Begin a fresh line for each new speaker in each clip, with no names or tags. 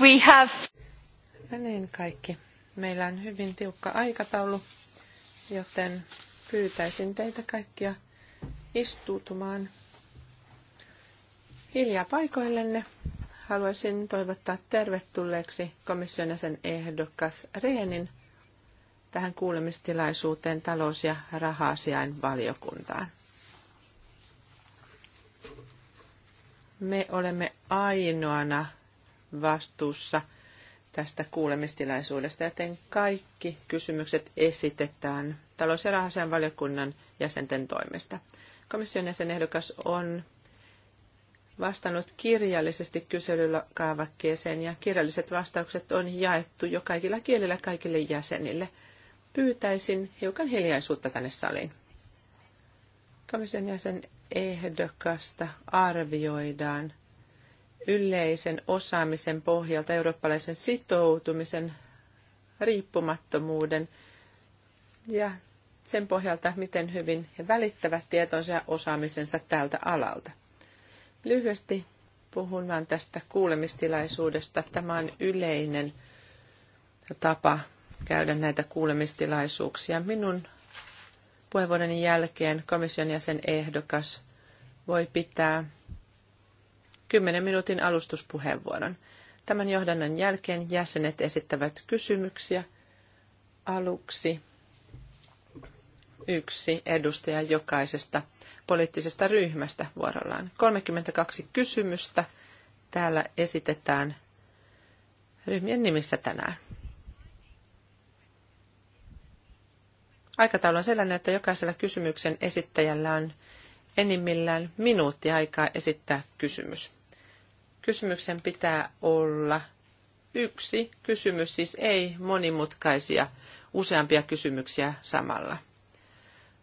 we have... No niin kaikki. Meillä on hyvin tiukka aikataulu, joten pyytäisin teitä kaikkia istuutumaan hiljaa paikoillenne. Haluaisin toivottaa tervetulleeksi komission jäsen ehdokas Reenin tähän kuulemistilaisuuteen talous- ja raha valiokuntaan. Me olemme ainoana vastuussa tästä kuulemistilaisuudesta, joten kaikki kysymykset esitetään talous- ja rahasian valiokunnan jäsenten toimesta. Komission jäsenehdokas on vastannut kirjallisesti kyselyllä kaavakkeeseen ja kirjalliset vastaukset on jaettu jo kaikilla kielillä kaikille jäsenille. Pyytäisin hiukan hiljaisuutta tänne saliin. Komission jäsen ehdokasta arvioidaan yleisen osaamisen pohjalta eurooppalaisen sitoutumisen, riippumattomuuden ja sen pohjalta, miten hyvin he välittävät tietonsa ja osaamisensa tältä alalta. Lyhyesti puhun vain tästä kuulemistilaisuudesta. Tämä on yleinen tapa käydä näitä kuulemistilaisuuksia. Minun puheenvuoroni jälkeen komission jäsen ehdokas voi pitää 10 minuutin alustuspuheenvuoron. Tämän johdannon jälkeen jäsenet esittävät kysymyksiä. Aluksi yksi edustaja jokaisesta poliittisesta ryhmästä vuorollaan. 32 kysymystä täällä esitetään ryhmien nimissä tänään. Aikataulu on sellainen, että jokaisella kysymyksen esittäjällä on enimmillään minuutti aikaa esittää kysymys. Kysymyksen pitää olla yksi kysymys, siis ei monimutkaisia useampia kysymyksiä samalla.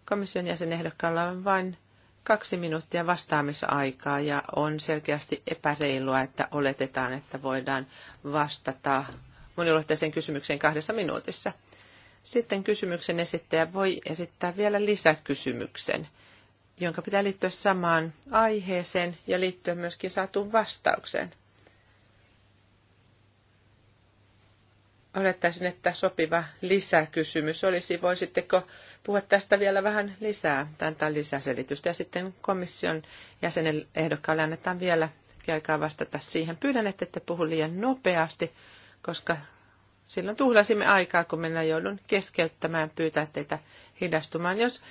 Komission jäsenehdokkaalla on vain kaksi minuuttia vastaamisaikaa ja on selkeästi epäreilua, että oletetaan, että voidaan vastata moniulotteiseen kysymykseen kahdessa minuutissa. Sitten kysymyksen esittäjä voi esittää vielä lisäkysymyksen jonka pitää liittyä samaan aiheeseen ja liittyä myöskin saatuun vastaukseen. Olettaisin, että sopiva lisäkysymys olisi, voisitteko puhua tästä vielä vähän lisää, antaa lisäselitystä. Ja sitten komission jäsenen ehdokkaalle annetaan vielä aikaa vastata siihen. Pyydän, että ette puhu liian nopeasti, koska silloin tuhlasimme aikaa, kun minä joudun keskeyttämään pyytää teitä hidastumaan. Jos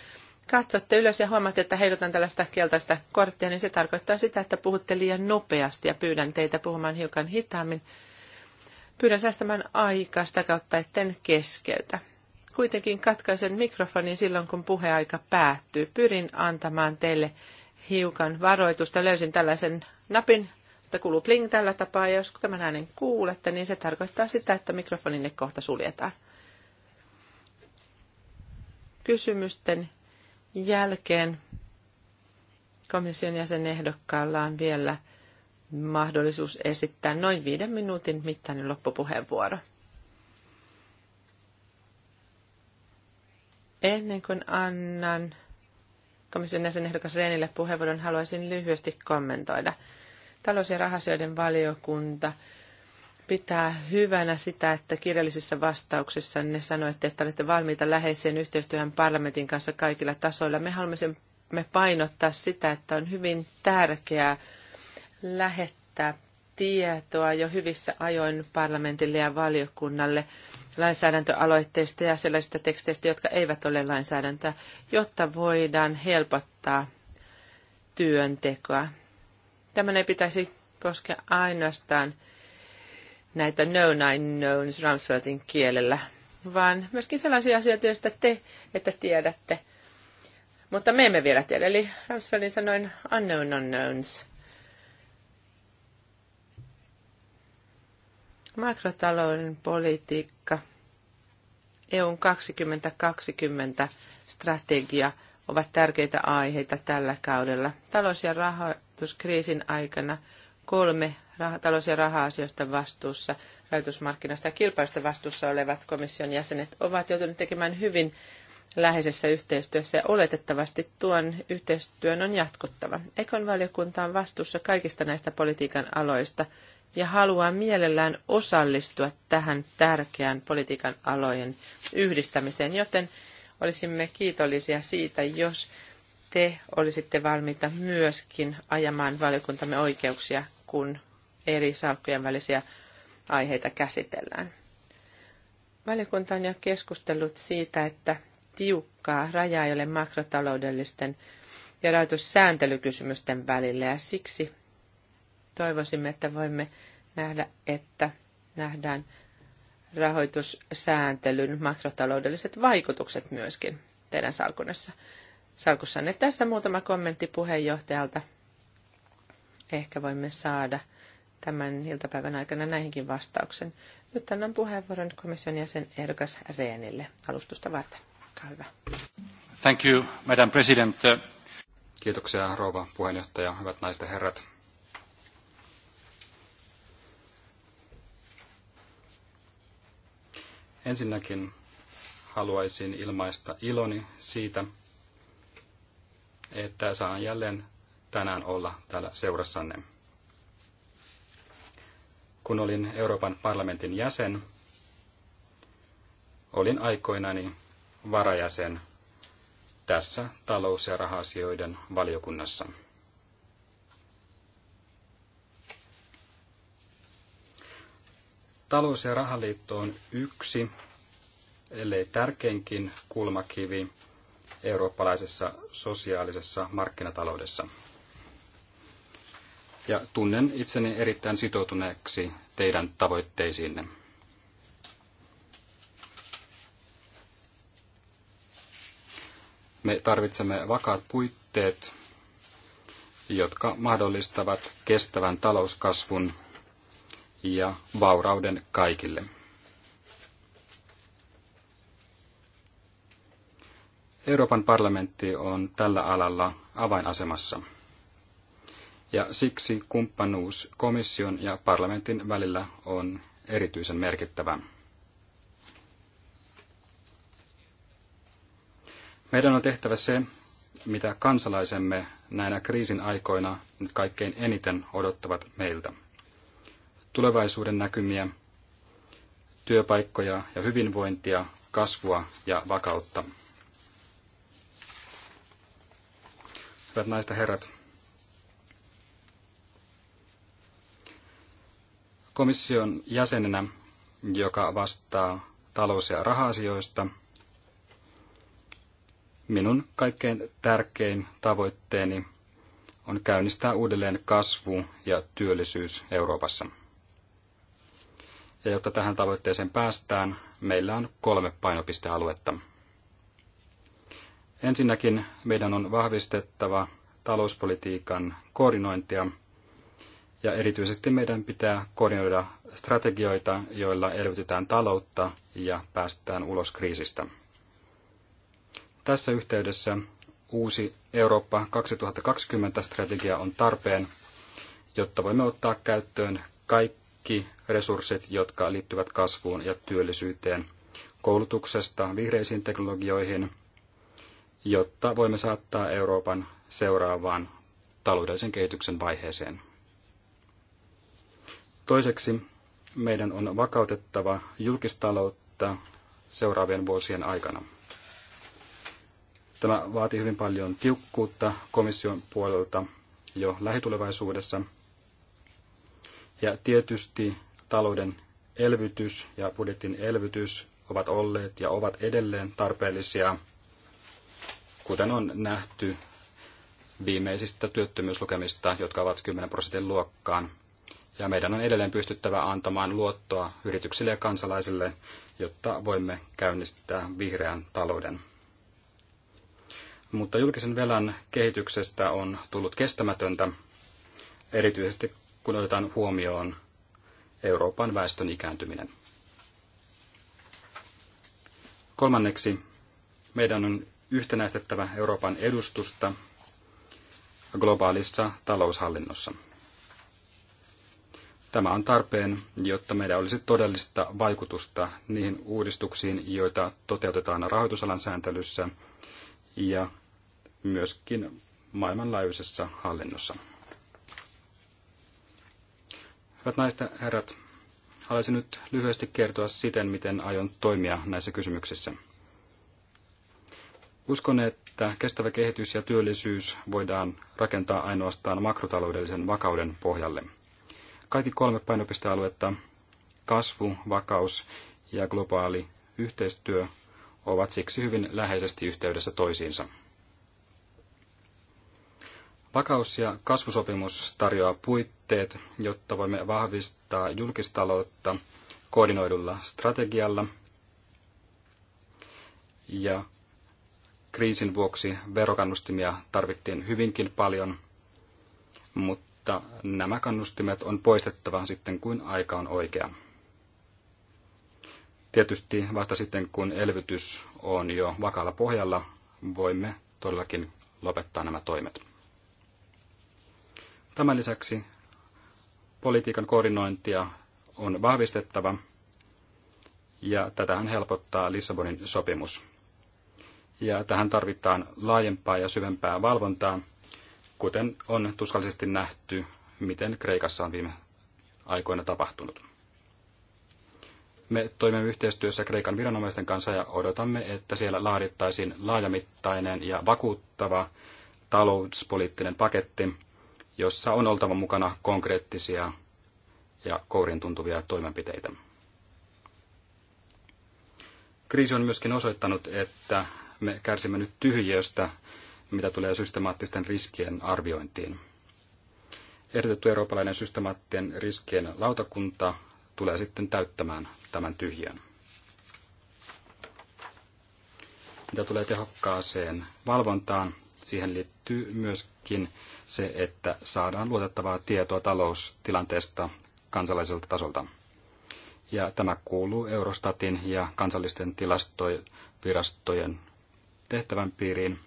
katsotte ylös ja huomaatte, että heilutan tällaista keltaista korttia, niin se tarkoittaa sitä, että puhutte liian nopeasti ja pyydän teitä puhumaan hiukan hitaammin. Pyydän säästämään aikaa sitä kautta, etten keskeytä. Kuitenkin katkaisen mikrofonin silloin, kun puheaika päättyy. Pyrin antamaan teille hiukan varoitusta. Löysin tällaisen napin, josta kuuluu pling tällä tapaa, ja jos tämän äänen kuulette, niin se tarkoittaa sitä, että mikrofoninne kohta suljetaan. Kysymysten jälkeen komission jäsenehdokkaalla on vielä mahdollisuus esittää noin viiden minuutin mittainen loppupuheenvuoro. Ennen kuin annan komission jäsenehdokas Reenille puheenvuoron, haluaisin lyhyesti kommentoida. Talous- ja rahasioiden valiokunta – pitää hyvänä sitä, että kirjallisissa vastauksissa ne sanoitte, että olette valmiita läheiseen yhteistyöhön parlamentin kanssa kaikilla tasoilla. Me haluamme me painottaa sitä, että on hyvin tärkeää lähettää tietoa jo hyvissä ajoin parlamentille ja valiokunnalle lainsäädäntöaloitteista ja sellaisista teksteistä, jotka eivät ole lainsäädäntöä, jotta voidaan helpottaa työntekoa. Tämän ei pitäisi koskea ainoastaan näitä no nine knowns Ramsfeldin kielellä, vaan myöskin sellaisia asioita, joista te että tiedätte. Mutta me emme vielä tiedä, eli Ramsfeldin sanoin unknown unknowns. Makrotalouden politiikka, EUn 2020 strategia ovat tärkeitä aiheita tällä kaudella. Talous- ja rahoituskriisin aikana kolme talous- ja raha-asioista vastuussa, rahoitusmarkkinoista ja kilpailusta vastuussa olevat komission jäsenet ovat joutuneet tekemään hyvin läheisessä yhteistyössä ja oletettavasti tuon yhteistyön on jatkuttava. Ekon valiokunta on vastuussa kaikista näistä politiikan aloista ja haluaa mielellään osallistua tähän tärkeään politiikan alojen yhdistämiseen, joten olisimme kiitollisia siitä, jos te olisitte valmiita myöskin ajamaan valiokuntamme oikeuksia, kun eri salkkujen välisiä aiheita käsitellään. Valiokunta on jo keskustellut siitä, että tiukkaa rajaa ei ole makrotaloudellisten ja rahoitussääntelykysymysten välillä, ja siksi toivoisimme, että voimme nähdä, että nähdään rahoitussääntelyn makrotaloudelliset vaikutukset myöskin teidän salkunessa. salkussanne. Tässä muutama kommentti puheenjohtajalta. Ehkä voimme saada – tämän iltapäivän aikana näihinkin vastauksen. Nyt annan puheenvuoron komission jäsen ehdokas Reenille alustusta varten. Olkaa hyvä.
Thank you, Madam
President. Kiitoksia, rouva puheenjohtaja, hyvät naiset ja herrat. Ensinnäkin haluaisin ilmaista iloni siitä, että saan jälleen tänään olla täällä seurassanne. Kun olin Euroopan parlamentin jäsen, olin aikoinani varajäsen tässä talous- ja rahasioiden valiokunnassa. Talous- ja rahaliitto on yksi, ellei tärkeinkin kulmakivi eurooppalaisessa sosiaalisessa markkinataloudessa ja tunnen itseni erittäin sitoutuneeksi teidän tavoitteisiinne. Me tarvitsemme vakaat puitteet, jotka mahdollistavat kestävän talouskasvun ja vaurauden kaikille. Euroopan parlamentti on tällä alalla avainasemassa ja siksi kumppanuus komission ja parlamentin välillä on erityisen merkittävä. Meidän on tehtävä se, mitä kansalaisemme näinä kriisin aikoina nyt kaikkein eniten odottavat meiltä. Tulevaisuuden näkymiä, työpaikkoja ja hyvinvointia, kasvua ja vakautta. Hyvät naiset herrat, komission jäsenenä, joka vastaa talous- ja raha-asioista, minun kaikkein tärkein tavoitteeni on käynnistää uudelleen kasvu ja työllisyys Euroopassa. Ja jotta tähän tavoitteeseen päästään, meillä on kolme painopistealuetta. Ensinnäkin meidän on vahvistettava talouspolitiikan koordinointia – ja erityisesti meidän pitää koordinoida strategioita, joilla elvytetään taloutta ja päästään ulos kriisistä. Tässä yhteydessä uusi Eurooppa 2020-strategia on tarpeen, jotta voimme ottaa käyttöön kaikki resurssit, jotka liittyvät kasvuun ja työllisyyteen, koulutuksesta vihreisiin teknologioihin, jotta voimme saattaa Euroopan seuraavaan taloudellisen kehityksen vaiheeseen. Toiseksi meidän on vakautettava julkistaloutta seuraavien vuosien aikana. Tämä vaatii hyvin paljon tiukkuutta komission puolelta jo lähitulevaisuudessa. Ja tietysti talouden elvytys ja budjetin elvytys ovat olleet ja ovat edelleen tarpeellisia, kuten on nähty viimeisistä työttömyyslukemista, jotka ovat 10 prosentin luokkaan ja meidän on edelleen pystyttävä antamaan luottoa yrityksille ja kansalaisille, jotta voimme käynnistää vihreän talouden. Mutta julkisen velan kehityksestä on tullut kestämätöntä, erityisesti kun otetaan huomioon Euroopan väestön ikääntyminen. Kolmanneksi, meidän on yhtenäistettävä Euroopan edustusta globaalissa taloushallinnossa. Tämä on tarpeen, jotta meidän olisi todellista vaikutusta niihin uudistuksiin, joita toteutetaan rahoitusalan sääntelyssä ja myöskin maailmanlaajuisessa hallinnossa. Hyvät naiset ja herrat, haluaisin nyt lyhyesti kertoa siten, miten aion toimia näissä kysymyksissä. Uskon, että kestävä kehitys ja työllisyys voidaan rakentaa ainoastaan makrotaloudellisen vakauden pohjalle – kaikki kolme painopistealuetta, kasvu, vakaus ja globaali yhteistyö, ovat siksi hyvin läheisesti yhteydessä toisiinsa. Vakaus- ja kasvusopimus tarjoaa puitteet, jotta voimme vahvistaa julkistaloutta koordinoidulla strategialla ja kriisin vuoksi verokannustimia tarvittiin hyvinkin paljon, mutta mutta nämä kannustimet on poistettava sitten, kun aika on oikea. Tietysti vasta sitten, kun elvytys on jo vakalla pohjalla, voimme todellakin lopettaa nämä toimet. Tämän lisäksi politiikan koordinointia on vahvistettava, ja tätähän helpottaa Lissabonin sopimus. Ja tähän tarvitaan laajempaa ja syvempää valvontaa, kuten on tuskallisesti nähty, miten Kreikassa on viime aikoina tapahtunut. Me toimimme yhteistyössä Kreikan viranomaisten kanssa ja odotamme, että siellä laadittaisiin laajamittainen ja vakuuttava talouspoliittinen paketti, jossa on oltava mukana konkreettisia ja kourin tuntuvia toimenpiteitä. Kriisi on myöskin osoittanut, että me kärsimme nyt tyhjiöstä mitä tulee systemaattisten riskien arviointiin. Ehdotettu eurooppalainen systemaattien riskien lautakunta tulee sitten täyttämään tämän tyhjän. Mitä tulee tehokkaaseen valvontaan, siihen liittyy myöskin se, että saadaan luotettavaa tietoa taloustilanteesta kansalaiselta tasolta. Ja tämä kuuluu Eurostatin ja kansallisten tilastovirastojen tehtävän piiriin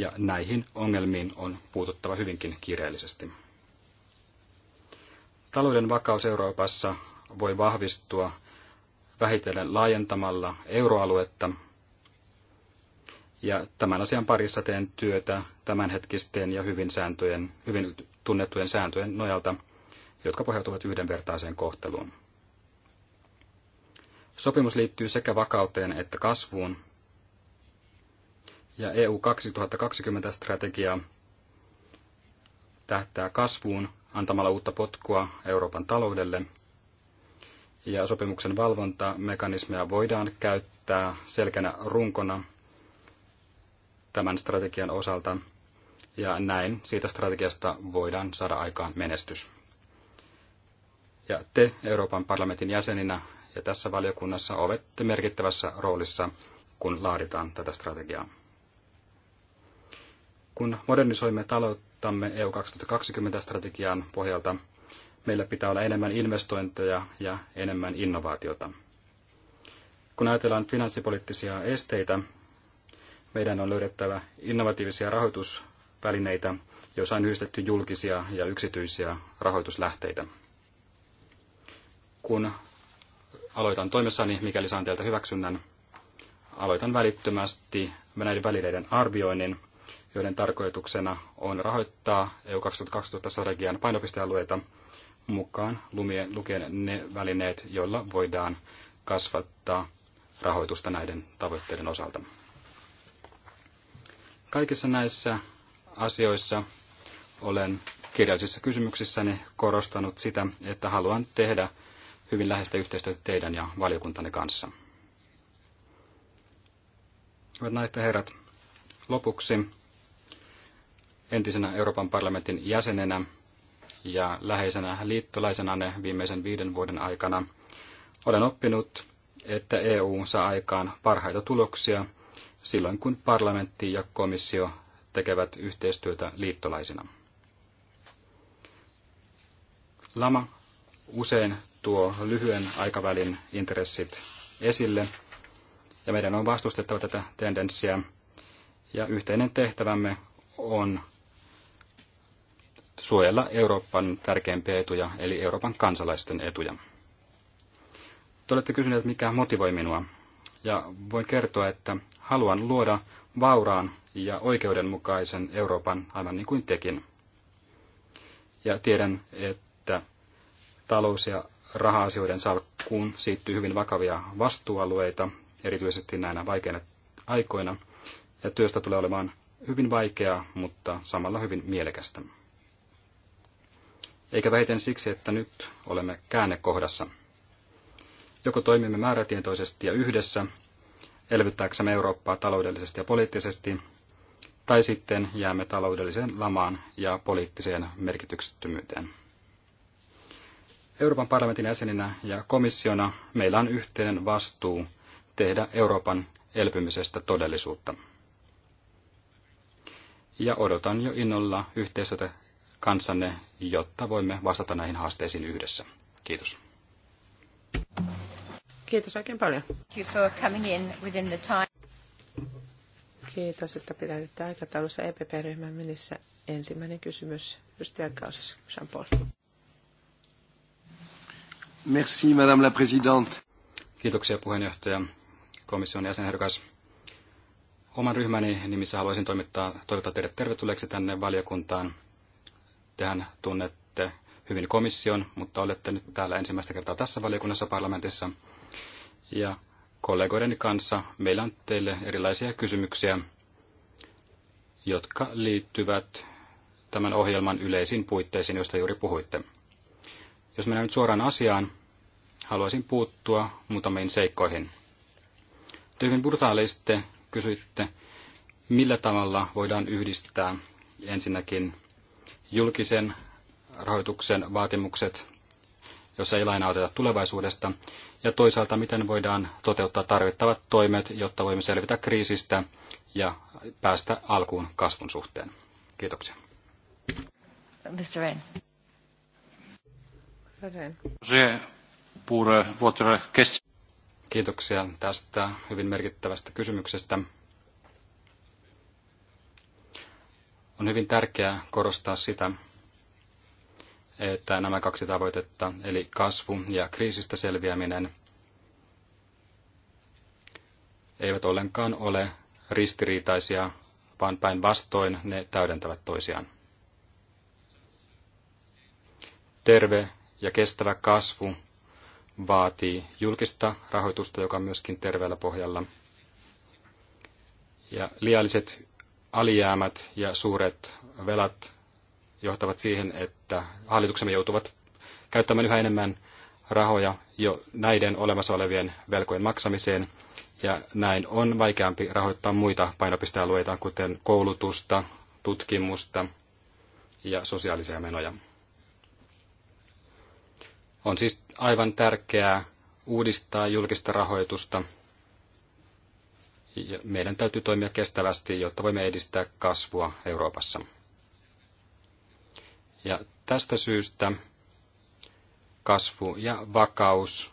ja näihin ongelmiin on puututtava hyvinkin kiireellisesti. Talouden vakaus Euroopassa voi vahvistua vähitellen laajentamalla euroaluetta, ja tämän asian parissa teen työtä tämänhetkisten ja hyvin, sääntöjen, hyvin tunnettujen sääntöjen nojalta, jotka pohjautuvat yhdenvertaiseen kohteluun. Sopimus liittyy sekä vakauteen että kasvuun, ja EU 2020-strategia tähtää kasvuun antamalla uutta potkua Euroopan taloudelle. Ja sopimuksen valvontamekanismeja voidaan käyttää selkänä runkona tämän strategian osalta, ja näin siitä strategiasta voidaan saada aikaan menestys. Ja te Euroopan parlamentin jäseninä ja tässä valiokunnassa olette merkittävässä roolissa, kun laaditaan tätä strategiaa. Kun modernisoimme talouttamme EU 2020-strategian pohjalta, meillä pitää olla enemmän investointeja ja enemmän innovaatiota. Kun ajatellaan finanssipoliittisia esteitä, meidän on löydettävä innovatiivisia rahoitusvälineitä, joissa on yhdistetty julkisia ja yksityisiä rahoituslähteitä. Kun aloitan toimessani, mikäli saan teiltä hyväksynnän, aloitan välittömästi näiden välineiden arvioinnin joiden tarkoituksena on rahoittaa EU 2020-strategian painopistealueita mukaan lumien, lukien ne välineet, joilla voidaan kasvattaa rahoitusta näiden tavoitteiden osalta. Kaikissa näissä asioissa olen kirjallisissa kysymyksissäni korostanut sitä, että haluan tehdä hyvin läheistä yhteistyötä teidän ja valiokuntanne kanssa. Hyvät naiset ja herrat, lopuksi entisenä Euroopan parlamentin jäsenenä ja läheisenä ne viimeisen viiden vuoden aikana olen oppinut, että EU saa aikaan parhaita tuloksia silloin, kun parlamentti ja komissio tekevät yhteistyötä liittolaisina. Lama usein tuo lyhyen aikavälin intressit esille, ja meidän on vastustettava tätä tendenssiä, ja yhteinen tehtävämme on suojella Euroopan tärkeimpiä etuja, eli Euroopan kansalaisten etuja. Te olette kysyneet, mikä motivoi minua. Ja voin kertoa, että haluan luoda vauraan ja oikeudenmukaisen Euroopan aivan niin kuin tekin. Ja tiedän, että talous- ja raha-asioiden salkkuun siittyy hyvin vakavia vastuualueita, erityisesti näinä vaikeina aikoina, ja työstä tulee olemaan hyvin vaikeaa, mutta samalla hyvin mielekästä eikä vähiten siksi, että nyt olemme käännekohdassa. Joko toimimme määrätietoisesti ja yhdessä, elvyttääksemme Eurooppaa taloudellisesti ja poliittisesti, tai sitten jäämme taloudelliseen lamaan ja poliittiseen merkityksettömyyteen. Euroopan parlamentin jäseninä ja komissiona meillä on yhteinen vastuu tehdä Euroopan elpymisestä todellisuutta. Ja odotan jo innolla yhteistyötä kanssanne, jotta voimme vastata näihin haasteisiin yhdessä. Kiitos.
Kiitos oikein paljon. Kiitos, että pidätte aikataulussa EPP-ryhmän minissä. Ensimmäinen kysymys, edustaja Kausis, Jean-Paul.
Merci, madame la présidente. Kiitoksia puheenjohtaja, komission jäsenehdokas. Oman ryhmäni nimissä haluaisin toimittaa, toivottaa teidät tervetulleeksi tänne valiokuntaan. Tehän tunnette hyvin komission, mutta olette nyt täällä ensimmäistä kertaa tässä valiokunnassa parlamentissa. Ja kollegoideni kanssa meillä on teille erilaisia kysymyksiä, jotka liittyvät tämän ohjelman yleisiin puitteisiin, joista juuri puhuitte. Jos mennään nyt suoraan asiaan, haluaisin puuttua muutamiin seikkoihin. Te hyvin brutaalisti kysyitte, millä tavalla voidaan yhdistää ensinnäkin julkisen rahoituksen vaatimukset, joissa ei lainaa oteta tulevaisuudesta, ja toisaalta miten voidaan toteuttaa tarvittavat toimet, jotta voimme selvitä kriisistä ja päästä alkuun
kasvun suhteen. Kiitoksia.
Mr.
Rain.
Kiitoksia
tästä hyvin merkittävästä kysymyksestä. On hyvin tärkeää korostaa sitä, että nämä kaksi tavoitetta, eli kasvu ja kriisistä selviäminen, eivät ollenkaan ole ristiriitaisia, vaan päinvastoin ne täydentävät toisiaan. Terve ja kestävä kasvu vaatii julkista rahoitusta, joka on myöskin terveellä pohjalla. Ja liialliset alijäämät ja suuret velat johtavat siihen, että hallituksemme joutuvat käyttämään yhä enemmän rahoja jo näiden olemassa olevien velkojen maksamiseen, ja näin on vaikeampi rahoittaa muita painopistealueita, kuten koulutusta, tutkimusta ja sosiaalisia menoja. On siis aivan tärkeää uudistaa julkista rahoitusta – meidän täytyy toimia kestävästi, jotta voimme edistää kasvua Euroopassa. Ja tästä syystä kasvu ja vakaus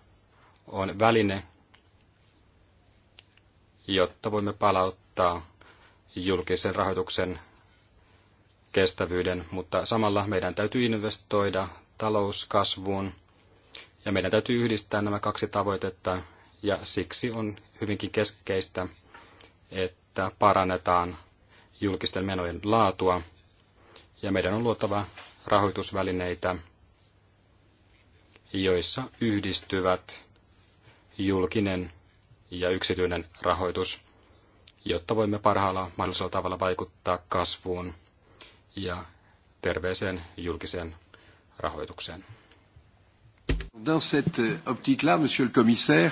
on väline, jotta voimme palauttaa julkisen rahoituksen kestävyyden, mutta samalla meidän täytyy investoida talouskasvuun ja meidän täytyy yhdistää nämä kaksi tavoitetta ja siksi on hyvinkin keskeistä, että parannetaan julkisten menojen laatua ja meidän on luotava rahoitusvälineitä, joissa yhdistyvät julkinen ja yksityinen rahoitus, jotta voimme parhaalla mahdollisella tavalla vaikuttaa kasvuun ja terveeseen julkiseen rahoitukseen.
Dans cette optique-là, monsieur le commissaire.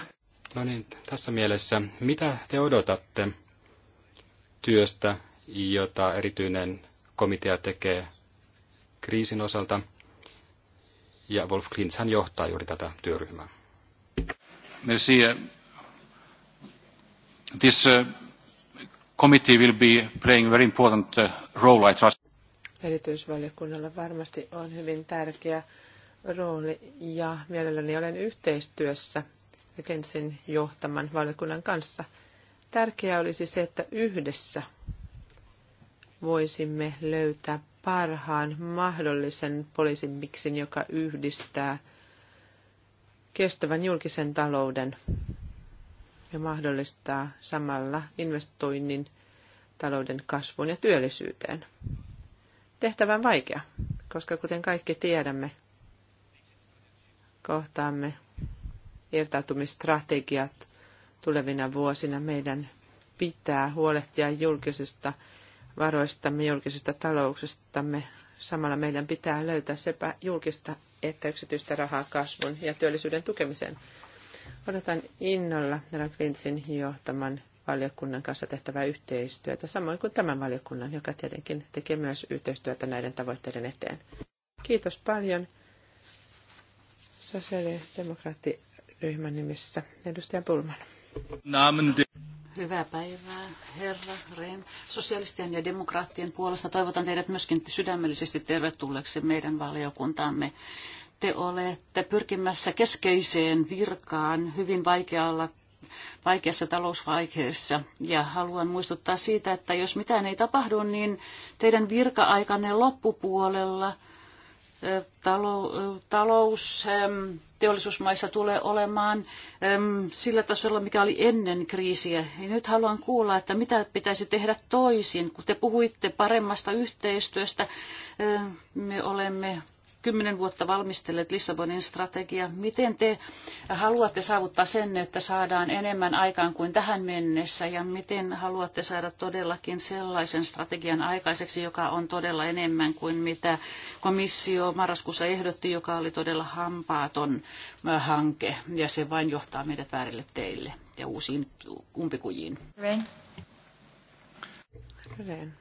No niin,
tässä mielessä, mitä te odotatte työstä, jota erityinen komitea tekee kriisin osalta.
Ja Wolf Klintz hän johtaa juuri tätä työryhmää. Merci. This uh, committee will be playing very important uh, role, I trust.
Erityisvaliokunnalla varmasti on hyvin tärkeä rooli ja mielelläni olen yhteistyössä Kensin johtaman valiokunnan kanssa – Tärkeää olisi se, että yhdessä voisimme löytää parhaan mahdollisen poliisimiksin, joka yhdistää kestävän julkisen talouden ja mahdollistaa samalla investoinnin talouden kasvuun ja työllisyyteen. Tehtävän vaikea, koska kuten kaikki tiedämme, kohtaamme irtautumistrategiat tulevina vuosina. Meidän pitää huolehtia julkisista varoistamme, julkisista talouksistamme. Samalla meidän pitää löytää sepä julkista että yksityistä rahaa kasvun ja työllisyyden tukemiseen. Odotan innolla Raklinsin johtaman valiokunnan kanssa tehtävää yhteistyötä, samoin kuin tämän valiokunnan, joka tietenkin tekee myös yhteistyötä näiden tavoitteiden eteen. Kiitos paljon sosiaalidemokraattiryhmän nimissä edustaja Pulman.
Hyvää päivää, herra Rehn. Sosialistien ja demokraattien puolesta toivotan teidät myöskin sydämellisesti tervetulleeksi meidän valiokuntaamme. Te olette pyrkimässä keskeiseen virkaan hyvin vaikealla vaikeassa talousvaiheessa. Ja haluan muistuttaa siitä, että jos mitään ei tapahdu, niin teidän virka-aikanne loppupuolella talous teollisuusmaissa tulee olemaan sillä tasolla, mikä oli ennen kriisiä. Ja niin nyt haluan kuulla, että mitä pitäisi tehdä toisin. Kun te puhuitte paremmasta yhteistyöstä, me olemme kymmenen vuotta valmistelleet Lissabonin strategia. Miten te haluatte saavuttaa sen, että saadaan enemmän aikaan kuin tähän mennessä ja miten haluatte saada todellakin sellaisen strategian aikaiseksi, joka on todella enemmän kuin mitä komissio marraskuussa ehdotti, joka oli todella hampaaton äh, hanke ja se vain johtaa meidät väärille teille ja uusiin umpikujiin.
Rain. Rain.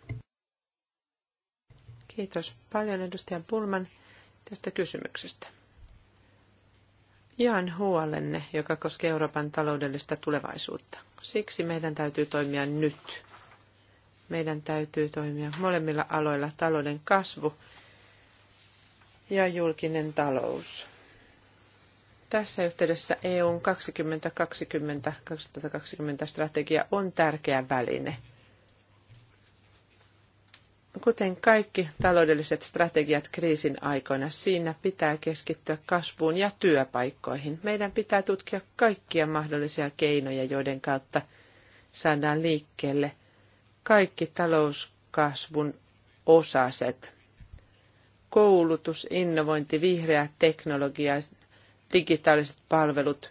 Kiitos paljon edustajan Pulman tästä kysymyksestä. Jaan huolenne, joka koskee Euroopan taloudellista tulevaisuutta. Siksi meidän täytyy toimia nyt. Meidän täytyy toimia molemmilla aloilla talouden kasvu ja julkinen talous. Tässä yhteydessä EUn 2020-2020 strategia on tärkeä väline – Kuten kaikki taloudelliset strategiat kriisin aikoina, siinä pitää keskittyä kasvuun ja työpaikkoihin. Meidän pitää tutkia kaikkia mahdollisia keinoja, joiden kautta saadaan liikkeelle kaikki talouskasvun osaset. Koulutus, innovointi, vihreä teknologia, digitaaliset palvelut.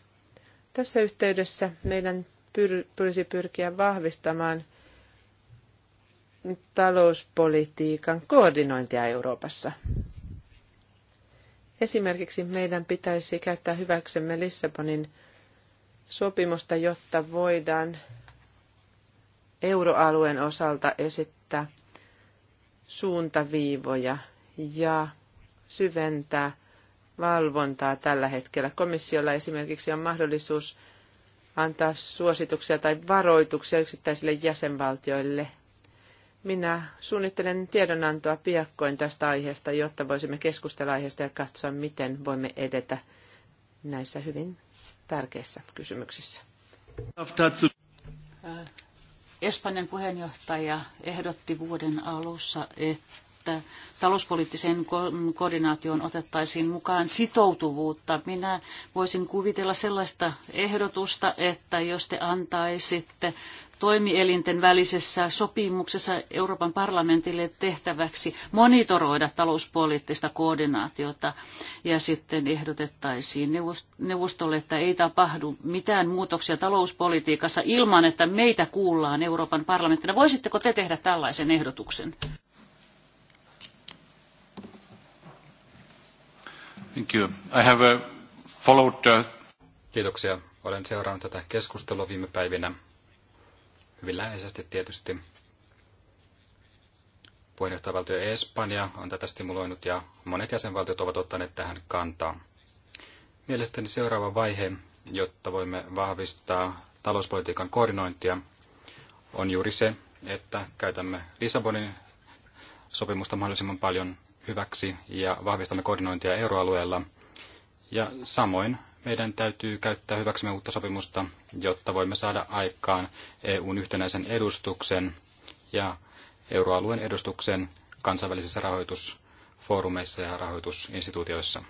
Tässä yhteydessä meidän pyr- tulisi pyrkiä vahvistamaan talouspolitiikan koordinointia Euroopassa. Esimerkiksi meidän pitäisi käyttää hyväksemme Lissabonin sopimusta, jotta voidaan euroalueen osalta esittää suuntaviivoja ja syventää valvontaa tällä hetkellä. Komissiolla esimerkiksi on mahdollisuus antaa suosituksia tai varoituksia yksittäisille jäsenvaltioille minä suunnittelen tiedonantoa piakkoin tästä aiheesta, jotta voisimme keskustella aiheesta ja katsoa, miten voimme edetä näissä hyvin tärkeissä kysymyksissä.
Äh,
Espanjan puheenjohtaja ehdotti vuoden alussa, että talouspoliittiseen ko- koordinaatioon otettaisiin mukaan sitoutuvuutta. Minä voisin kuvitella sellaista ehdotusta, että jos te antaisitte toimielinten välisessä sopimuksessa Euroopan parlamentille tehtäväksi monitoroida talouspoliittista koordinaatiota ja sitten ehdotettaisiin neuvostolle, että ei tapahdu mitään muutoksia talouspolitiikassa ilman, että meitä kuullaan Euroopan parlamenttina. Voisitteko te tehdä tällaisen ehdotuksen?
Thank you.
I have uh, followed Kiitoksia. Olen seurannut tätä keskustelua viime päivinä hyvin läheisesti tietysti. Puheenjohtajavaltio Espanja on tätä stimuloinut ja monet jäsenvaltiot ovat ottaneet tähän kantaa. Mielestäni seuraava vaihe, jotta voimme vahvistaa talouspolitiikan koordinointia, on juuri se, että käytämme Lissabonin sopimusta mahdollisimman paljon hyväksi ja vahvistamme koordinointia euroalueella. Ja samoin meidän täytyy käyttää hyväksymme uutta sopimusta, jotta voimme saada aikaan EUn yhtenäisen edustuksen ja euroalueen edustuksen kansainvälisissä rahoitusfoorumeissa ja rahoitusinstituutioissa.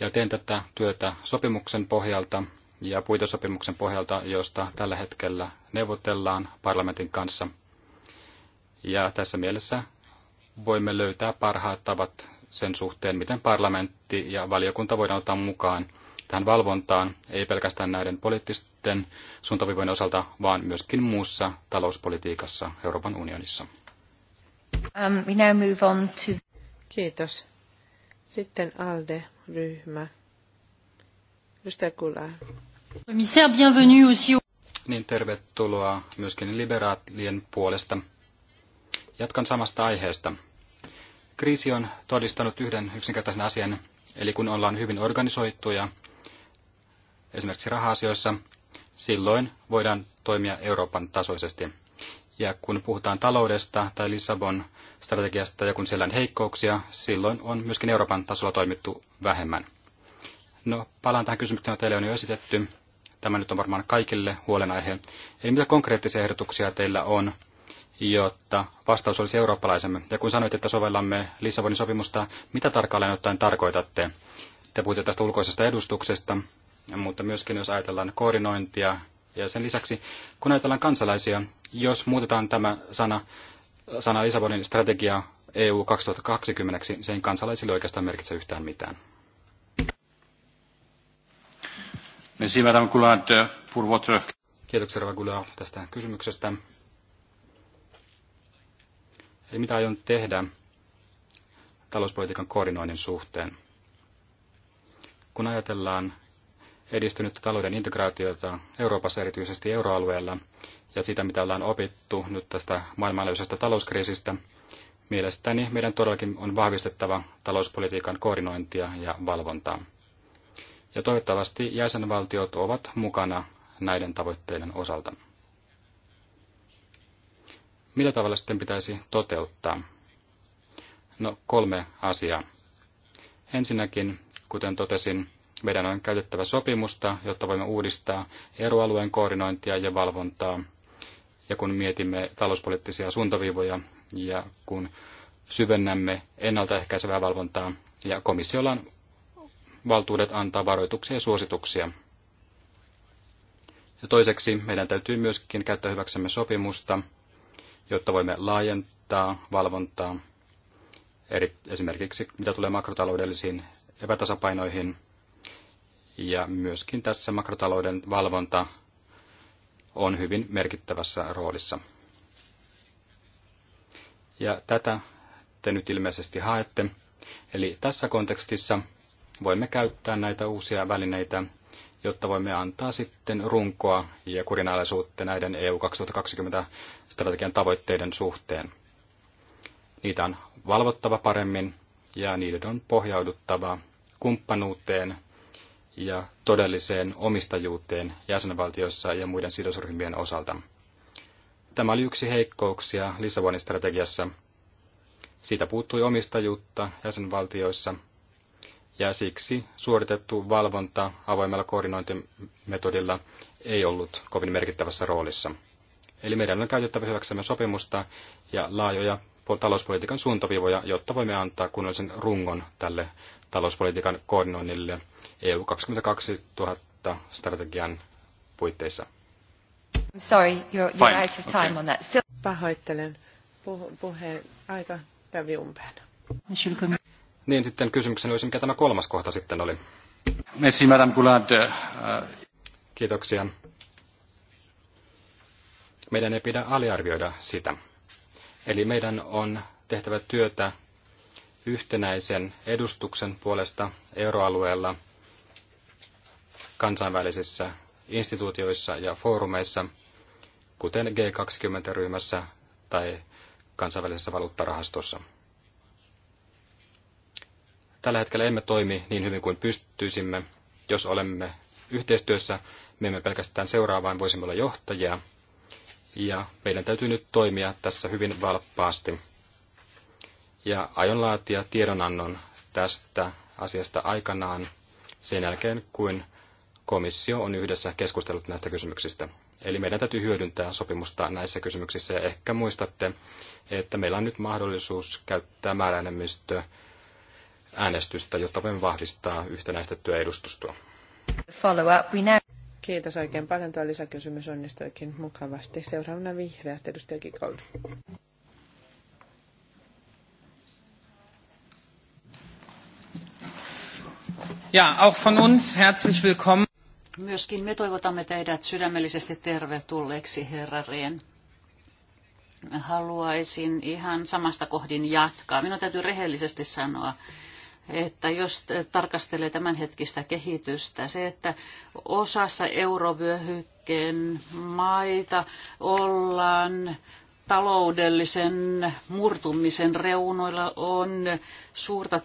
Ja teen tätä työtä sopimuksen pohjalta ja puitesopimuksen pohjalta, josta tällä hetkellä neuvotellaan parlamentin kanssa. Ja tässä mielessä voimme löytää parhaat tavat sen suhteen, miten parlamentti ja valiokunta voidaan ottaa mukaan tähän valvontaan, ei pelkästään näiden poliittisten suuntavivojen osalta, vaan myöskin muussa talouspolitiikassa Euroopan unionissa.
Um, we now move on to... Kiitos. Sitten ALDE-ryhmä.
Commissaire, bienvenue aussi.
Niin tervetuloa myöskin liberaalien puolesta. Jatkan samasta aiheesta. Kriisi on todistanut yhden yksinkertaisen asian, eli kun ollaan hyvin organisoituja esimerkiksi raha-asioissa, silloin voidaan toimia Euroopan tasoisesti. Ja kun puhutaan taloudesta tai Lissabon strategiasta ja kun siellä on heikkouksia, silloin on myöskin Euroopan tasolla toimittu vähemmän. No, palaan tähän kysymykseen, jota teille on jo esitetty. Tämä nyt on varmaan kaikille huolenaihe. Eli mitä konkreettisia ehdotuksia teillä on, jotta vastaus olisi eurooppalaisemme? Ja kun sanoit, että sovellamme Lissabonin sopimusta, mitä tarkalleen ottaen tarkoitatte? Te puhutte tästä ulkoisesta edustuksesta, mutta myöskin jos ajatellaan koordinointia ja sen lisäksi, kun ajatellaan kansalaisia, jos muutetaan tämä sana, sana Lisabonin strategia EU 2020, se ei kansalaisille oikeastaan merkitse yhtään mitään.
Merci, Madame Goulard, pour votre...
Kiitoksia, Rava Goulard, tästä kysymyksestä. Eli mitä aion tehdä talouspolitiikan koordinoinnin suhteen? Kun ajatellaan edistynyt talouden integraatiota Euroopassa, erityisesti euroalueella, ja sitä, mitä ollaan opittu nyt tästä maailmanlaajuisesta talouskriisistä, mielestäni meidän todellakin on vahvistettava talouspolitiikan koordinointia ja valvontaa. Ja toivottavasti jäsenvaltiot ovat mukana näiden tavoitteiden osalta. Millä tavalla sitten pitäisi toteuttaa? No kolme asiaa. Ensinnäkin, kuten totesin, meidän on käytettävä sopimusta, jotta voimme uudistaa euroalueen koordinointia ja valvontaa. Ja kun mietimme talouspoliittisia suuntaviivoja ja kun syvennämme ennaltaehkäisevää valvontaa, ja komissiolla on valtuudet antaa varoituksia ja suosituksia. Ja toiseksi meidän täytyy myöskin käyttää hyväksemme sopimusta, jotta voimme laajentaa valvontaa eri, esimerkiksi mitä tulee makrotaloudellisiin epätasapainoihin ja myöskin tässä makrotalouden valvonta on hyvin merkittävässä roolissa. Ja tätä te nyt ilmeisesti haette. Eli tässä kontekstissa voimme käyttää näitä uusia välineitä, jotta voimme antaa sitten runkoa ja kurinalaisuutta näiden EU 2020 strategian tavoitteiden suhteen. Niitä on valvottava paremmin ja niiden on pohjauduttava kumppanuuteen ja todelliseen omistajuuteen jäsenvaltioissa ja muiden sidosryhmien osalta. Tämä oli yksi heikkouksia Lissabonin strategiassa. Siitä puuttui omistajuutta jäsenvaltioissa ja siksi suoritettu valvonta avoimella koordinointimetodilla ei ollut kovin merkittävässä roolissa. Eli meidän on käytettävä hyväksemme sopimusta ja laajoja talouspolitiikan suuntaviivoja, jotta voimme antaa kunnollisen rungon tälle talouspolitiikan koordinoinnille – EU 2020 strategian puitteissa.
I'm sorry, you're, you're out of time okay. on that. So... Pahoittelen puheen aika kävi umpeen.
Niin, sitten kysymykseni olisi, mikä tämä kolmas kohta sitten oli. Merci, Madame Goulard. Uh, Kiitoksia. Meidän ei pidä aliarvioida sitä. Eli meidän on tehtävä työtä yhtenäisen edustuksen puolesta euroalueella – kansainvälisissä instituutioissa ja foorumeissa, kuten G20-ryhmässä tai kansainvälisessä valuuttarahastossa. Tällä hetkellä emme toimi niin hyvin kuin pystyisimme, jos olemme yhteistyössä. Me emme pelkästään seuraa, vaan voisimme olla johtajia. Ja meidän täytyy nyt toimia tässä hyvin valppaasti. Ja aion laatia tiedonannon tästä asiasta aikanaan sen jälkeen, kuin komissio on yhdessä keskustellut näistä kysymyksistä. Eli meidän täytyy hyödyntää sopimusta näissä kysymyksissä. Ja ehkä muistatte, että meillä on nyt mahdollisuus käyttää määräenemmistö äänestystä, jotta voimme vahvistaa yhtenäistettyä edustustua.
Kiitos oikein paljon. Tuo lisäkysymys onnistuikin mukavasti. Seuraavana vihreät, edustaja Kikold.
Ja, auch von uns herzlich willkommen.
Myöskin me toivotamme teidät sydämellisesti tervetulleeksi, herra Haluaisin ihan samasta kohdin jatkaa. Minun täytyy rehellisesti sanoa, että jos tarkastelee tämänhetkistä kehitystä, se, että osassa eurovyöhykkeen maita ollaan taloudellisen murtumisen reunoilla on suurta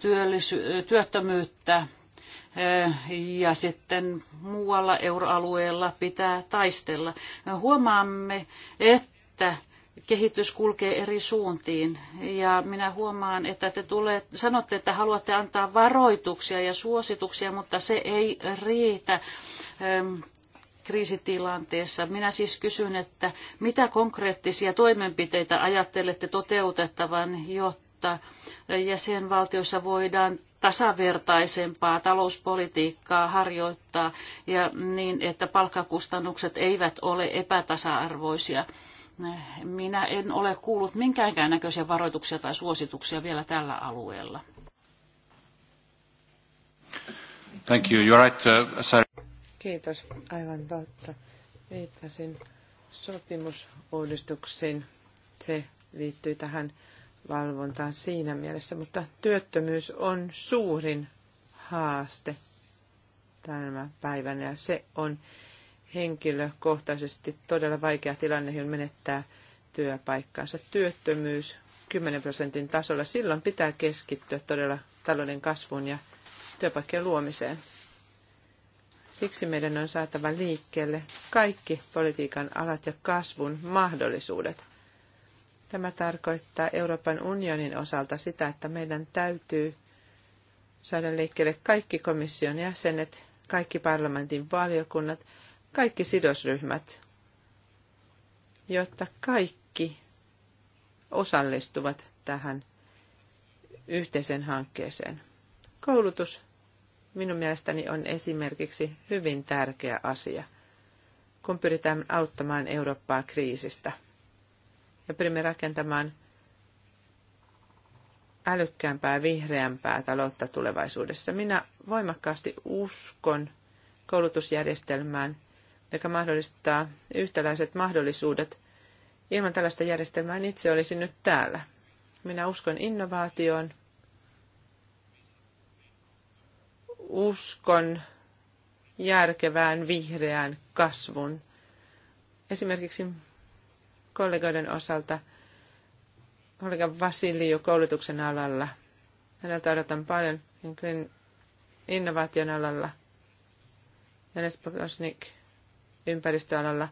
työttömyyttä ja sitten muualla euroalueella pitää taistella. Huomaamme, että kehitys kulkee eri suuntiin. Ja minä huomaan, että te tulee, sanotte, että haluatte antaa varoituksia ja suosituksia, mutta se ei riitä ähm, kriisitilanteessa. Minä siis kysyn, että mitä konkreettisia toimenpiteitä ajattelette toteutettavan, jotta jäsenvaltioissa voidaan tasavertaisempaa talouspolitiikkaa harjoittaa ja niin, että palkkakustannukset eivät ole epätasa-arvoisia. Minä en ole kuullut minkäänkään näköisiä varoituksia tai suosituksia vielä tällä alueella.
Thank you. You're right, uh,
Kiitos. Aivan totta. Viittasin
sopimusuudistuksiin. Se liittyy tähän valvontaan siinä mielessä, mutta työttömyys on suurin haaste tänä päivänä ja se on henkilökohtaisesti todella vaikea tilanne, johon menettää työpaikkaansa. Työttömyys 10 prosentin tasolla, silloin pitää keskittyä todella talouden kasvuun ja työpaikkien luomiseen. Siksi meidän on saatava liikkeelle kaikki politiikan alat ja kasvun mahdollisuudet. Tämä tarkoittaa Euroopan unionin osalta sitä, että meidän täytyy saada liikkeelle kaikki komission jäsenet, kaikki parlamentin valiokunnat, kaikki sidosryhmät, jotta kaikki osallistuvat tähän yhteisen hankkeeseen. Koulutus minun mielestäni on esimerkiksi hyvin tärkeä asia, kun pyritään auttamaan Eurooppaa kriisistä – me pyrimme rakentamaan älykkäämpää, vihreämpää taloutta tulevaisuudessa. Minä voimakkaasti uskon koulutusjärjestelmään, joka mahdollistaa yhtäläiset mahdollisuudet. Ilman tällaista järjestelmää en itse olisi nyt täällä. Minä uskon innovaatioon, uskon järkevään vihreään kasvun. Esimerkiksi kollegoiden osalta. Kollega Vasiliju koulutuksen alalla. Häneltä odotan paljon innovaation alalla. Janes Pokosnik ympäristöalalla.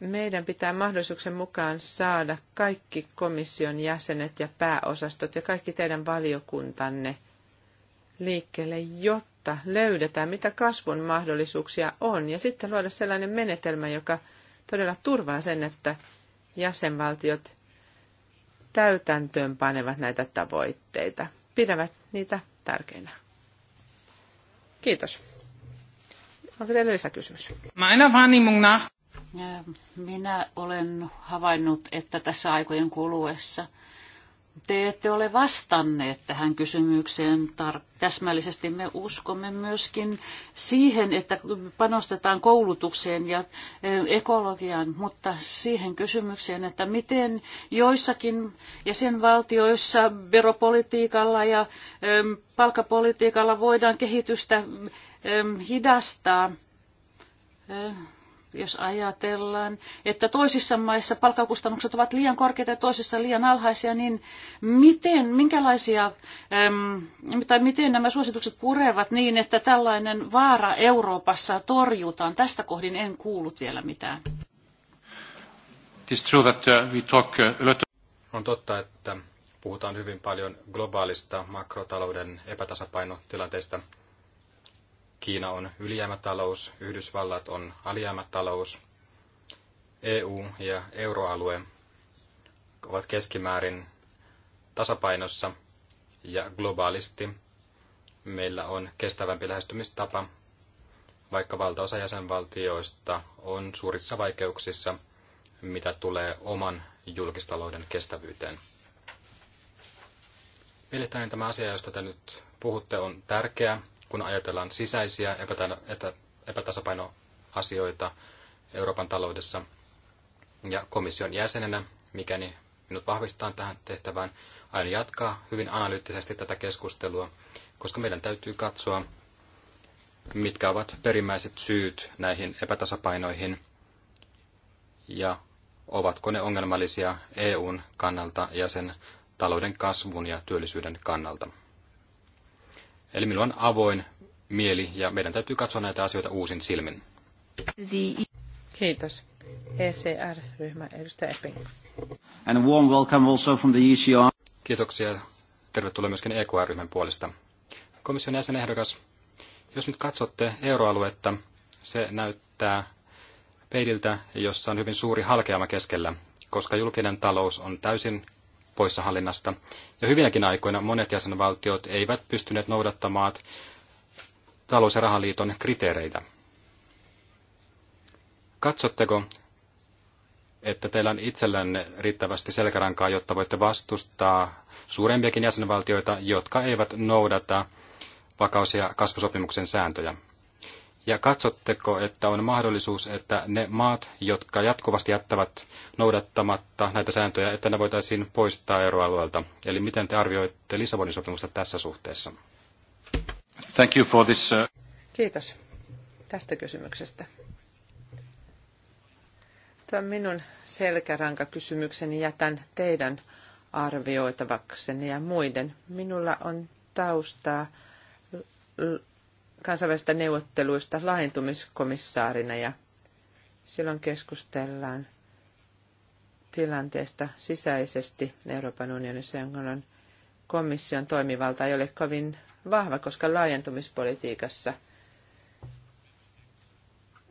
Meidän pitää mahdollisuuksien mukaan saada kaikki komission jäsenet ja pääosastot ja kaikki teidän valiokuntanne liikkeelle, jotta löydetään, mitä kasvun mahdollisuuksia on, ja sitten luoda sellainen menetelmä, joka – todella turvaa sen, että jäsenvaltiot täytäntöön panevat näitä tavoitteita, pidävät niitä tärkeinä.
Kiitos. Onko teillä lisäkysymys? Niin
Minä olen havainnut, että tässä aikojen kuluessa – te ette ole vastanneet tähän kysymykseen tar- täsmällisesti. Me uskomme myöskin siihen, että panostetaan koulutukseen ja e, ekologiaan, mutta siihen kysymykseen, että miten joissakin jäsenvaltioissa veropolitiikalla ja e, palkkapolitiikalla voidaan kehitystä e, hidastaa jos ajatellaan, että toisissa maissa palkkakustannukset ovat liian korkeita ja toisissa liian alhaisia, niin miten, minkälaisia, äm, tai miten nämä suositukset purevat niin, että tällainen vaara Euroopassa torjutaan? Tästä kohdin en kuullut vielä
mitään.
Uh, uh, On totta,
että puhutaan hyvin paljon globaalista makrotalouden epätasapainotilanteista – Kiina on ylijäämätalous, Yhdysvallat on alijäämätalous, EU ja euroalue ovat keskimäärin tasapainossa ja globaalisti meillä on kestävämpi lähestymistapa, vaikka valtaosa jäsenvaltioista on suurissa vaikeuksissa, mitä tulee oman julkistalouden kestävyyteen. Mielestäni tämä asia, josta te nyt puhutte, on tärkeä kun ajatellaan sisäisiä epätasapainoasioita Euroopan taloudessa. Ja komission jäsenenä, mikäni minut vahvistaa tähän tehtävään, aion jatkaa hyvin analyyttisesti tätä keskustelua, koska meidän täytyy katsoa, mitkä ovat perimmäiset syyt näihin epätasapainoihin ja ovatko ne ongelmallisia EUn kannalta ja sen talouden kasvun ja työllisyyden kannalta. Eli minulla on avoin mieli ja meidän täytyy katsoa näitä asioita uusin silmin.
Kiitos. ECR-ryhmä, edustaja Epping.
And a warm welcome also from the ECR. Kiitoksia. Tervetuloa myöskin EKR-ryhmän puolesta. Komission jäsenehdokas, jos nyt katsotte euroaluetta, se näyttää peililtä, jossa on hyvin suuri halkeama keskellä, koska julkinen talous on täysin poissa hallinnasta. Ja hyvinäkin aikoina monet jäsenvaltiot eivät pystyneet noudattamaan talous- ja rahaliiton kriteereitä. Katsotteko, että teillä on itsellänne riittävästi selkärankaa, jotta voitte vastustaa suurempiakin jäsenvaltioita, jotka eivät noudata vakaus- ja kasvusopimuksen sääntöjä? Ja katsotteko, että on mahdollisuus, että ne maat, jotka jatkuvasti jättävät noudattamatta näitä sääntöjä, että ne voitaisiin poistaa euroalueelta? Eli miten te arvioitte Lissabonin sopimusta tässä suhteessa?
Thank you for this, uh,
Kiitos tästä kysymyksestä. Tämä minun selkäranka kysymykseni jätän teidän arvioitavakseni ja muiden. Minulla on taustaa kansainvälisistä neuvotteluista laajentumiskomissaarina ja silloin keskustellaan tilanteesta sisäisesti Euroopan unionissa, jonka komission toimivalta ei ole kovin vahva, koska laajentumispolitiikassa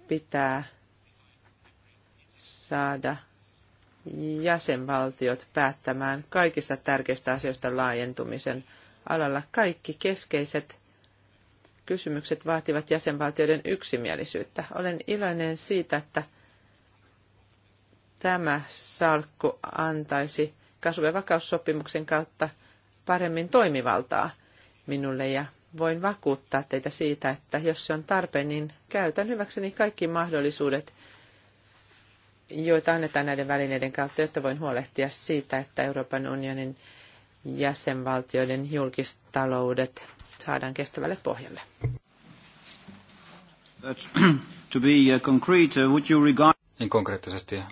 pitää saada jäsenvaltiot päättämään kaikista tärkeistä asioista laajentumisen alalla. Kaikki keskeiset kysymykset vaativat jäsenvaltioiden yksimielisyyttä. Olen iloinen siitä, että tämä salkku antaisi kasvu- ja vakaussopimuksen kautta paremmin toimivaltaa minulle ja voin vakuuttaa teitä siitä, että jos se on tarpeen, niin käytän hyväkseni kaikki mahdollisuudet, joita annetaan näiden välineiden kautta, jotta voin huolehtia siitä, että Euroopan unionin jäsenvaltioiden julkistaloudet saadaan kestävälle pohjalle.
To be uh, concrete, uh, would you regard...
Niin konkreettisesti,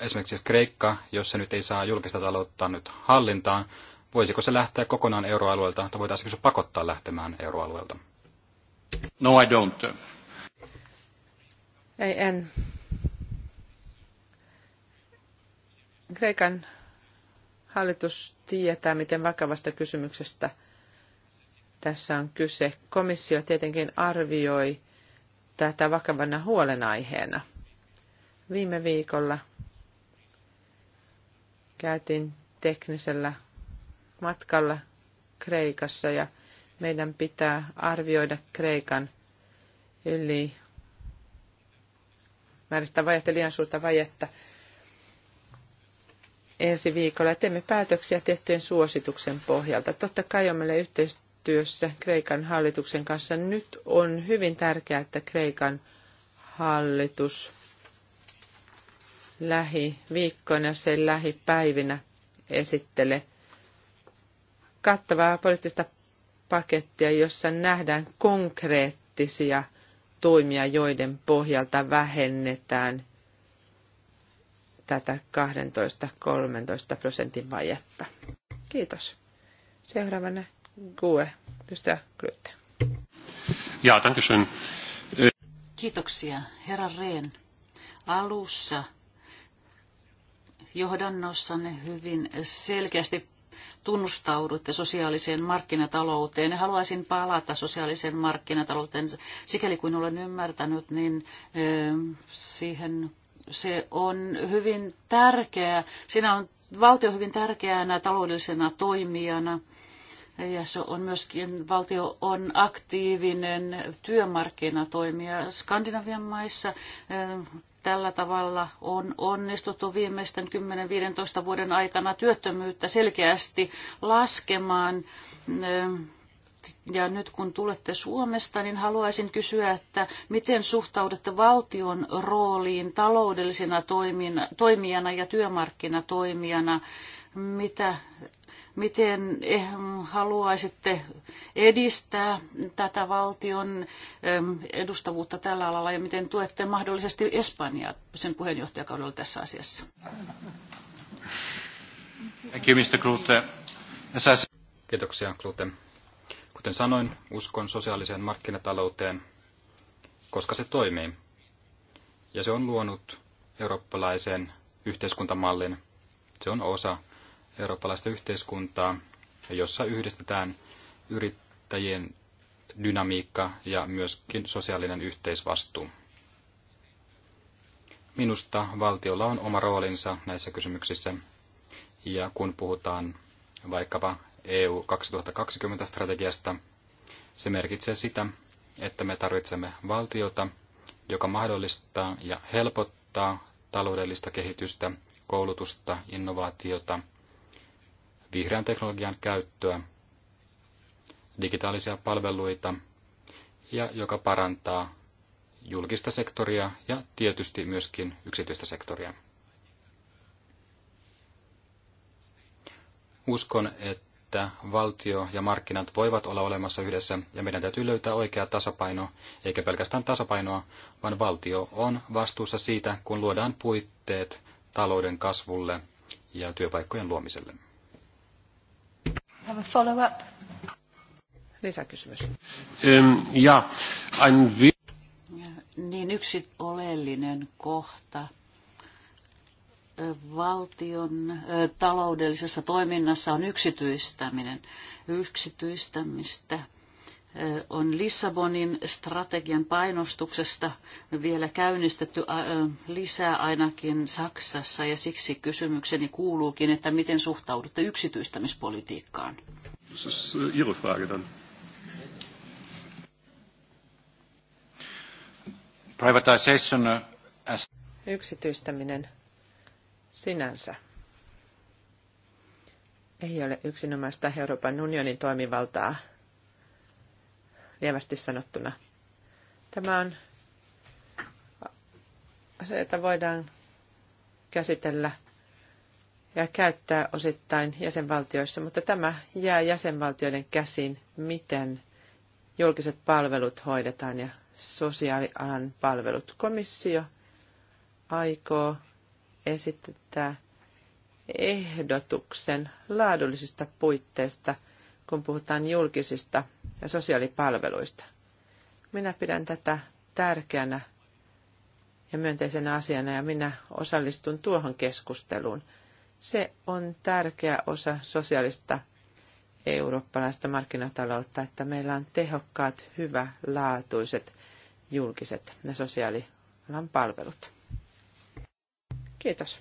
esimerkiksi Kreikka, jos se nyt ei saa julkista taloutta nyt hallintaan, voisiko se lähteä kokonaan euroalueelta, tai voitaisiinko se pakottaa lähtemään euroalueelta?
No, I don't.
Ei, en. Kreikan Hallitus tietää, miten vakavasta kysymyksestä tässä on kyse. Komissio tietenkin arvioi tätä vakavana huolenaiheena. Viime viikolla käytiin teknisellä matkalla Kreikassa ja meidän pitää arvioida Kreikan yli määristä vajetta, liian suurta vajetta ensi viikolla. Teemme päätöksiä tehtyjen suosituksen pohjalta. Totta kai on meillä yhteistyössä Kreikan hallituksen kanssa. Nyt on hyvin tärkeää, että Kreikan hallitus lähiviikkoina, jos ei lähipäivinä esittele kattavaa poliittista pakettia, jossa nähdään konkreettisia toimia, joiden pohjalta vähennetään tätä 12-13 prosentin vajetta.
Kiitos. Seuraavana Gue, tästä
Grytte. Ja, dankeschön.
Kiitoksia, herra Rehn. Alussa johdannossanne hyvin selkeästi tunnustaudutte sosiaaliseen markkinatalouteen. Haluaisin palata sosiaaliseen markkinatalouteen. Sikäli kuin olen ymmärtänyt, niin siihen se on hyvin tärkeä. Siinä on valtio hyvin tärkeänä taloudellisena toimijana ja se on myöskin, valtio on aktiivinen työmarkkinatoimija Skandinavian maissa. Tällä tavalla on onnistuttu viimeisten 10-15 vuoden aikana työttömyyttä selkeästi laskemaan ja nyt kun tulette Suomesta, niin haluaisin kysyä, että miten suhtaudutte valtion rooliin taloudellisena toimijana ja työmarkkinatoimijana? Mitä, miten eh, haluaisitte edistää tätä valtion edustavuutta tällä alalla ja miten tuette mahdollisesti Espanjaa sen puheenjohtajakaudella tässä asiassa?
Kiitoksia,
Klute. Kiitoksia, Klute. Kuten sanoin, uskon sosiaaliseen markkinatalouteen, koska se toimii. Ja se on luonut eurooppalaisen yhteiskuntamallin. Se on osa eurooppalaista yhteiskuntaa, jossa yhdistetään yrittäjien dynamiikka ja myöskin sosiaalinen yhteisvastuu. Minusta valtiolla on oma roolinsa näissä kysymyksissä, ja kun puhutaan vaikkapa EU 2020-strategiasta. Se merkitsee sitä, että me tarvitsemme valtiota, joka mahdollistaa ja helpottaa taloudellista kehitystä, koulutusta, innovaatiota, vihreän teknologian käyttöä, digitaalisia palveluita ja joka parantaa julkista sektoria ja tietysti myöskin yksityistä sektoria. Uskon, että että valtio ja markkinat voivat olla olemassa yhdessä ja meidän täytyy löytää oikea tasapaino, eikä pelkästään tasapainoa, vaan valtio on vastuussa siitä, kun luodaan puitteet talouden kasvulle ja työpaikkojen luomiselle.
Have a follow-up. Lisäkysymys.
Um, yeah, I'm...
Niin yksi oleellinen kohta valtion taloudellisessa toiminnassa on yksityistäminen. Yksityistämistä on Lissabonin strategian painostuksesta vielä käynnistetty lisää ainakin Saksassa ja siksi kysymykseni kuuluukin, että miten suhtaudutte yksityistämispolitiikkaan?
Privatization
Yksityistäminen sinänsä ei ole yksinomaista Euroopan unionin toimivaltaa, lievästi sanottuna. Tämä on se, että voidaan käsitellä ja käyttää osittain jäsenvaltioissa, mutta tämä jää jäsenvaltioiden käsiin, miten julkiset palvelut hoidetaan ja sosiaalialan palvelut. Komissio aikoo esittää ehdotuksen laadullisista puitteista, kun puhutaan julkisista ja sosiaalipalveluista. Minä pidän tätä tärkeänä ja myönteisenä asiana ja minä osallistun tuohon keskusteluun. Se on tärkeä osa sosiaalista eurooppalaista markkinataloutta, että meillä on tehokkaat, hyvälaatuiset julkiset ja sosiaalialan palvelut. Kiitos.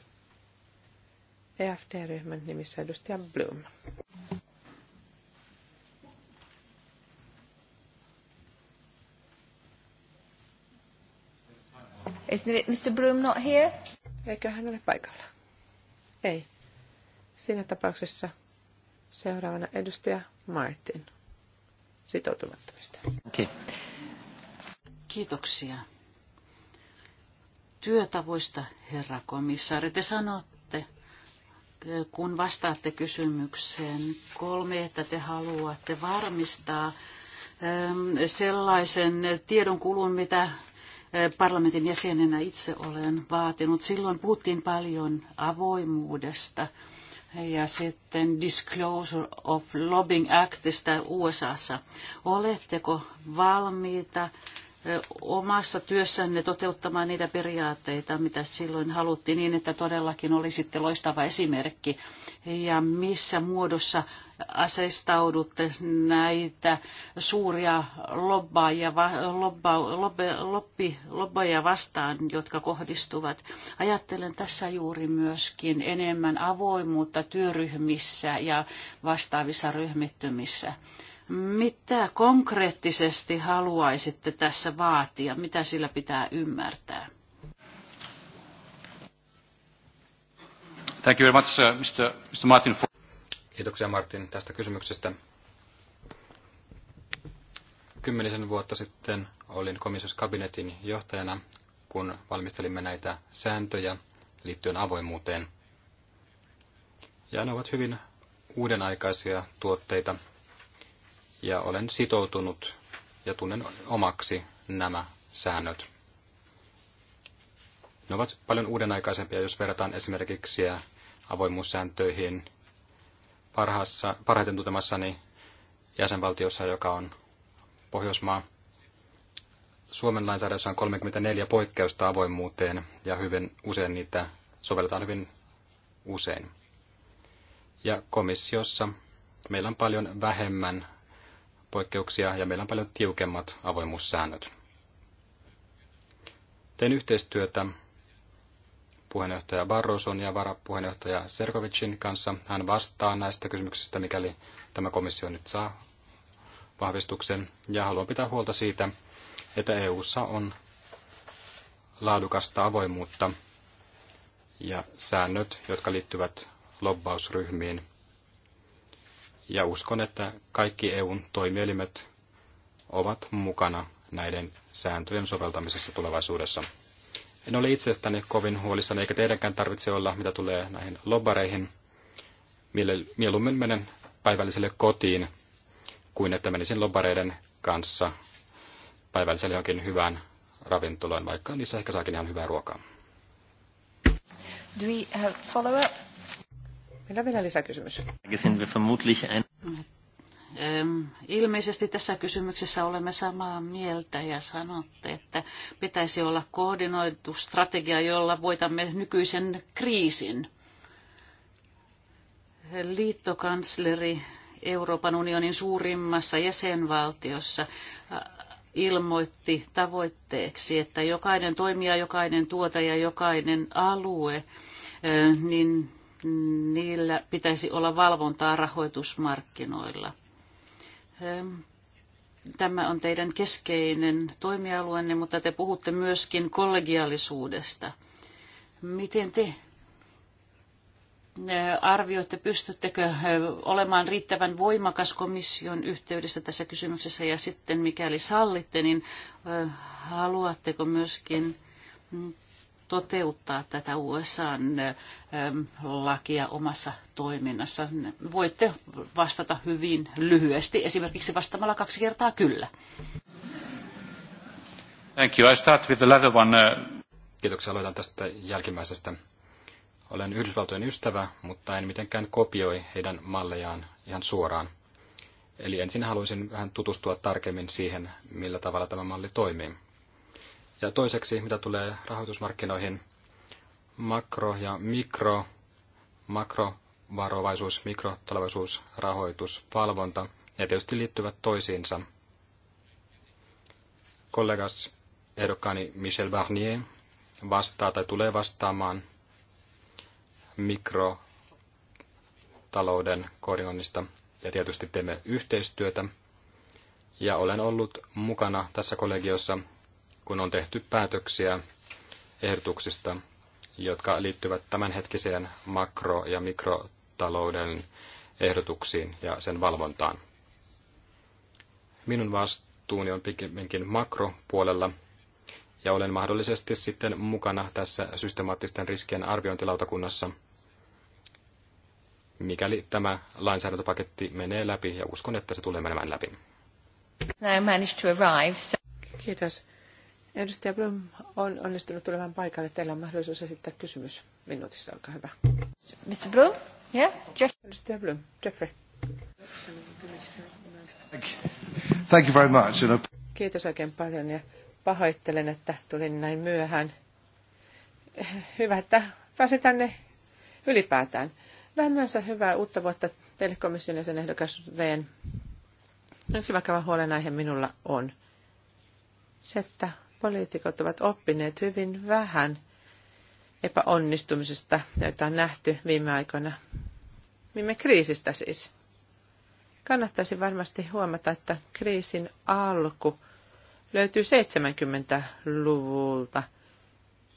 eft ryhmän nimissä edustaja
Bloom. Is Mr. Bloom
not here? Eikö hän ole paikalla? Ei. Siinä tapauksessa seuraavana edustaja Martin sitoutumattomista.
Okay.
Kiitoksia työtavoista, herra komissaari. Te sanotte, kun vastaatte kysymykseen kolme, että te haluatte varmistaa ähm, sellaisen tiedon kulun, mitä äh, parlamentin jäsenenä itse olen vaatinut. Silloin puhuttiin paljon avoimuudesta ja sitten Disclosure of Lobbying Actista USAssa. Oletteko valmiita omassa työssänne toteuttamaan niitä periaatteita, mitä silloin haluttiin, niin että todellakin olisitte loistava esimerkki. Ja missä muodossa asestaudutte näitä suuria lobbaajia, lobba, lobbe, lobbi, lobbaajia vastaan, jotka kohdistuvat. Ajattelen tässä juuri myöskin enemmän avoimuutta työryhmissä ja vastaavissa ryhmittymissä mitä konkreettisesti haluaisitte tässä vaatia? Mitä sillä pitää ymmärtää?
Thank you very much, Mr. Mr. Martin. For...
Kiitoksia Martin tästä kysymyksestä. Kymmenisen vuotta sitten olin komissioskabinetin johtajana, kun valmistelimme näitä sääntöjä liittyen avoimuuteen. Ja ne ovat hyvin uudenaikaisia tuotteita, ja olen sitoutunut ja tunnen omaksi nämä säännöt. Ne ovat paljon uudenaikaisempia, jos verrataan esimerkiksi avoimuussääntöihin parhaassa, parhaiten tuntemassani jäsenvaltiossa, joka on Pohjoismaa. Suomen lainsäädännössä on 34 poikkeusta avoimuuteen ja hyvin usein niitä sovelletaan hyvin usein. Ja komissiossa meillä on paljon vähemmän poikkeuksia ja meillä on paljon tiukemmat avoimuussäännöt. Tein yhteistyötä puheenjohtaja Barroson ja varapuheenjohtaja Serkovicin kanssa. Hän vastaa näistä kysymyksistä, mikäli tämä komissio nyt saa vahvistuksen. Ja haluan pitää huolta siitä, että EU:ssa on laadukasta avoimuutta ja säännöt, jotka liittyvät lobbausryhmiin ja uskon, että kaikki EUn toimielimet ovat mukana näiden sääntöjen soveltamisessa tulevaisuudessa. En ole itsestäni kovin huolissani, eikä teidänkään tarvitse olla, mitä tulee näihin lobbareihin. Mieluummin menen päivälliselle kotiin, kuin että menisin lobbareiden kanssa päivälliselle jonkin hyvään ravintolaan, vaikka niissä ehkä saakin ihan hyvää ruokaa.
Do we have follow-up? Meillä on vielä lisäkysymys. Ilmeisesti tässä kysymyksessä olemme samaa mieltä ja sanotte, että pitäisi olla koordinoitu strategia, jolla voitamme nykyisen kriisin. Liittokansleri Euroopan unionin suurimmassa jäsenvaltiossa ilmoitti tavoitteeksi, että jokainen toimija, jokainen tuotaja, jokainen alue, niin niillä pitäisi olla valvontaa rahoitusmarkkinoilla. Ehm, tämä on teidän keskeinen toimialueenne, mutta te puhutte myöskin kollegiaalisuudesta. Miten te ehm, arvioitte, pystyttekö ehm, olemaan riittävän voimakas komission yhteydessä tässä kysymyksessä ja sitten mikäli sallitte, niin haluatteko myöskin toteuttaa tätä usa ähm, lakia omassa toiminnassa? Voitte vastata hyvin lyhyesti, esimerkiksi vastaamalla kaksi kertaa kyllä.
Thank you. I start with the latter one. Uh, Kiitoksia. Aloitan tästä
jälkimmäisestä. Olen Yhdysvaltojen ystävä, mutta en mitenkään kopioi heidän mallejaan ihan suoraan. Eli ensin haluaisin vähän tutustua tarkemmin siihen, millä tavalla tämä malli toimii. Ja toiseksi, mitä tulee rahoitusmarkkinoihin, makro- ja mikro, makrovarovaisuus, mikrotulevaisuus, rahoitus, valvonta, ne tietysti liittyvät toisiinsa. Kollegas ehdokkaani Michel Barnier vastaa tai tulee vastaamaan mikrotalouden koordinoinnista ja tietysti teemme yhteistyötä. Ja olen ollut mukana tässä kollegiossa kun on tehty päätöksiä ehdotuksista, jotka liittyvät tämänhetkiseen makro- ja mikrotalouden ehdotuksiin ja sen valvontaan. Minun vastuuni on pikemminkin makropuolella, ja olen mahdollisesti sitten mukana tässä systemaattisten riskien arviointilautakunnassa, mikäli tämä lainsäädäntöpaketti menee läpi, ja uskon, että se tulee menemään läpi.
Kiitos. Edustaja Blum on onnistunut tulemaan paikalle. Teillä on mahdollisuus esittää kysymys minuutissa. Olkaa hyvä. Mr. Blum? Yeah? Jeff. Edustaja Blum. Jeffrey.
Thank you very much.
Kiitos oikein paljon ja pahoittelen, että tulin näin myöhään. Hyvä, että pääsin tänne ylipäätään. myös hyvää uutta vuotta teille komission ja sen ehdokas Rehn. Yksi vakava huolenaihe minulla on se, että poliitikot ovat oppineet hyvin vähän epäonnistumisesta, joita on nähty viime aikoina. Viime kriisistä siis. Kannattaisi varmasti huomata, että kriisin alku löytyy 70-luvulta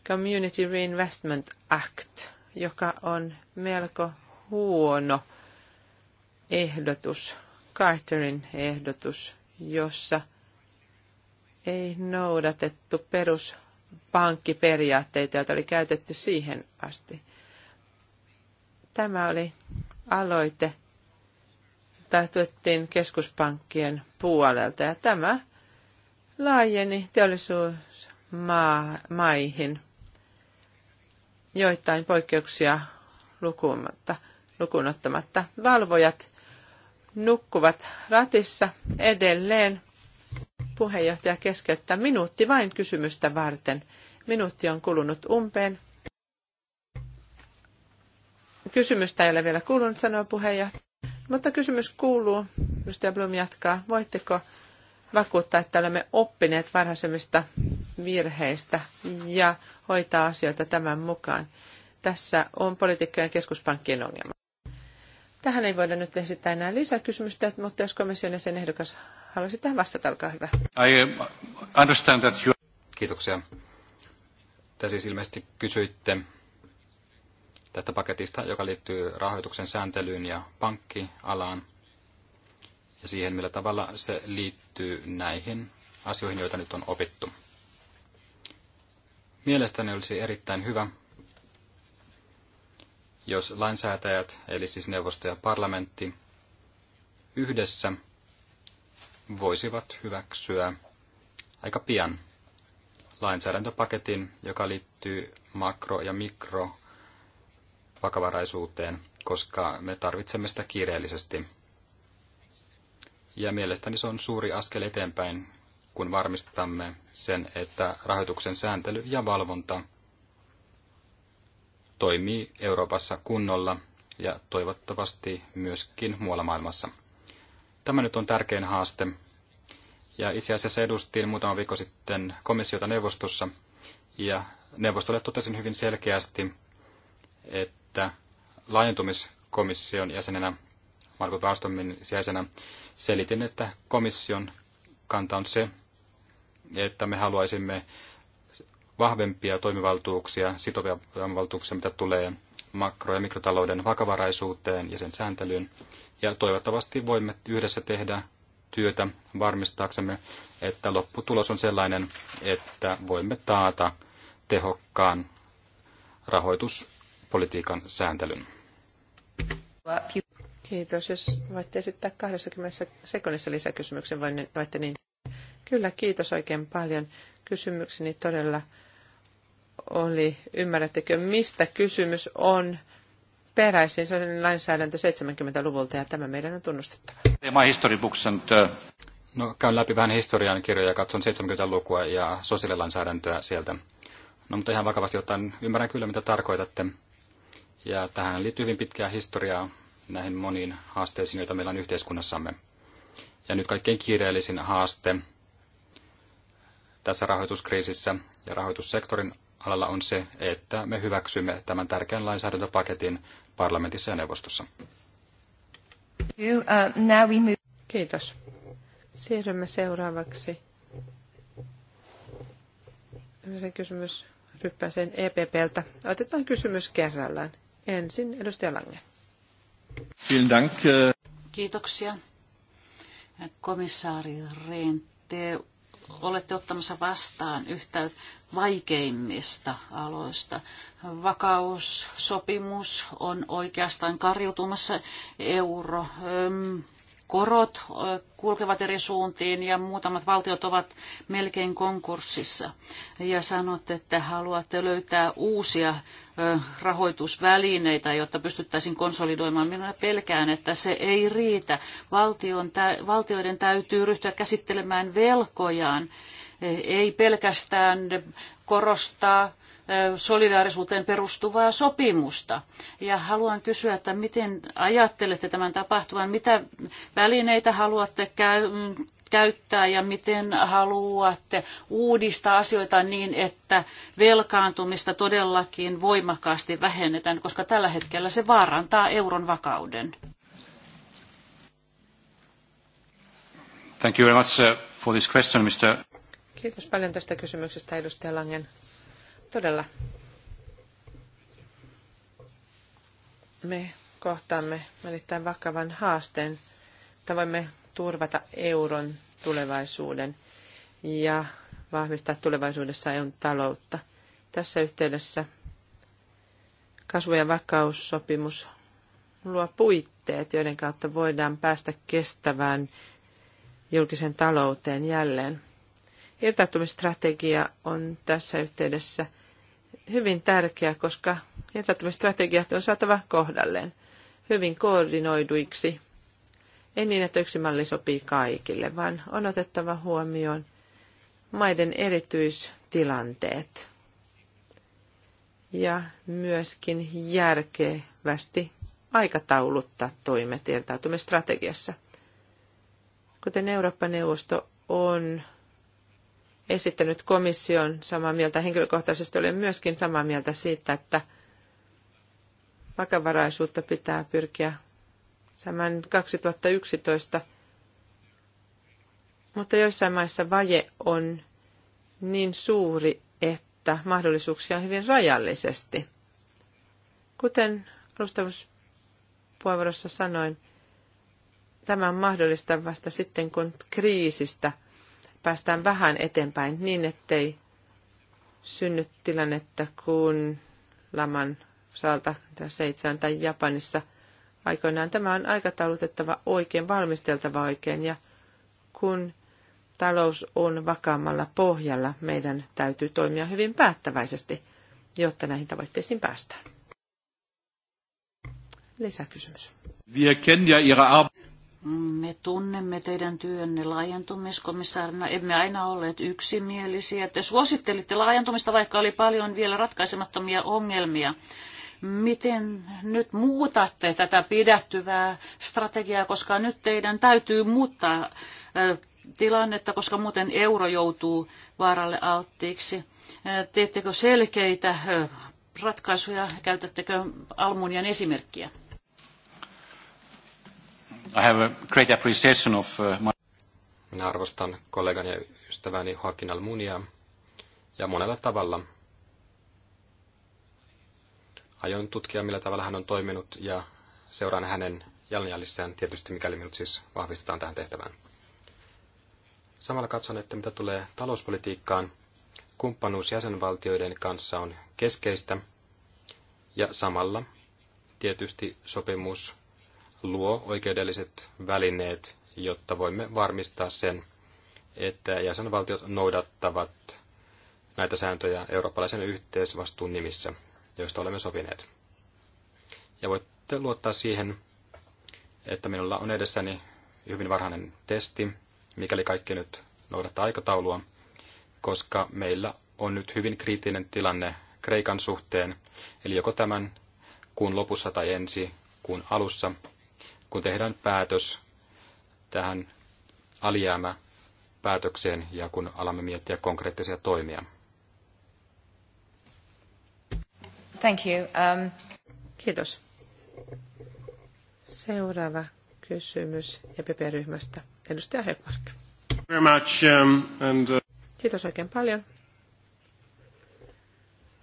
Community Reinvestment Act, joka on melko huono ehdotus, Carterin ehdotus, jossa – ei noudatettu peruspankkiperiaatteita, joita oli käytetty siihen asti. Tämä oli aloite, jota tuettiin keskuspankkien puolelta ja tämä laajeni teollisuusmaihin joitain poikkeuksia lukumatta, lukunottamatta. Valvojat nukkuvat ratissa edelleen Puheenjohtaja keskeyttää minuutti vain kysymystä varten. Minuutti on kulunut umpeen. Kysymystä ei ole vielä kuulunut, sanoo puheenjohtaja. Mutta kysymys kuuluu, edustaja Blum jatkaa, voitteko vakuuttaa, että olemme oppineet varhaisemmista virheistä ja hoitaa asioita tämän mukaan. Tässä on poliitikkojen keskuspankkien ongelma. Tähän ei voida nyt esittää enää lisäkysymystä, mutta jos komission sen ehdokas haluaisit tähän vastata, olkaa hyvä.
I uh, understand that you... Kiitoksia. Te siis ilmeisesti kysyitte tästä paketista, joka liittyy rahoituksen sääntelyyn ja pankkialaan ja siihen, millä tavalla se liittyy näihin asioihin, joita nyt on opittu. Mielestäni olisi erittäin hyvä, jos lainsäätäjät, eli siis neuvosto ja parlamentti, yhdessä – voisivat hyväksyä aika pian lainsäädäntöpaketin, joka liittyy makro- ja mikrovakavaraisuuteen, koska me tarvitsemme sitä kiireellisesti. Ja mielestäni se on suuri askel eteenpäin, kun varmistamme sen, että rahoituksen sääntely ja valvonta toimii Euroopassa kunnolla ja toivottavasti myöskin muualla maailmassa tämä nyt on tärkein haaste. Ja itse asiassa edustin muutama viikko sitten komissiota neuvostossa, ja neuvostolle totesin hyvin selkeästi, että laajentumiskomission jäsenenä, Marko Vastomin jäsenenä, selitin, että komission kanta on se, että me haluaisimme vahvempia toimivaltuuksia, sitovia toimivaltuuksia, mitä tulee makro- ja mikrotalouden vakavaraisuuteen ja sen sääntelyyn. Ja toivottavasti voimme yhdessä tehdä työtä varmistaaksemme, että lopputulos on sellainen, että voimme taata tehokkaan rahoituspolitiikan sääntelyn.
Kiitos. Jos voitte esittää 20 sekunnissa lisäkysymyksen, voin voitte niin. Kyllä, kiitos oikein paljon. Kysymykseni todella oli, ymmärrättekö, mistä kysymys on peräisin. Se on lainsäädäntö 70-luvulta ja tämä meidän on tunnustettava.
My history books and, No, käyn läpi vähän historian kirjoja, katson 70-lukua ja sosiaalilainsäädäntöä sieltä. No, mutta ihan vakavasti ottaen ymmärrän kyllä, mitä tarkoitatte. Ja tähän liittyy hyvin pitkää historiaa näihin moniin haasteisiin, joita meillä on yhteiskunnassamme. Ja nyt kaikkein kiireellisin haaste tässä rahoituskriisissä ja rahoitussektorin alalla on se, että me hyväksymme tämän tärkeän lainsäädäntöpaketin parlamentissa ja neuvostossa.
Kiitos. Siirrymme seuraavaksi. Se kysymys sen EPPltä.
Otetaan kysymys kerrallaan. Ensin edustaja Lange.
Äh.
Kiitoksia. Komissaari Rehn, te olette ottamassa vastaan yhtä vaikeimmista aloista. Vakaussopimus on oikeastaan karjutumassa euro. Korot kulkevat eri suuntiin ja muutamat valtiot ovat melkein konkurssissa. Ja sanotte, että haluatte löytää uusia rahoitusvälineitä, jotta pystyttäisiin konsolidoimaan. Minä pelkään, että se ei riitä. Valtion, valtioiden täytyy ryhtyä käsittelemään velkojaan ei pelkästään korostaa solidaarisuuteen perustuvaa sopimusta. Ja haluan kysyä, että miten ajattelette tämän tapahtuvan, mitä välineitä haluatte käy- käyttää ja miten haluatte uudistaa asioita niin, että velkaantumista todellakin voimakkaasti vähennetään, koska tällä hetkellä se vaarantaa euron vakauden.
Thank you very much for this question, Mr.
Kiitos paljon tästä kysymyksestä, edustaja Langen. Todella. Me kohtaamme erittäin vakavan haasteen, että voimme turvata euron tulevaisuuden ja vahvistaa tulevaisuudessa EUn taloutta. Tässä yhteydessä kasvu- ja vakaussopimus luo puitteet, joiden kautta voidaan päästä kestävään julkisen talouteen jälleen. Irtautumistrategia on tässä yhteydessä hyvin tärkeä, koska irtautumistrategiat on saatava kohdalleen hyvin koordinoiduiksi. Ei niin, että yksi malli sopii kaikille, vaan on otettava huomioon maiden erityistilanteet ja myöskin järkevästi aikatauluttaa toimet irtautumistrategiassa. Kuten Eurooppa-neuvosto on esittänyt komission samaa mieltä. Henkilökohtaisesti olen myöskin samaa mieltä siitä, että vakavaraisuutta pitää pyrkiä saamaan 2011. Mutta joissain maissa vaje on niin suuri, että mahdollisuuksia on hyvin rajallisesti. Kuten alustavuuspuheenvuorossa sanoin, tämä on mahdollista vasta sitten, kun kriisistä – päästään vähän eteenpäin niin, ettei synny tilannetta, kun laman salta seitsemän tai Japanissa aikoinaan tämä on aikataulutettava oikein, valmisteltava oikein ja kun talous on vakaammalla pohjalla, meidän täytyy toimia hyvin päättäväisesti, jotta näihin tavoitteisiin
päästään. Lisäkysymys. Me tunnemme teidän työnne laajentumiskomissaarina. Emme aina olleet yksimielisiä. Te suosittelitte laajentumista, vaikka oli paljon vielä ratkaisemattomia ongelmia. Miten nyt muutatte tätä pidättyvää strategiaa, koska nyt teidän täytyy muuttaa tilannetta, koska muuten euro joutuu vaaralle alttiiksi. Teettekö selkeitä ratkaisuja, käytättekö Almunian esimerkkiä?
I have a great appreciation of uh, my... Minä arvostan kollegani ja ystäväni
Joaquin Almunia ja monella tavalla aion tutkia, millä tavalla hän on toiminut ja seuraan hänen jalanjäljissään tietysti, mikäli minut siis vahvistetaan tähän tehtävään. Samalla katson, että mitä tulee talouspolitiikkaan, kumppanuus jäsenvaltioiden kanssa on keskeistä ja samalla tietysti sopimus luo oikeudelliset välineet, jotta voimme varmistaa sen, että jäsenvaltiot noudattavat näitä sääntöjä eurooppalaisen yhteisvastuun nimissä, joista olemme sopineet. Ja voitte luottaa siihen, että minulla on edessäni hyvin varhainen testi, mikäli kaikki nyt noudattaa aikataulua, koska meillä on nyt hyvin kriittinen tilanne Kreikan suhteen, eli joko tämän kuun lopussa tai ensi kuun alussa – kun tehdään päätös tähän alijäämä päätökseen ja kun alamme miettiä konkreettisia toimia.
Thank you. Um... Kiitos. Seuraava kysymys EPP-ryhmästä. Edustaja Högmark.
Very much, um, and, uh...
Kiitos oikein paljon.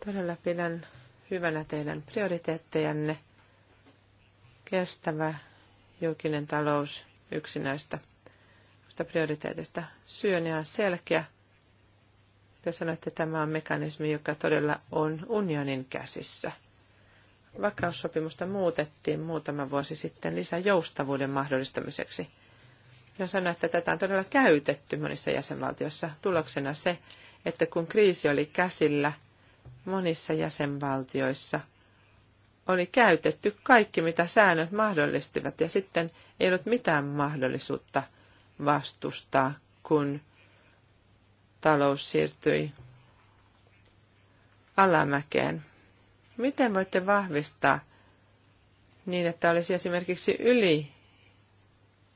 Todella pidän hyvänä teidän prioriteettejanne. Kestävä julkinen talous yksi näistä prioriteeteista. Syy on ihan selkeä. Te sanoitte, että tämä on mekanismi, joka todella on unionin käsissä. Vakaussopimusta muutettiin muutama vuosi sitten lisää joustavuuden mahdollistamiseksi. Ja sanoin, että tätä on todella käytetty monissa jäsenvaltioissa. Tuloksena se, että kun kriisi oli käsillä monissa jäsenvaltioissa, oli käytetty kaikki, mitä säännöt mahdollistivat, ja sitten ei ollut mitään mahdollisuutta vastustaa, kun talous siirtyi alamäkeen. Miten voitte vahvistaa niin, että olisi esimerkiksi yli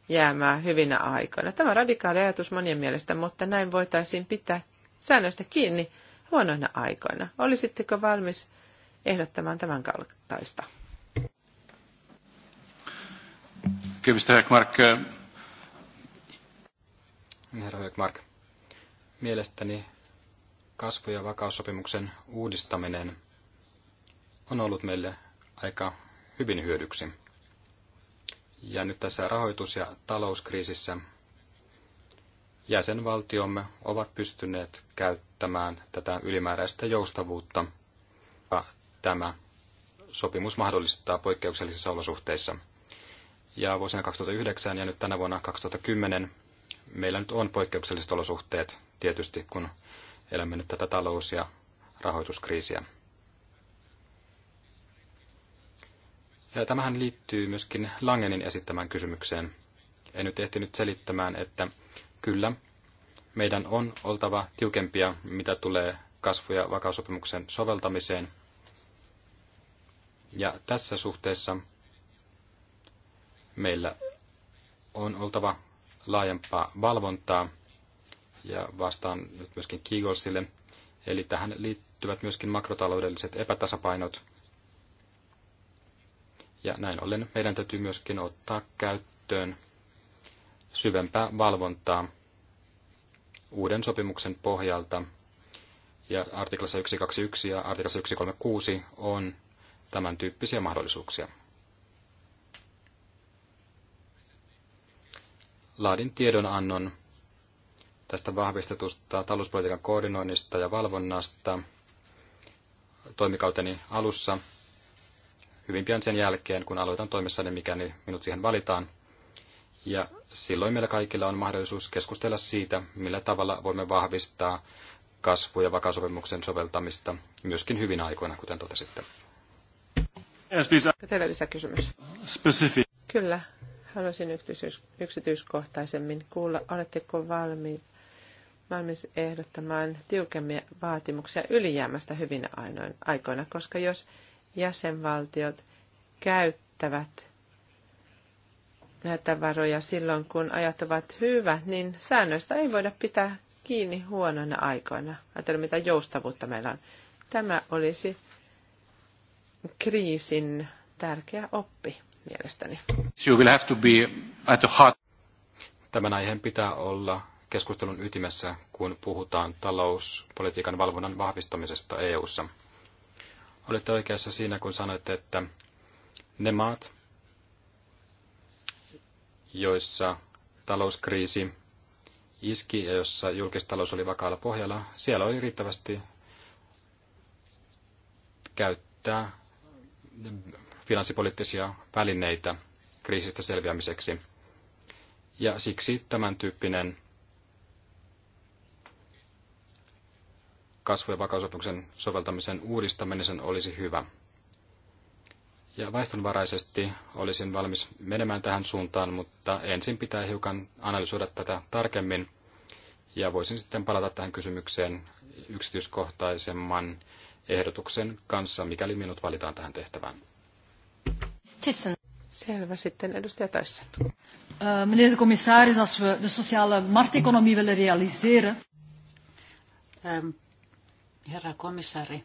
jäämää hyvinä aikoina? Tämä on radikaali ajatus monien mielestä, mutta näin voitaisiin pitää säännöistä kiinni huonoina aikoina. Olisitteko valmis ehdottamaan tämän
kaltaista. Högmark. Uh, Herra Högmark,
mielestäni kasvu- ja vakaussopimuksen uudistaminen on ollut meille aika hyvin hyödyksi. Ja nyt tässä rahoitus- ja talouskriisissä jäsenvaltiomme ovat pystyneet käyttämään tätä ylimääräistä joustavuutta, tämä sopimus mahdollistaa poikkeuksellisissa olosuhteissa. Ja vuosina 2009 ja nyt tänä vuonna 2010 meillä nyt on poikkeukselliset olosuhteet tietysti, kun elämme nyt tätä talous- ja rahoituskriisiä. Ja tämähän liittyy myöskin Langenin esittämään kysymykseen. En nyt ehtinyt selittämään, että kyllä, meidän on oltava tiukempia, mitä tulee kasvu- ja vakaussopimuksen soveltamiseen – ja tässä suhteessa meillä on oltava laajempaa valvontaa ja vastaan nyt myöskin Kiigolsille. Eli tähän liittyvät myöskin makrotaloudelliset epätasapainot. Ja näin ollen meidän täytyy myöskin ottaa käyttöön syvempää valvontaa uuden sopimuksen pohjalta. Ja artiklassa 121 ja artiklassa 136 on tämän tyyppisiä mahdollisuuksia. Laadin tiedonannon tästä vahvistetusta talouspolitiikan koordinoinnista ja valvonnasta toimikauteni alussa. Hyvin pian sen jälkeen, kun aloitan toimessani, niin mikäli minut siihen valitaan. Ja silloin meillä kaikilla on mahdollisuus keskustella siitä, millä tavalla voimme vahvistaa kasvu- ja vakaussopimuksen soveltamista myöskin hyvin aikoina, kuten totesitte.
Teillä lisäkysymys. Kyllä, haluaisin yksityiskohtaisemmin kuulla, oletteko valmiit valmis ehdottamaan tiukemmia vaatimuksia ylijäämästä hyvinä ainoin aikoina, koska jos jäsenvaltiot käyttävät näitä varoja silloin, kun ajat ovat hyvät, niin säännöistä ei voida pitää kiinni huonoina aikoina. Ajatellaan, mitä joustavuutta meillä on. Tämä olisi kriisin tärkeä oppi
mielestäni.
You will have to be
at the heart. Tämän aiheen pitää olla keskustelun ytimessä, kun puhutaan talouspolitiikan valvonnan vahvistamisesta EU:ssa. Olette oikeassa siinä, kun sanoitte, että ne maat, joissa talouskriisi iski ja jossa julkistalous oli vakaalla pohjalla, siellä oli riittävästi käyttää finanssipoliittisia välineitä kriisistä selviämiseksi. Ja siksi tämän tyyppinen kasvu- ja vakausopimuksen soveltamisen uudistaminen olisi hyvä. Ja vaistonvaraisesti olisin valmis menemään tähän suuntaan, mutta ensin pitää hiukan analysoida tätä tarkemmin. Ja voisin sitten palata tähän kysymykseen yksityiskohtaisemman ehdotuksen kanssa, mikäli minut valitaan tähän tehtävään.
Selvä sitten edustaja Tyson. Meneer de commissaris, als we de sociale markteconomie willen realiseren. Ehm, herra komissaari,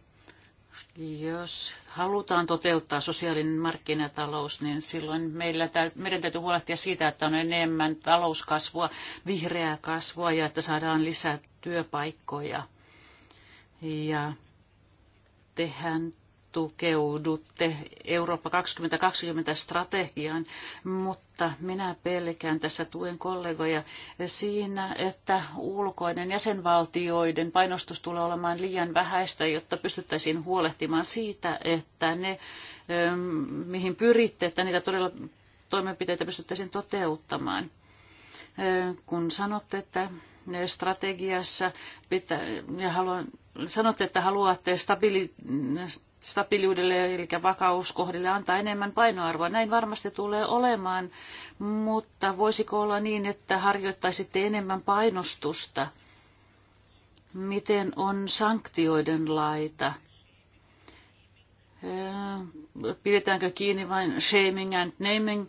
jos halutaan toteuttaa sosiaalinen markkinatalous, niin silloin meillä täyt, meidän täytyy huolehtia siitä, että on enemmän talouskasvua, vihreää kasvua ja että saadaan lisää työpaikkoja. Ja tehän tukeudutte Eurooppa 2020 strategiaan, mutta minä pelkään tässä tuen kollegoja siinä, että ulkoinen jäsenvaltioiden painostus tulee olemaan liian vähäistä, jotta pystyttäisiin huolehtimaan siitä, että ne, mihin pyritte, että niitä todella toimenpiteitä pystyttäisiin toteuttamaan. Kun sanotte, että strategiassa. Pitä, ja haluan, sanotte, että haluatte stabili, stabiiliudelle, eli vakauskohdille antaa enemmän painoarvoa. Näin varmasti tulee olemaan, mutta voisiko olla niin, että harjoittaisitte enemmän painostusta? Miten on sanktioiden laita? Pidetäänkö kiinni vain shaming and naming?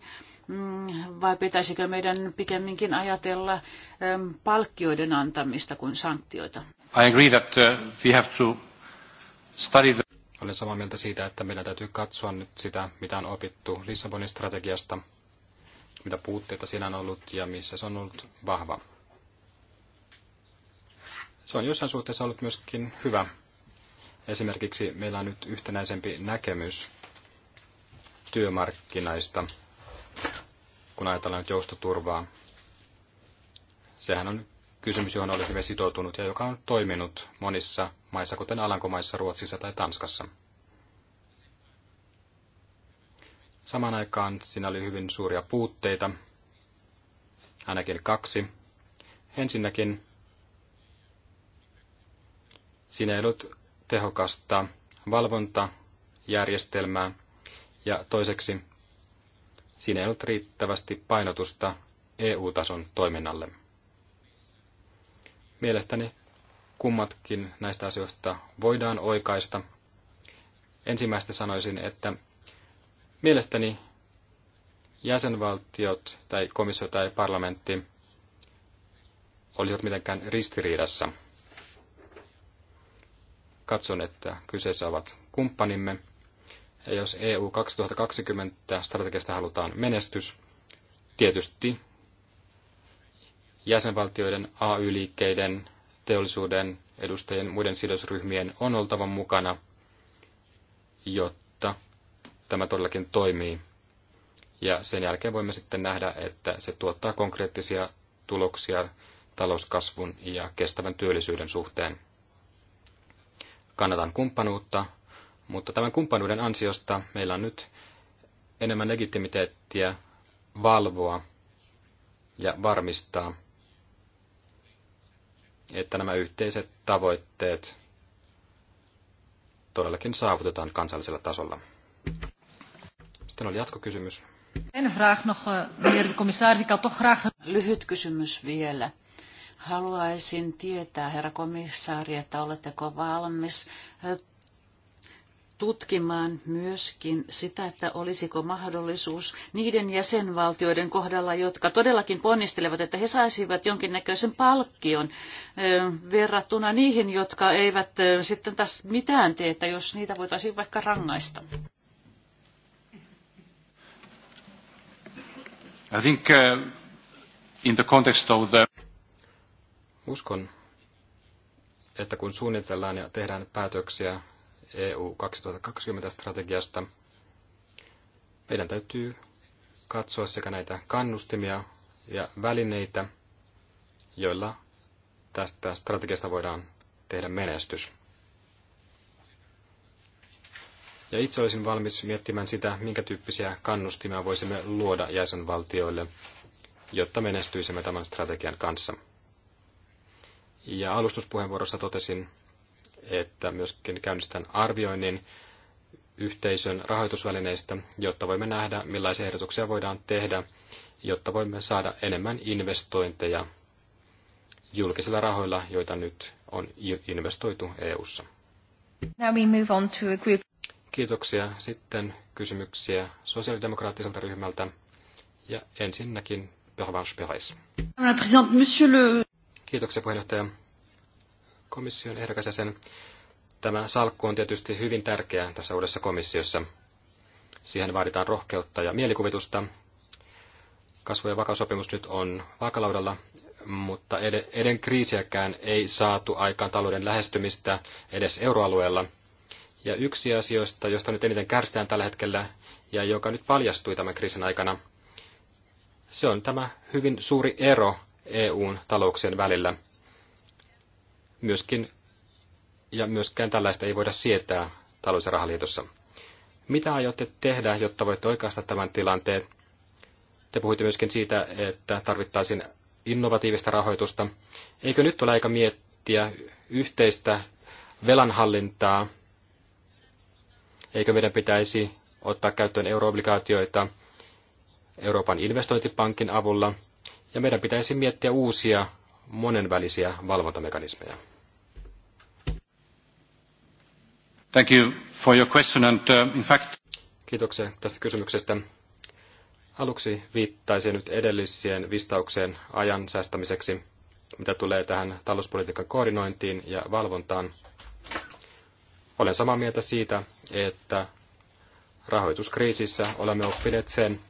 Mm, vai pitäisikö meidän pikemminkin ajatella ähm, palkkioiden antamista kuin sanktioita?
I agree that uh, we have to study the... Olen samaa mieltä siitä, että
meidän täytyy katsoa nyt sitä, mitä on opittu Lissabonin strategiasta, mitä puutteita siinä on ollut ja missä se on ollut vahva. Se on jossain suhteessa ollut myöskin hyvä. Esimerkiksi meillä on nyt yhtenäisempi näkemys työmarkkinaista kun ajatellaan nyt joustoturvaa. Sehän on kysymys, johon olisimme sitoutunut ja joka on toiminut monissa maissa, kuten Alankomaissa, Ruotsissa tai Tanskassa. Samaan aikaan siinä oli hyvin suuria puutteita, ainakin kaksi. Ensinnäkin siinä ei ollut tehokasta valvontajärjestelmää ja toiseksi Siinä ei ollut riittävästi painotusta EU-tason toiminnalle. Mielestäni kummatkin näistä asioista voidaan oikaista. Ensimmäistä sanoisin, että mielestäni jäsenvaltiot tai komissio tai parlamentti olisivat mitenkään ristiriidassa. Katson, että kyseessä ovat kumppanimme – ja jos EU 2020 strategiasta halutaan menestys, tietysti jäsenvaltioiden, AY-liikkeiden, teollisuuden edustajien, muiden sidosryhmien on oltava mukana, jotta tämä todellakin toimii. Ja sen jälkeen voimme sitten nähdä, että se tuottaa konkreettisia tuloksia talouskasvun ja kestävän työllisyyden suhteen. Kannatan kumppanuutta, mutta tämän kumppanuuden ansiosta meillä on nyt enemmän legitimiteettiä valvoa ja varmistaa, että nämä yhteiset tavoitteet todellakin saavutetaan kansallisella tasolla. Sitten oli jatkokysymys.
Eh, en Lyhyt kysymys vielä. Haluaisin tietää, herra komissaari, että oletteko valmis eh, tutkimaan myöskin sitä, että olisiko mahdollisuus niiden jäsenvaltioiden kohdalla, jotka todellakin ponnistelevat, että he saisivat jonkinnäköisen palkkion verrattuna niihin, jotka eivät sitten taas mitään tee, että jos niitä voitaisiin vaikka rangaista.
I think uh, in the context of the... Uskon,
että kun suunnitellaan ja tehdään päätöksiä EU 2020-strategiasta. Meidän täytyy katsoa sekä näitä kannustimia ja välineitä, joilla tästä strategiasta voidaan tehdä menestys. Ja itse olisin valmis miettimään sitä, minkä tyyppisiä kannustimia voisimme luoda jäsenvaltioille, jotta menestyisimme tämän strategian kanssa. Ja alustuspuheenvuorossa totesin, että myöskin käynnistetään arvioinnin yhteisön rahoitusvälineistä, jotta voimme nähdä, millaisia ehdotuksia voidaan tehdä, jotta voimme saada enemmän investointeja julkisilla rahoilla, joita nyt on investoitu EU:ssa. Now we move on to a group. Kiitoksia. Sitten kysymyksiä sosiaalidemokraattiselta ryhmältä. Ja ensinnäkin Pervanche Peres. Kiitoksia puheenjohtaja komission ehdokas ja sen Tämä salkku on tietysti hyvin tärkeä tässä uudessa komissiossa. Siihen vaaditaan rohkeutta ja mielikuvitusta. Kasvu- ja vakausopimus nyt on vaakalaudalla, mutta eden kriisiäkään ei saatu aikaan talouden lähestymistä edes euroalueella. Ja yksi asioista, josta nyt eniten kärsitään tällä hetkellä ja joka nyt paljastui tämän kriisin aikana, se on tämä hyvin suuri ero EUn talouksien välillä – Myöskin, ja myöskään tällaista ei voida sietää talous- ja rahaliitossa. Mitä aiotte tehdä, jotta voitte oikaista tämän tilanteen? Te puhuitte myöskin siitä, että tarvittaisiin innovatiivista rahoitusta. Eikö nyt ole aika miettiä yhteistä velanhallintaa? Eikö meidän pitäisi ottaa käyttöön euroobligaatioita Euroopan investointipankin avulla? Ja meidän pitäisi miettiä uusia monenvälisiä valvontamekanismeja.
Thank you for your question and uh,
in fact... Kiitoksia tästä kysymyksestä. Aluksi viittaisin nyt edellisien vistaukseen ajan säästämiseksi, mitä tulee tähän talouspolitiikan koordinointiin ja valvontaan. Olen samaa mieltä siitä, että rahoituskriisissä olemme oppineet sen,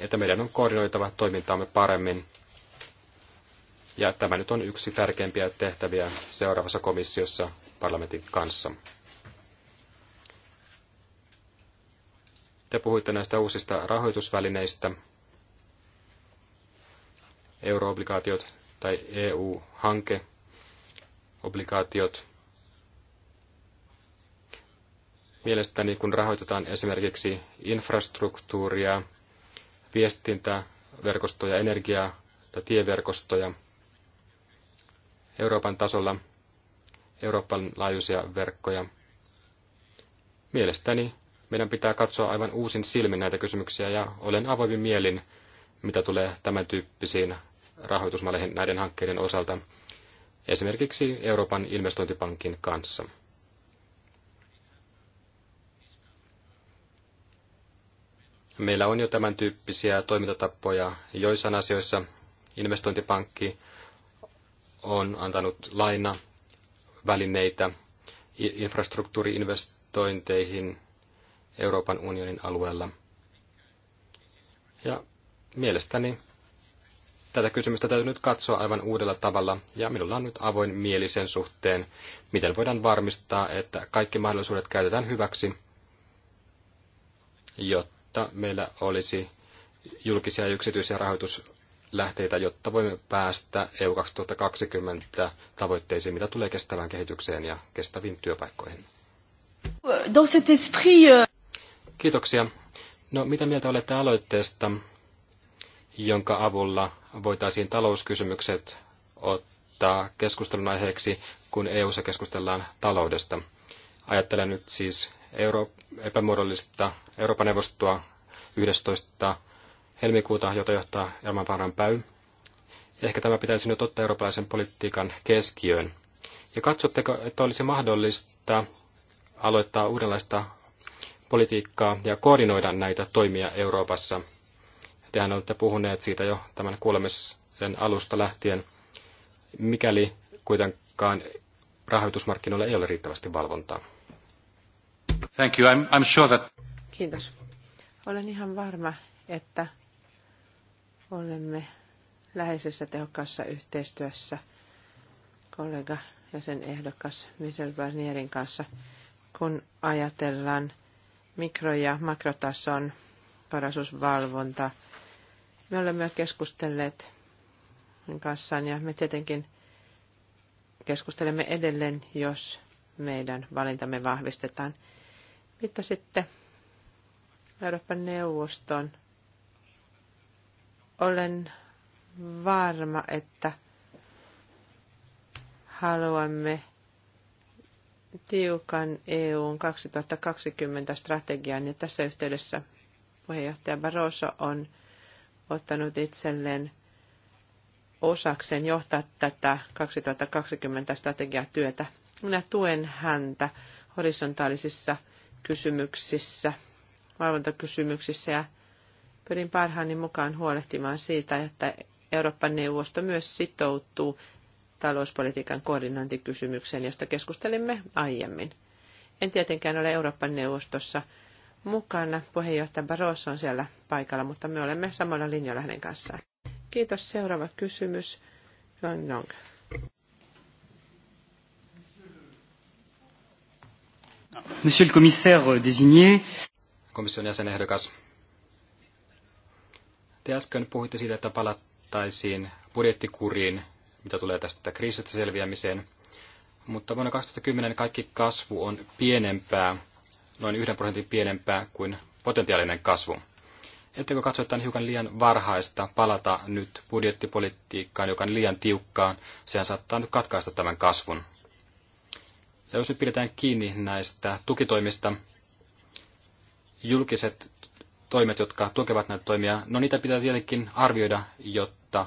että meidän on koordinoitava toimintaamme paremmin. Ja tämä nyt on yksi tärkeimpiä tehtäviä seuraavassa komissiossa parlamentin kanssa. Te puhuitte näistä uusista rahoitusvälineistä, euroobligaatiot tai EU-hanke, obligaatiot. Mielestäni kun rahoitetaan esimerkiksi infrastruktuuria, viestintäverkostoja, energiaa tai tieverkostoja Euroopan tasolla, Euroopan laajuisia verkkoja, mielestäni meidän pitää katsoa aivan uusin silmin näitä kysymyksiä ja olen avoimin mielin, mitä tulee tämän tyyppisiin rahoitusmalleihin näiden hankkeiden osalta, esimerkiksi Euroopan investointipankin kanssa. Meillä on jo tämän tyyppisiä toimintatapoja joissain asioissa. Investointipankki on antanut laina välineitä infrastruktuuriinvestointeihin Euroopan unionin alueella. Ja mielestäni tätä kysymystä täytyy nyt katsoa aivan uudella tavalla, ja minulla on nyt avoin mielisen suhteen, miten voidaan varmistaa, että kaikki mahdollisuudet käytetään hyväksi, jotta meillä olisi julkisia ja yksityisiä rahoituslähteitä, jotta voimme päästä EU 2020 tavoitteisiin, mitä tulee kestävään kehitykseen ja kestäviin työpaikkoihin.
Dans cet esprit... Euh,
Kiitoksia. No, mitä mieltä olette aloitteesta, jonka avulla voitaisiin talouskysymykset ottaa keskustelun aiheeksi, kun EU-ssa keskustellaan taloudesta? Ajattelen nyt siis euro- epämuodollista Euroopan neuvostoa 11. helmikuuta, jota johtaa Elman Vaaran Päy. Ehkä tämä pitäisi nyt ottaa eurooppalaisen politiikan keskiöön. Ja katsotteko, että olisi mahdollista aloittaa uudenlaista politiikkaa ja koordinoida näitä toimia Euroopassa. Tehän olette puhuneet siitä jo tämän kuulemisen alusta lähtien, mikäli kuitenkaan rahoitusmarkkinoilla ei ole riittävästi valvontaa. Thank you. I'm, I'm sure that...
Kiitos. Olen ihan varma, että olemme läheisessä tehokkaassa yhteistyössä kollega ja sen ehdokas Michel Barnierin kanssa, kun ajatellaan mikro- ja makrotason varaisuusvalvonta. Me olemme keskustelleet kanssa ja me tietenkin keskustelemme edelleen, jos meidän valintamme vahvistetaan. Mitä sitten Euroopan neuvoston? Olen varma, että haluamme tiukan EUn 2020 strategian ja tässä yhteydessä puheenjohtaja Barroso on ottanut itselleen osakseen johtaa tätä 2020 strategiatyötä. Minä tuen häntä horisontaalisissa kysymyksissä, valvontakysymyksissä ja pyrin parhaani mukaan huolehtimaan siitä, että Euroopan neuvosto myös sitoutuu talouspolitiikan koordinointikysymykseen, josta keskustelimme aiemmin. En tietenkään ole Euroopan neuvostossa mukana. Puheenjohtaja Barroso on siellä paikalla, mutta me olemme samalla linjalla hänen kanssaan. Kiitos. Seuraava kysymys. Long Long.
Monsieur le commissaire désigné. Komission jäsenehdokas. Te äsken puhuitte siitä, että palattaisiin budjettikuriin mitä tulee tästä kriisistä selviämiseen. Mutta vuonna 2010 kaikki kasvu on pienempää, noin yhden prosentin pienempää kuin potentiaalinen kasvu. Ettekö katso, että on hiukan liian varhaista palata nyt budjettipolitiikkaan, joka on liian tiukkaan? Sehän saattaa nyt katkaista tämän kasvun. Ja jos nyt pidetään kiinni näistä tukitoimista, julkiset toimet, jotka tukevat näitä toimia, no niitä pitää tietenkin arvioida, jotta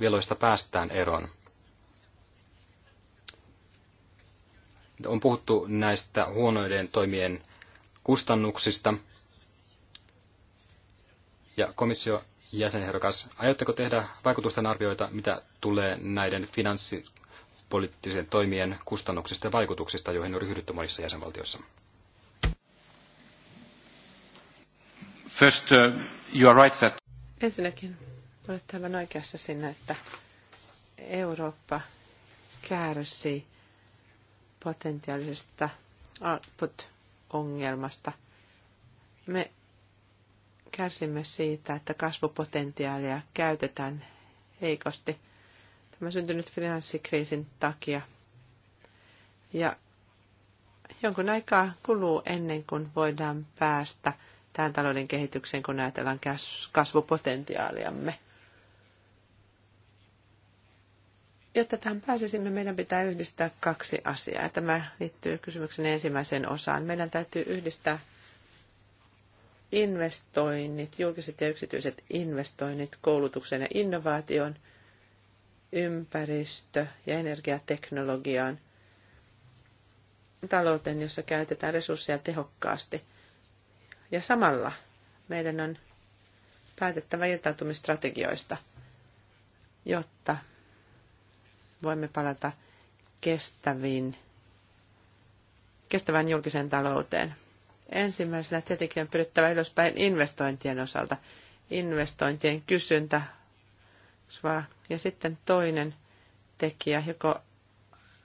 veloista päästään eroon. On puhuttu näistä huonoiden toimien kustannuksista. Ja komissio jäsenehdokas, aiotteko tehdä vaikutusten arvioita, mitä tulee näiden finanssipoliittisen toimien kustannuksista ja vaikutuksista, joihin on ryhdytty monissa jäsenvaltioissa?
First, uh, you are right that...
Ensinnäkin Olette aivan oikeassa siinä, että Eurooppa kärsii potentiaalisesta output-ongelmasta. Me kärsimme siitä, että kasvupotentiaalia käytetään heikosti tämä syntynyt finanssikriisin takia. Ja jonkun aikaa kuluu ennen kuin voidaan päästä tähän talouden kehitykseen, kun ajatellaan kasvupotentiaaliamme. Jotta tähän pääsisimme, meidän pitää yhdistää kaksi asiaa. Tämä liittyy kysymyksen ensimmäiseen osaan. Meidän täytyy yhdistää investoinnit, julkiset ja yksityiset investoinnit koulutukseen ja innovaatioon, ympäristö- ja energiateknologiaan, talouteen, jossa käytetään resursseja tehokkaasti. Ja samalla meidän on päätettävä irtautumistrategioista, jotta voimme palata kestäviin, kestävään julkiseen talouteen. Ensimmäisenä tietenkin on pyrittävä ylöspäin investointien osalta. Investointien kysyntä ja sitten toinen tekijä, joko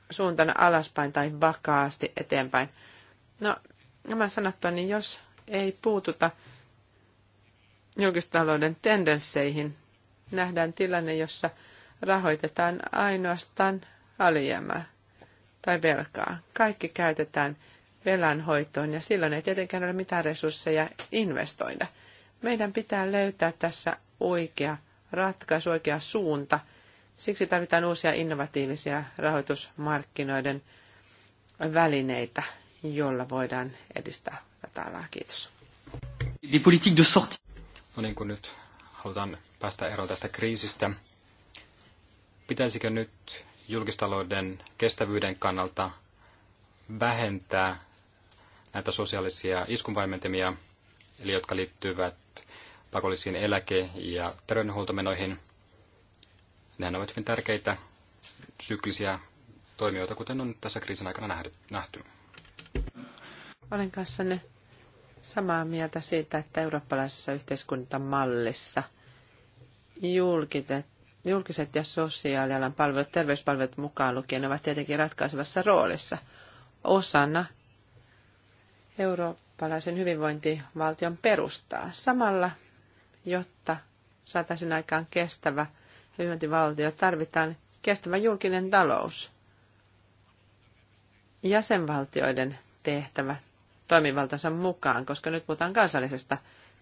suuntana alaspäin tai vakaasti eteenpäin. No, nämä sanottua, niin jos ei puututa julkistalouden tendensseihin, nähdään tilanne, jossa – rahoitetaan ainoastaan alijäämää tai velkaa. Kaikki käytetään velanhoitoon ja silloin ei tietenkään ole mitään resursseja investoida. Meidän pitää löytää tässä oikea ratkaisu, oikea suunta. Siksi tarvitaan uusia innovatiivisia rahoitusmarkkinoiden välineitä, joilla voidaan edistää tätä alaa. Kiitos.
No niin, kuin nyt halutaan päästä eroon tästä kriisistä, Pitäisikö nyt julkistalouden kestävyyden kannalta vähentää näitä sosiaalisia iskunvaimentimia, eli jotka liittyvät pakollisiin eläke- ja terveydenhuoltomenoihin. Nehän ovat hyvin tärkeitä syklisiä toimijoita, kuten on tässä kriisin aikana nähty.
Olen kanssanne samaa mieltä siitä, että eurooppalaisessa yhteiskuntamallissa julkiset Julkiset ja sosiaalialan palvelut, terveyspalvelut mukaan lukien ovat tietenkin ratkaisevassa roolissa osana eurooppalaisen hyvinvointivaltion perustaa. Samalla, jotta saataisiin aikaan kestävä hyvinvointivaltio, tarvitaan kestävä julkinen talous. Jäsenvaltioiden tehtävä toimivaltansa mukaan, koska nyt puhutaan kansallisesta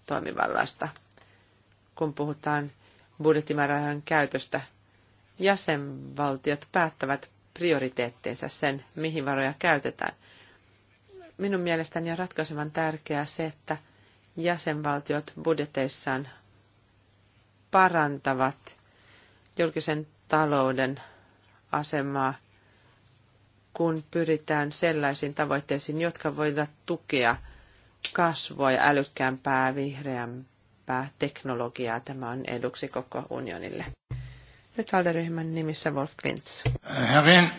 toimivallasta, kun puhutaan budjettimäärärahan käytöstä jäsenvaltiot päättävät prioriteetteensa sen, mihin varoja käytetään. Minun mielestäni on ratkaisevan tärkeää se, että jäsenvaltiot budjeteissaan parantavat julkisen talouden asemaa, kun pyritään sellaisiin tavoitteisiin, jotka voivat tukea kasvua ja älykkäämpää, vihreämpää parempaa teknologiaa. Tämä on eduksi koko unionille. Nyt alderyhmän nimissä Wolf Klintz.
Herrin,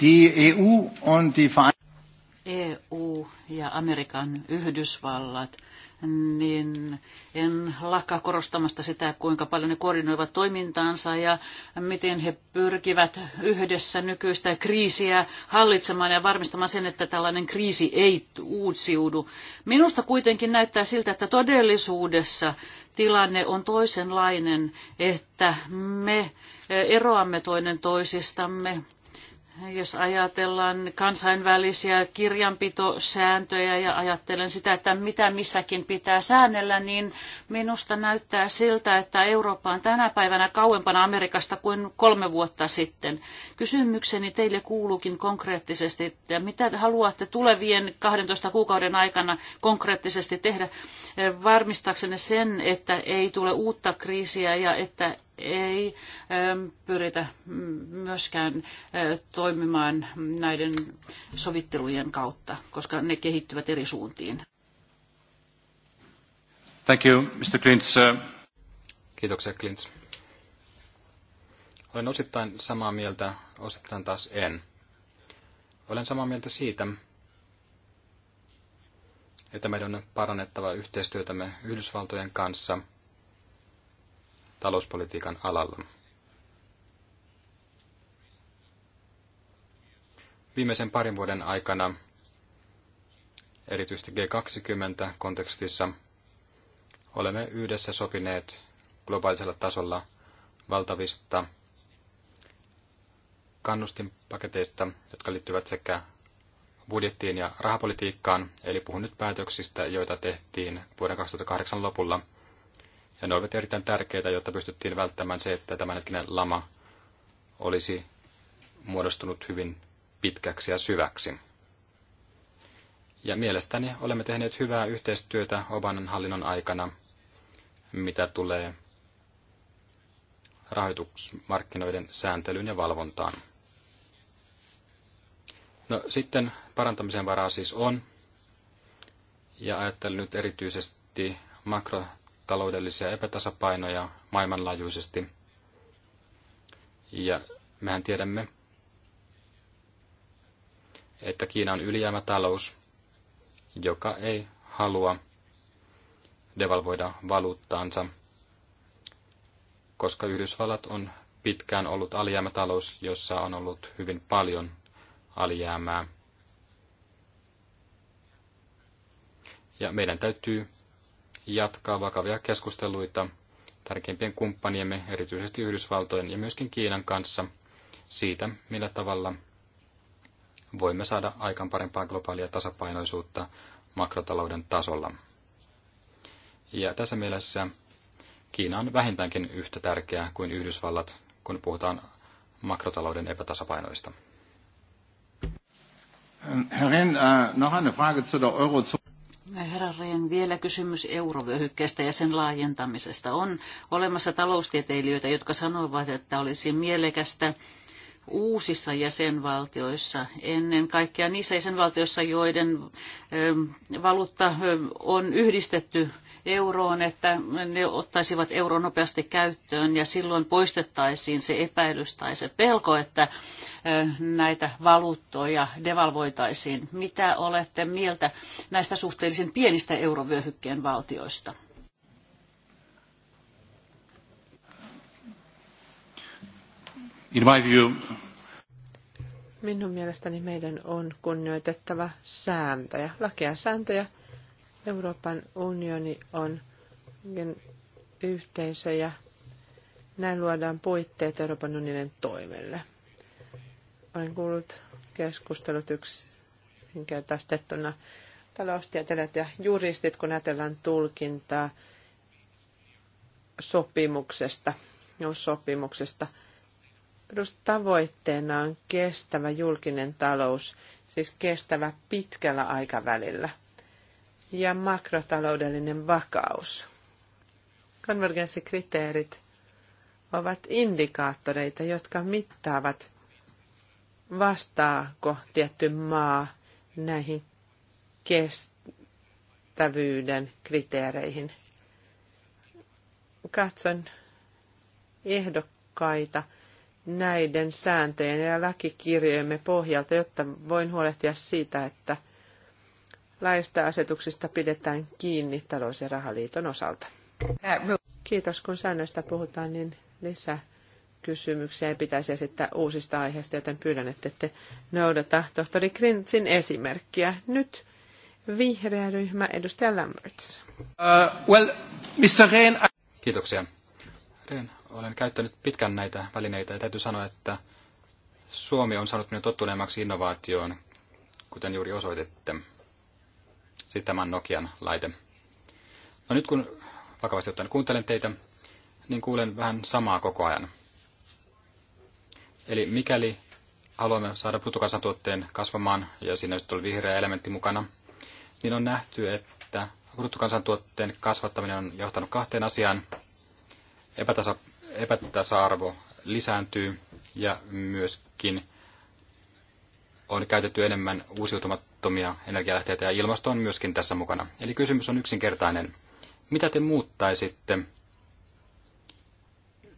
die EU on die
EU ja Amerikan Yhdysvallat, niin en lakkaa korostamasta sitä, kuinka paljon ne koordinoivat toimintaansa ja miten he pyrkivät yhdessä nykyistä kriisiä hallitsemaan ja varmistamaan sen, että tällainen kriisi ei uusiudu. Minusta kuitenkin näyttää siltä, että todellisuudessa tilanne on toisenlainen, että me eroamme toinen toisistamme jos ajatellaan kansainvälisiä kirjanpitosääntöjä ja ajattelen sitä, että mitä missäkin pitää säännellä, niin minusta näyttää siltä, että Eurooppa on tänä päivänä kauempana Amerikasta kuin kolme vuotta sitten. Kysymykseni teille kuuluukin konkreettisesti, että mitä haluatte tulevien 12 kuukauden aikana konkreettisesti tehdä eh, varmistaksenne sen, että ei tule uutta kriisiä ja että ei ähm, pyritä myöskään äh, toimimaan näiden sovittelujen kautta, koska ne kehittyvät eri
suuntiin.
Thank you, Mr. Klintz. Kiitoksia, Klintz.
Olen osittain samaa mieltä, osittain taas en. Olen samaa mieltä siitä, että meidän on parannettava yhteistyötämme Yhdysvaltojen kanssa – talouspolitiikan alalla. Viimeisen parin vuoden aikana, erityisesti G20-kontekstissa, olemme yhdessä sopineet globaalisella tasolla valtavista kannustinpaketeista, jotka liittyvät sekä budjettiin ja rahapolitiikkaan, eli puhun nyt päätöksistä, joita tehtiin vuoden 2008 lopulla – ja ne olivat erittäin tärkeitä, jotta pystyttiin välttämään se, että tämänhetkinen lama olisi muodostunut hyvin pitkäksi ja syväksi. Ja mielestäni olemme tehneet hyvää yhteistyötä Obanan hallinnon aikana, mitä tulee rahoitusmarkkinoiden sääntelyyn ja valvontaan. No sitten parantamisen varaa siis on, ja ajattelen nyt erityisesti makro- taloudellisia epätasapainoja maailmanlaajuisesti. Ja mehän tiedämme, että Kiina on ylijäämätalous, joka ei halua devalvoida valuuttaansa, koska Yhdysvallat on pitkään ollut alijäämätalous, jossa on ollut hyvin paljon alijäämää. Ja meidän täytyy jatkaa vakavia keskusteluita tärkeimpien kumppaniemme, erityisesti Yhdysvaltojen ja myöskin Kiinan kanssa, siitä, millä tavalla voimme saada aikaan parempaa globaalia tasapainoisuutta makrotalouden tasolla. Ja tässä mielessä Kiina on vähintäänkin yhtä tärkeää kuin Yhdysvallat, kun puhutaan makrotalouden epätasapainoista.
Herr Renn, äh, noch eine Frage zu der Eurozone.
Herra Rehn, vielä kysymys eurovyöhykkeestä ja sen laajentamisesta. On olemassa taloustieteilijöitä, jotka sanovat, että olisi mielekästä uusissa jäsenvaltioissa, ennen kaikkea niissä jäsenvaltioissa, joiden valuutta on yhdistetty euroon, että ne ottaisivat euro nopeasti käyttöön ja silloin poistettaisiin se epäilys tai se pelko, että näitä valuuttoja devalvoitaisiin. Mitä olette mieltä näistä suhteellisen pienistä eurovyöhykkeen valtioista?
In my view,
Minun mielestäni meidän on kunnioitettava sääntöjä, lakia sääntöjä, Euroopan unioni on yhteisö ja näin luodaan puitteet Euroopan unionin toimelle. Olen kuullut keskustelut yksinkertaistettuna taloustieteilijät ja juristit, kun ajatellaan tulkintaa sopimuksesta, sopimuksesta. Tavoitteena on kestävä julkinen talous, siis kestävä pitkällä aikavälillä – ja makrotaloudellinen vakaus. Konvergenssikriteerit ovat indikaattoreita, jotka mittaavat, vastaako tietty maa näihin kestävyyden kriteereihin. Katson ehdokkaita näiden sääntöjen ja lakikirjojemme pohjalta, jotta voin huolehtia siitä, että – laista asetuksista pidetään kiinni talous- ja rahaliiton osalta. Kiitos, kun säännöistä puhutaan, niin lisää kysymyksiä ei pitäisi esittää uusista aiheista, joten pyydän, että te noudata tohtori Krintsin esimerkkiä. Nyt vihreä ryhmä, edustaja Lamberts.
Uh, well, Mr. Rehn, I... Kiitoksia. Rehn, olen käyttänyt pitkän näitä välineitä ja täytyy sanoa, että Suomi on saanut minut tottuneemmaksi innovaatioon, kuten juuri osoitette. Siis tämä on Nokian laite. No nyt kun vakavasti ottaen kuuntelen teitä, niin kuulen vähän samaa koko ajan. Eli mikäli haluamme saada bruttokansantuotteen kasvamaan, ja siinä sitten oli vihreä elementti mukana, niin on nähty, että bruttokansantuotteen kasvattaminen on johtanut kahteen asiaan. Epätasa, epätasa-arvo lisääntyy ja myöskin on käytetty enemmän uusiutumat, uusiutuvia energialähteitä ja ilmasto on myöskin tässä mukana. Eli kysymys on yksinkertainen. Mitä te muuttaisitte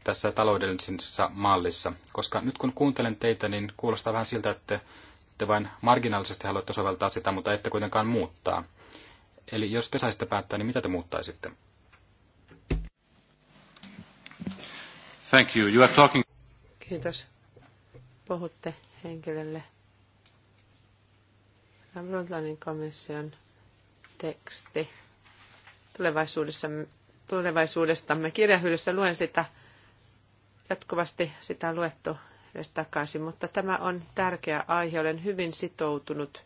tässä taloudellisessa mallissa? Koska nyt kun kuuntelen teitä, niin kuulostaa vähän siltä, että te vain marginaalisesti haluatte soveltaa sitä, mutta ette kuitenkaan muuttaa. Eli jos te saisitte päättää, niin mitä te muuttaisitte?
Thank you. You are talking...
Kiitos.
Puhutte henkilölle, Brundtlandin komission teksti tulevaisuudessa, tulevaisuudestamme kirjahyllyssä. Luen sitä jatkuvasti, sitä on luettu edes takaisin, mutta tämä on tärkeä aihe. Olen hyvin sitoutunut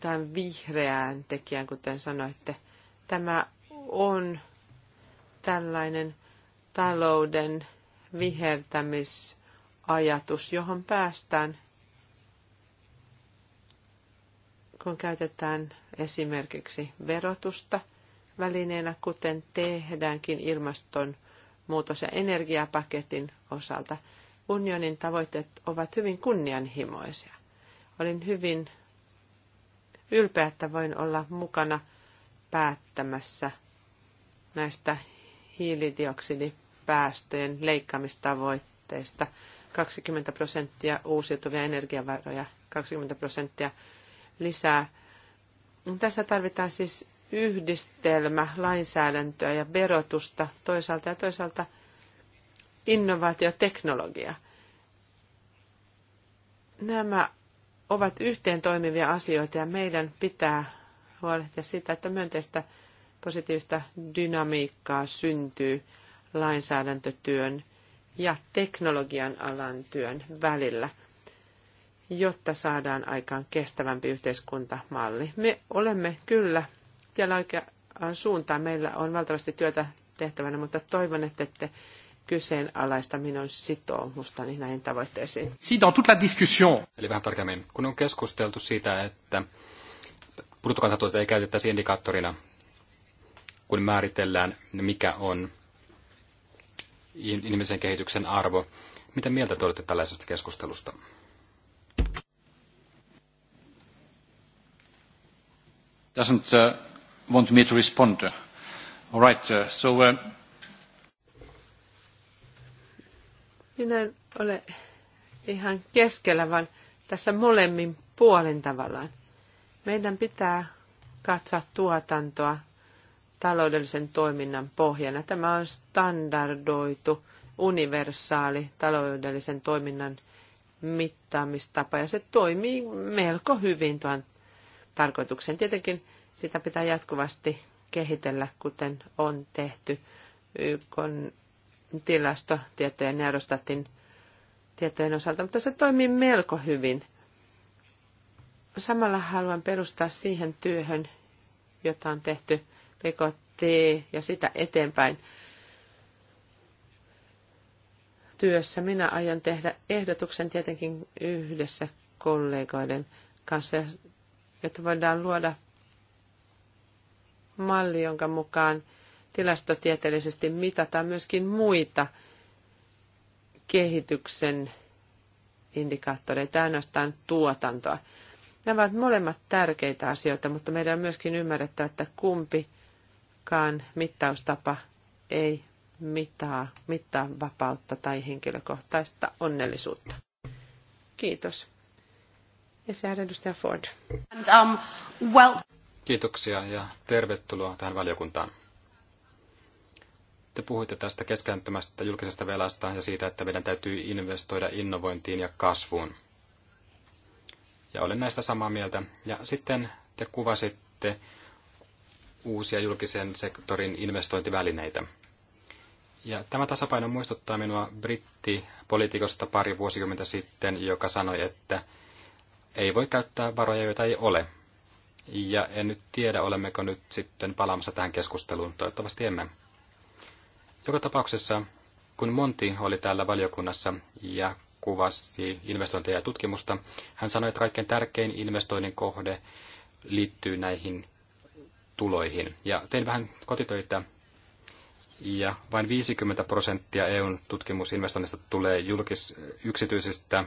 tähän vihreään tekijään, kuten sanoitte. Tämä on tällainen talouden vihertämisajatus, johon päästään kun käytetään esimerkiksi verotusta välineenä, kuten tehdäänkin ilmastonmuutos- ja energiapaketin osalta, unionin tavoitteet ovat hyvin kunnianhimoisia. Olin hyvin ylpeä, että voin olla mukana päättämässä näistä hiilidioksidipäästöjen leikkaamistavoitteista 20 prosenttia uusiutuvia energiavaroja, 20 prosenttia lisää. Tässä tarvitaan siis yhdistelmä lainsäädäntöä ja verotusta toisaalta ja toisaalta innovaatioteknologia. Nämä ovat yhteen toimivia asioita ja meidän pitää huolehtia siitä, että myönteistä positiivista dynamiikkaa syntyy lainsäädäntötyön ja teknologian alan työn välillä – jotta saadaan aikaan kestävämpi yhteiskuntamalli. Me olemme kyllä siellä oikeaan äh, suuntaan. Meillä on valtavasti työtä tehtävänä, mutta toivon, että ette kyseenalaista minun sitoumustani näihin tavoitteisiin.
Siitä on toute la discussion. Eli vähän tarkemmin, kun on keskusteltu siitä, että bruttokansantuote ei käytettäisi indikaattorina, kun määritellään, mikä on ihmisen kehityksen arvo. Mitä mieltä te olette tällaisesta
keskustelusta? doesn't uh, want me to respond. All right, uh, so... Uh...
Minä en ole ihan keskellä, vaan tässä molemmin puolin tavallaan. Meidän pitää katsoa tuotantoa taloudellisen toiminnan pohjana. Tämä on standardoitu, universaali taloudellisen toiminnan mittaamistapa ja se toimii melko hyvin tuon tarkoituksen. Tietenkin sitä pitää jatkuvasti kehitellä, kuten on tehty YK tilastotietojen ja Eurostatin tietojen osalta, mutta se toimii melko hyvin. Samalla haluan perustaa siihen työhön, jota on tehty PKT ja sitä eteenpäin työssä. Minä aion tehdä ehdotuksen tietenkin yhdessä kollegoiden kanssa jotta voidaan luoda malli, jonka mukaan tilastotieteellisesti mitataan myöskin muita kehityksen indikaattoreita, ainoastaan tuotantoa. Nämä ovat molemmat tärkeitä asioita, mutta meidän on myöskin ymmärrettävä, että kumpikaan mittaustapa ei mittaa, mittaa vapautta tai henkilökohtaista onnellisuutta. Kiitos. Ja sehän edustaja Ford.
And, um,
well... Kiitoksia ja tervetuloa tähän valiokuntaan. Te puhuitte tästä keskääntymästä julkisesta velasta ja siitä, että meidän täytyy investoida innovointiin ja kasvuun. Ja olen näistä samaa mieltä. Ja sitten te kuvasitte uusia julkisen sektorin investointivälineitä. Ja tämä tasapaino muistuttaa minua brittipolitiikosta pari vuosikymmentä sitten, joka sanoi, että ei voi käyttää varoja, joita ei ole. Ja en nyt tiedä, olemmeko nyt sitten palaamassa tähän keskusteluun. Toivottavasti emme. Joka tapauksessa, kun Monti oli täällä valiokunnassa ja kuvasi investointeja ja tutkimusta, hän sanoi, että kaikkein tärkein investoinnin kohde liittyy näihin tuloihin. Ja tein vähän kotitöitä ja vain 50 prosenttia EUn tutkimusinvestoinnista tulee julkis- yksityisistä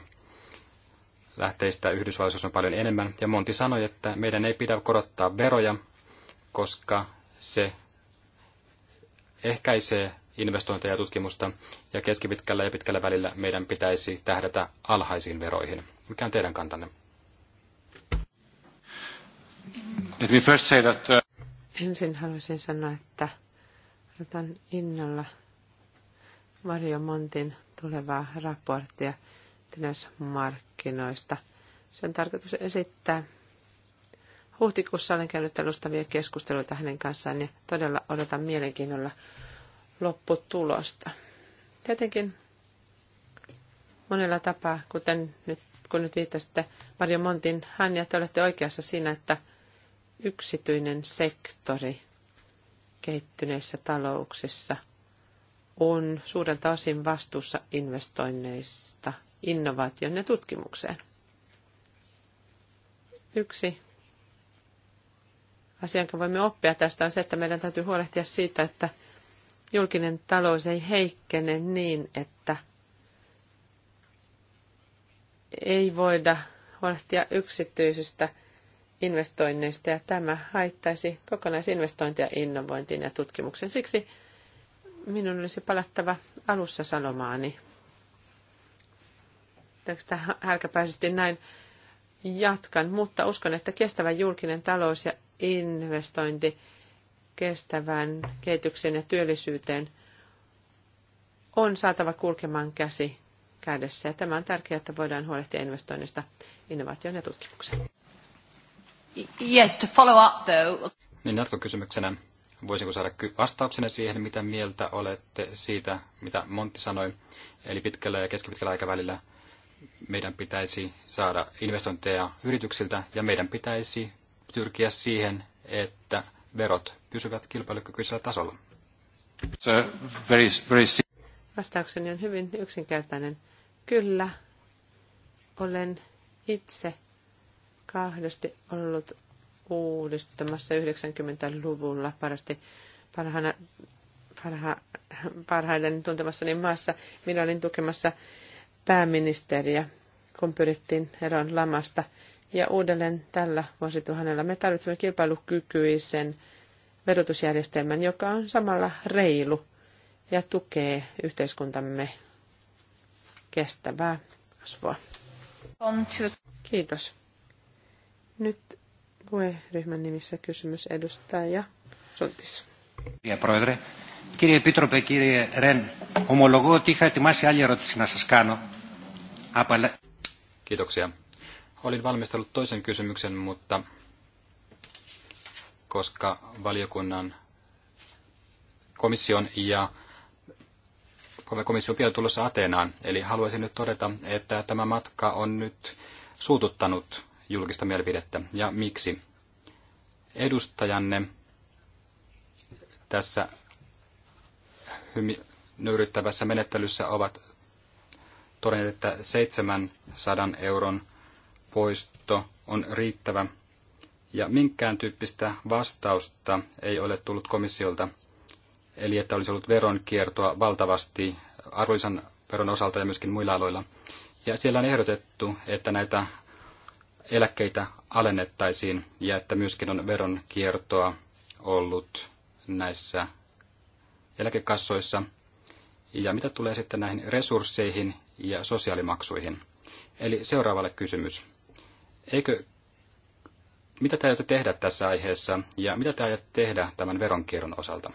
lähteistä Yhdysvalloissa on paljon enemmän. Ja Monti sanoi, että meidän ei pidä korottaa veroja, koska se ehkäisee investointeja ja tutkimusta, ja keskipitkällä ja pitkällä välillä meidän pitäisi tähdätä alhaisiin veroihin. Mikä on teidän kantanne?
Let me first say that, uh...
Ensin haluaisin sanoa, että otan innolla Mario Montin tulevaa raporttia yhtenäismarkkinoista. Se on tarkoitus esittää. Huhtikuussa olen käynyt alustavia keskusteluita hänen kanssaan ja todella odotan mielenkiinnolla lopputulosta. Tietenkin monella tapaa, kuten nyt, kun nyt viittasitte Marjo Montin, hän ja te olette oikeassa siinä, että yksityinen sektori kehittyneissä talouksissa on suurelta osin vastuussa investoinneista – innovaation ja tutkimukseen. Yksi asia, jonka voimme oppia tästä, on se, että meidän täytyy huolehtia siitä, että julkinen talous ei heikkene niin, että ei voida huolehtia yksityisistä investoinneista ja tämä haittaisi kokonaisinvestointia innovointiin ja tutkimukseen. Siksi minun olisi palattava alussa sanomaani tästä härkäpäisesti näin jatkan, mutta uskon, että kestävä julkinen talous ja investointi kestävään kehitykseen ja työllisyyteen on saatava kulkemaan käsi kädessä. Ja tämä on tärkeää, että voidaan huolehtia investoinnista innovaation ja
tutkimukseen. Yes, to follow up though. Niin jatkokysymyksenä, voisinko saada vastauksenne siihen, mitä mieltä olette siitä, mitä Montti sanoi, eli pitkällä ja keskipitkällä aikavälillä – meidän pitäisi saada investointeja yrityksiltä ja meidän pitäisi pyrkiä siihen, että verot pysyvät kilpailukykyisellä tasolla.
Vastaukseni on hyvin yksinkertainen. Kyllä, olen itse kahdesti ollut uudistamassa 90-luvulla parasti parhaana, parha, parhaiden tuntemassani maassa. Minä olin tukemassa pääministeriä, kun pyrittiin eroon lamasta. Ja uudelleen tällä vuosituhannella me tarvitsemme kilpailukykyisen verotusjärjestelmän, joka on samalla reilu ja tukee yhteiskuntamme kestävää kasvua. Kiitos. Nyt koe-ryhmän nimissä kysymys edustaja
Suntis. Κύριε Πρόεδρε, κύριε Ren, κύριε Ρεν, ομολογώ ότι είχα ετοιμάσει
Kiitoksia. Olin valmistellut toisen kysymyksen, mutta koska valiokunnan komission ja komission pian tulossa Ateenaan. Eli haluaisin nyt todeta, että tämä matka on nyt suututtanut julkista mielipidettä. Ja miksi? Edustajanne tässä hymi- nöyryttävässä menettelyssä ovat todenneet, että 700 euron poisto on riittävä, ja minkään tyyppistä vastausta ei ole tullut komissiolta, eli että olisi ollut veronkiertoa valtavasti arvonlisän veron osalta ja myöskin muilla aloilla. Ja siellä on ehdotettu, että näitä eläkkeitä alennettaisiin ja että myöskin on veronkiertoa ollut näissä eläkekassoissa. Ja mitä tulee sitten näihin resursseihin, ja sosiaalimaksuihin. Eli seuraavalle kysymys. Eikö, mitä te aiotte tehdä tässä aiheessa ja mitä te aiotte tehdä tämän veronkierron osalta?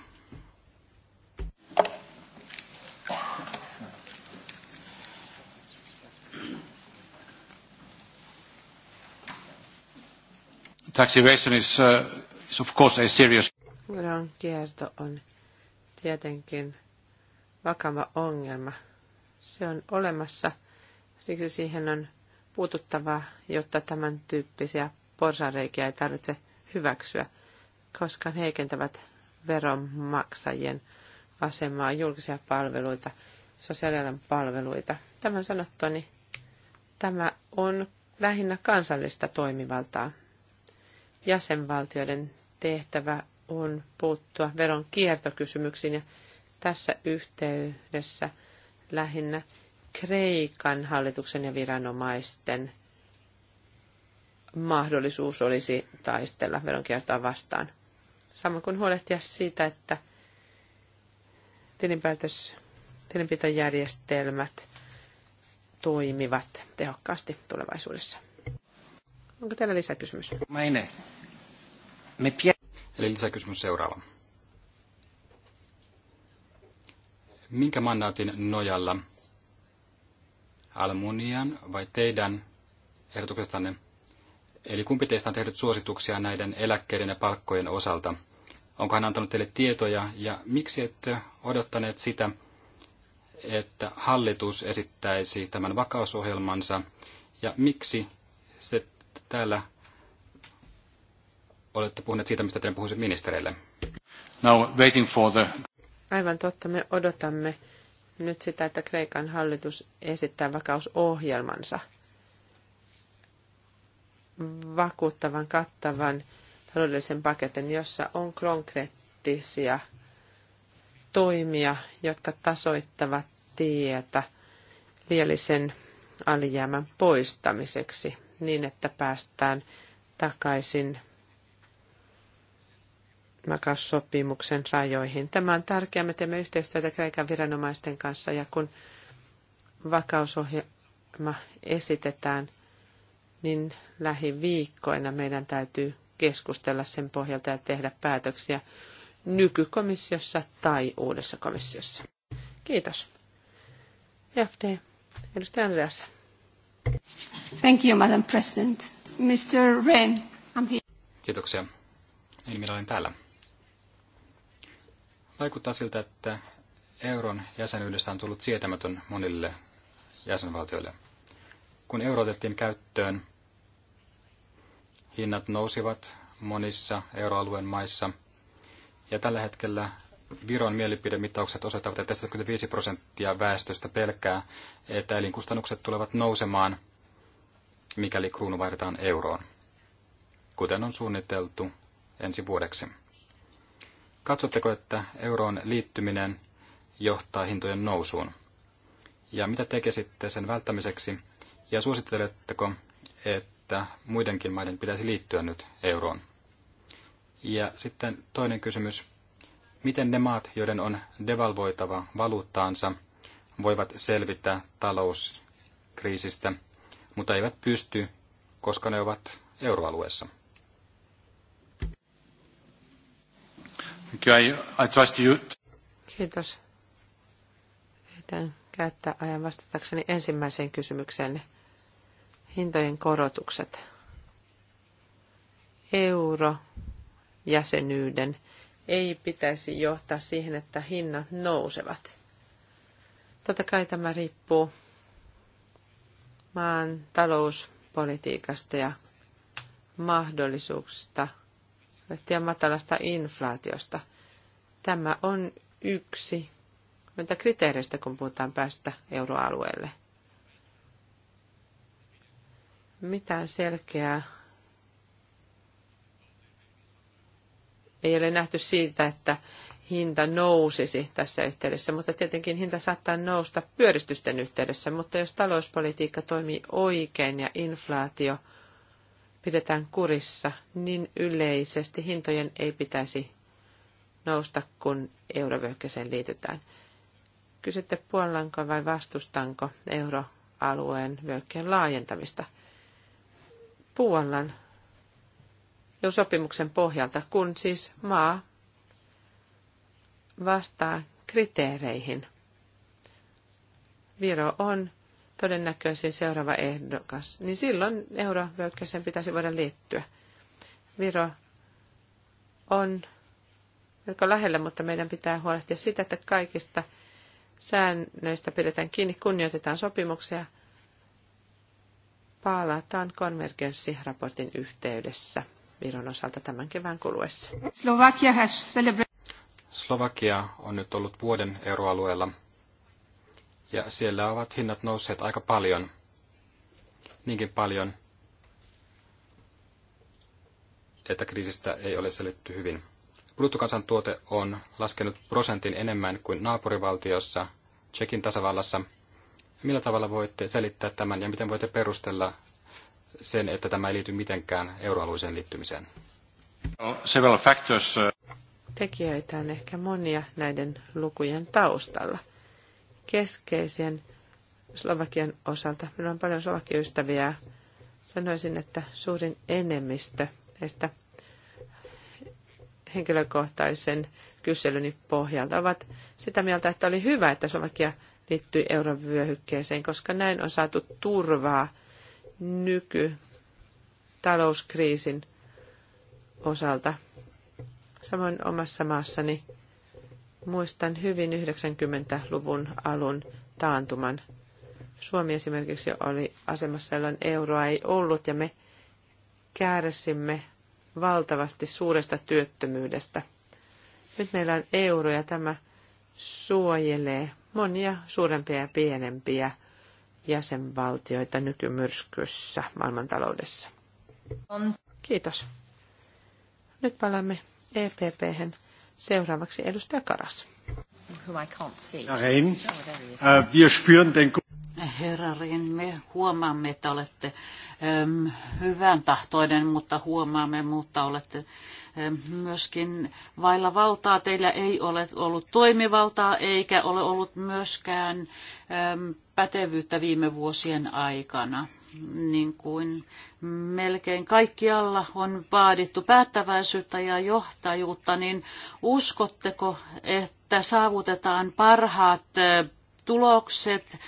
Tax evasion is, uh, is of course a serious...
Veronkierto on tietenkin vakava ongelma se on olemassa, siksi siihen on puututtava, jotta tämän tyyppisiä porsareikiä ei tarvitse hyväksyä, koska ne heikentävät veronmaksajien asemaa, julkisia palveluita, sosiaalialan palveluita. Tämän sanottuani tämä on lähinnä kansallista toimivaltaa. Jäsenvaltioiden tehtävä on puuttua veron kiertokysymyksiin ja tässä yhteydessä – lähinnä Kreikan hallituksen ja viranomaisten mahdollisuus olisi taistella veronkiertoa vastaan. Samoin kuin huolehtia siitä, että tilinpäätös, tilinpitojärjestelmät toimivat tehokkaasti tulevaisuudessa. Onko teillä lisäkysymys?
Eli lisäkysymys seuraava. minkä mandaatin nojalla Almunian vai teidän ehdotuksestanne? Eli kumpi teistä on tehnyt suosituksia näiden eläkkeiden ja palkkojen osalta? Onko hän antanut teille tietoja ja miksi ette odottaneet sitä, että hallitus esittäisi tämän vakausohjelmansa ja miksi se täällä olette puhuneet siitä, mistä teidän puhuisin ministereille?
Now waiting for the...
Aivan totta, me odotamme nyt sitä, että Kreikan hallitus esittää vakausohjelmansa vakuuttavan, kattavan taloudellisen paketin, jossa on konkreettisia toimia, jotka tasoittavat tietä liiallisen alijäämän poistamiseksi niin, että päästään takaisin makassopimuksen rajoihin. Tämä on tärkeää. Me teemme yhteistyötä Kreikan viranomaisten kanssa ja kun vakausohjelma esitetään, niin lähiviikkoina meidän täytyy keskustella sen pohjalta ja tehdä päätöksiä nykykomissiossa tai uudessa komissiossa. Kiitos. FD, edustaja Andreas.
Thank you, Madam President. Mr. Rehn, I'm here.
Kiitoksia. Eli minä olen täällä. Vaikuttaa siltä, että euron jäsenyydestä on tullut sietämätön monille jäsenvaltioille. Kun euro otettiin käyttöön, hinnat nousivat monissa euroalueen maissa, ja tällä hetkellä Viron mielipidemittaukset osoittavat, että 75 prosenttia väestöstä pelkää, että elinkustannukset tulevat nousemaan, mikäli kruunu vaihdetaan euroon, kuten on suunniteltu ensi vuodeksi. Katsotteko, että euroon liittyminen johtaa hintojen nousuun? Ja mitä tekisitte sen välttämiseksi? Ja suositteletteko, että muidenkin maiden pitäisi liittyä nyt euroon? Ja sitten toinen kysymys. Miten ne maat, joiden on devalvoitava valuuttaansa, voivat selvitä talouskriisistä, mutta eivät pysty, koska ne ovat euroalueessa?
I trust you.
Kiitos. Yritän käyttää ajan vastatakseni ensimmäiseen kysymykseen. Hintojen korotukset. Eurojäsenyyden ei pitäisi johtaa siihen, että hinnat nousevat. Totta kai tämä riippuu maan talouspolitiikasta ja mahdollisuuksista – ja matalasta inflaatiosta. Tämä on yksi mitä kriteereistä, kun puhutaan päästä euroalueelle. Mitään selkeää ei ole nähty siitä, että hinta nousisi tässä yhteydessä, mutta tietenkin hinta saattaa nousta pyöristysten yhteydessä, mutta jos talouspolitiikka toimii oikein ja inflaatio – pidetään kurissa, niin yleisesti hintojen ei pitäisi nousta, kun eurovyöhykkeeseen liitytään. Kysytte puollanko vai vastustanko euroalueen vyöhykkeen laajentamista? Puollan jo sopimuksen pohjalta, kun siis maa vastaa kriteereihin. Viro on todennäköisin seuraava ehdokas, niin silloin eurovyöhykkeeseen pitäisi voida liittyä. Viro on melko lähellä, mutta meidän pitää huolehtia siitä, että kaikista säännöistä pidetään kiinni, kunnioitetaan sopimuksia, palataan konvergenssiraportin yhteydessä Viron osalta tämän kevään kuluessa. Slovakia, has
Slovakia on nyt ollut vuoden euroalueella ja siellä ovat hinnat nousseet aika paljon, niinkin paljon, että kriisistä ei ole selitty hyvin. Bruttokansantuote on laskenut prosentin enemmän kuin naapurivaltiossa, Tsekin tasavallassa. Millä tavalla voitte selittää tämän ja miten voitte perustella sen, että tämä ei liity mitenkään euroalueeseen liittymiseen?
Uh,
Tekijöitä on ehkä monia näiden lukujen taustalla keskeisen Slovakian osalta. Minulla on paljon slovakiaystäviä. Sanoisin, että suurin enemmistö heistä henkilökohtaisen kyselyni pohjalta ovat sitä mieltä, että oli hyvä, että Slovakia liittyi eurovyöhykkeeseen, koska näin on saatu turvaa nykytalouskriisin osalta. Samoin omassa maassani Muistan hyvin 90-luvun alun taantuman. Suomi esimerkiksi oli asemassa, jolloin euroa ei ollut ja me kärsimme valtavasti suuresta työttömyydestä. Nyt meillä on euro ja tämä suojelee monia suurempia ja pienempiä jäsenvaltioita nykymyrskyssä maailmantaloudessa. On. Kiitos. Nyt palaamme epp -hän. Seuraavaksi edustaja Karas.
Oh,
äh,
Herra Rin, me huomaamme, että olette äm, hyvän tahtoinen, mutta huomaamme, mutta olette ähm, myöskin vailla valtaa. Teillä ei ole ollut toimivaltaa eikä ole ollut myöskään ähm, pätevyyttä viime vuosien aikana niin kuin melkein kaikkialla on vaadittu päättäväisyyttä ja johtajuutta, niin uskotteko, että saavutetaan parhaat tulokset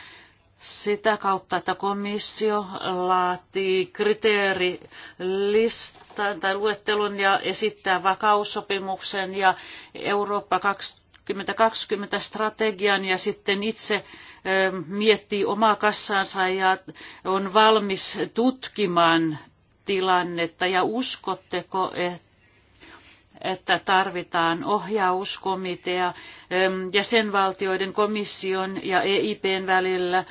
sitä kautta, että komissio laatii kriteerilistan tai luettelun ja esittää vakaussopimuksen ja Eurooppa 2020 strategian ja sitten itse miettii omaa kassaansa ja on valmis tutkimaan tilannetta ja uskotteko, että tarvitaan ohjauskomitea jäsenvaltioiden komission ja EIPn välillä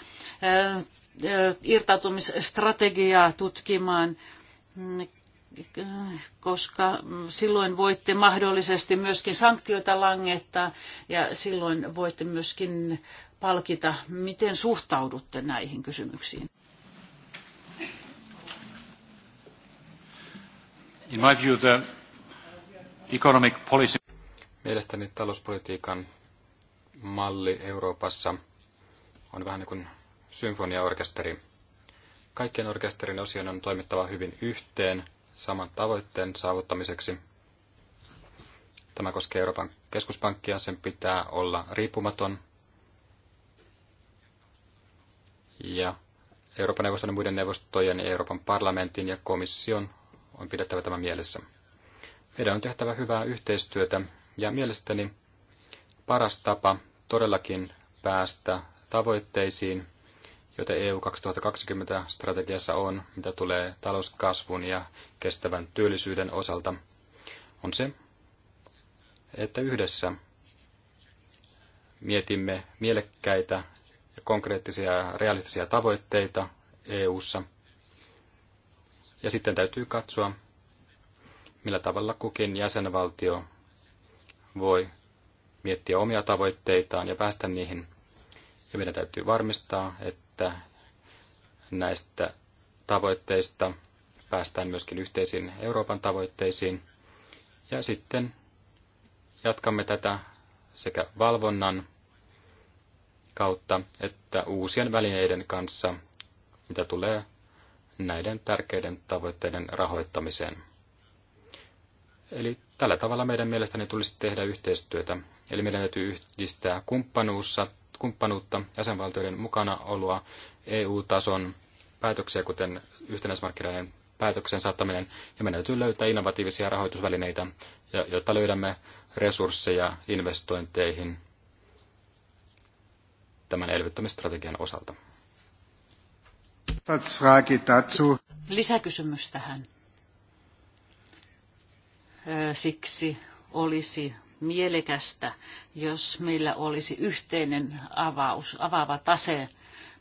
irtautumisstrategiaa tutkimaan, koska silloin voitte mahdollisesti myöskin sanktioita langettaa ja silloin voitte myöskin palkita. Miten suhtaudutte näihin kysymyksiin?
In my view, the economic policy... Mielestäni talouspolitiikan
malli Euroopassa on vähän niin kuin symfoniaorkesteri. Kaikkien orkesterin osien on toimittava hyvin yhteen saman tavoitteen saavuttamiseksi. Tämä koskee Euroopan keskuspankkia, sen pitää olla riippumaton ja Euroopan neuvoston ja muiden neuvostojen ja Euroopan parlamentin ja komission on pidettävä tämä mielessä. Meidän on tehtävä hyvää yhteistyötä ja mielestäni paras tapa todellakin päästä tavoitteisiin, joita EU 2020 strategiassa on, mitä tulee talouskasvun ja kestävän työllisyyden osalta, on se, että yhdessä mietimme mielekkäitä ja konkreettisia ja realistisia tavoitteita EU:ssa. Ja sitten täytyy katsoa, millä tavalla kukin jäsenvaltio voi miettiä omia tavoitteitaan ja päästä niihin. Ja meidän täytyy varmistaa, että näistä tavoitteista päästään myöskin yhteisiin Euroopan tavoitteisiin. Ja sitten jatkamme tätä sekä valvonnan kautta että uusien välineiden kanssa, mitä tulee näiden tärkeiden tavoitteiden rahoittamiseen. Eli tällä tavalla meidän mielestäni tulisi tehdä yhteistyötä. Eli meidän täytyy yhdistää kumppanuussa, kumppanuutta, jäsenvaltioiden mukanaoloa, EU-tason päätöksiä, kuten yhtenäismarkkinoiden päätöksen saattaminen, ja meidän täytyy löytää innovatiivisia rahoitusvälineitä, jotta löydämme resursseja investointeihin tämän elvyttämisstrategian osalta.
Lisäkysymys tähän. Siksi olisi mielekästä, jos meillä olisi yhteinen avaus, avaava tase.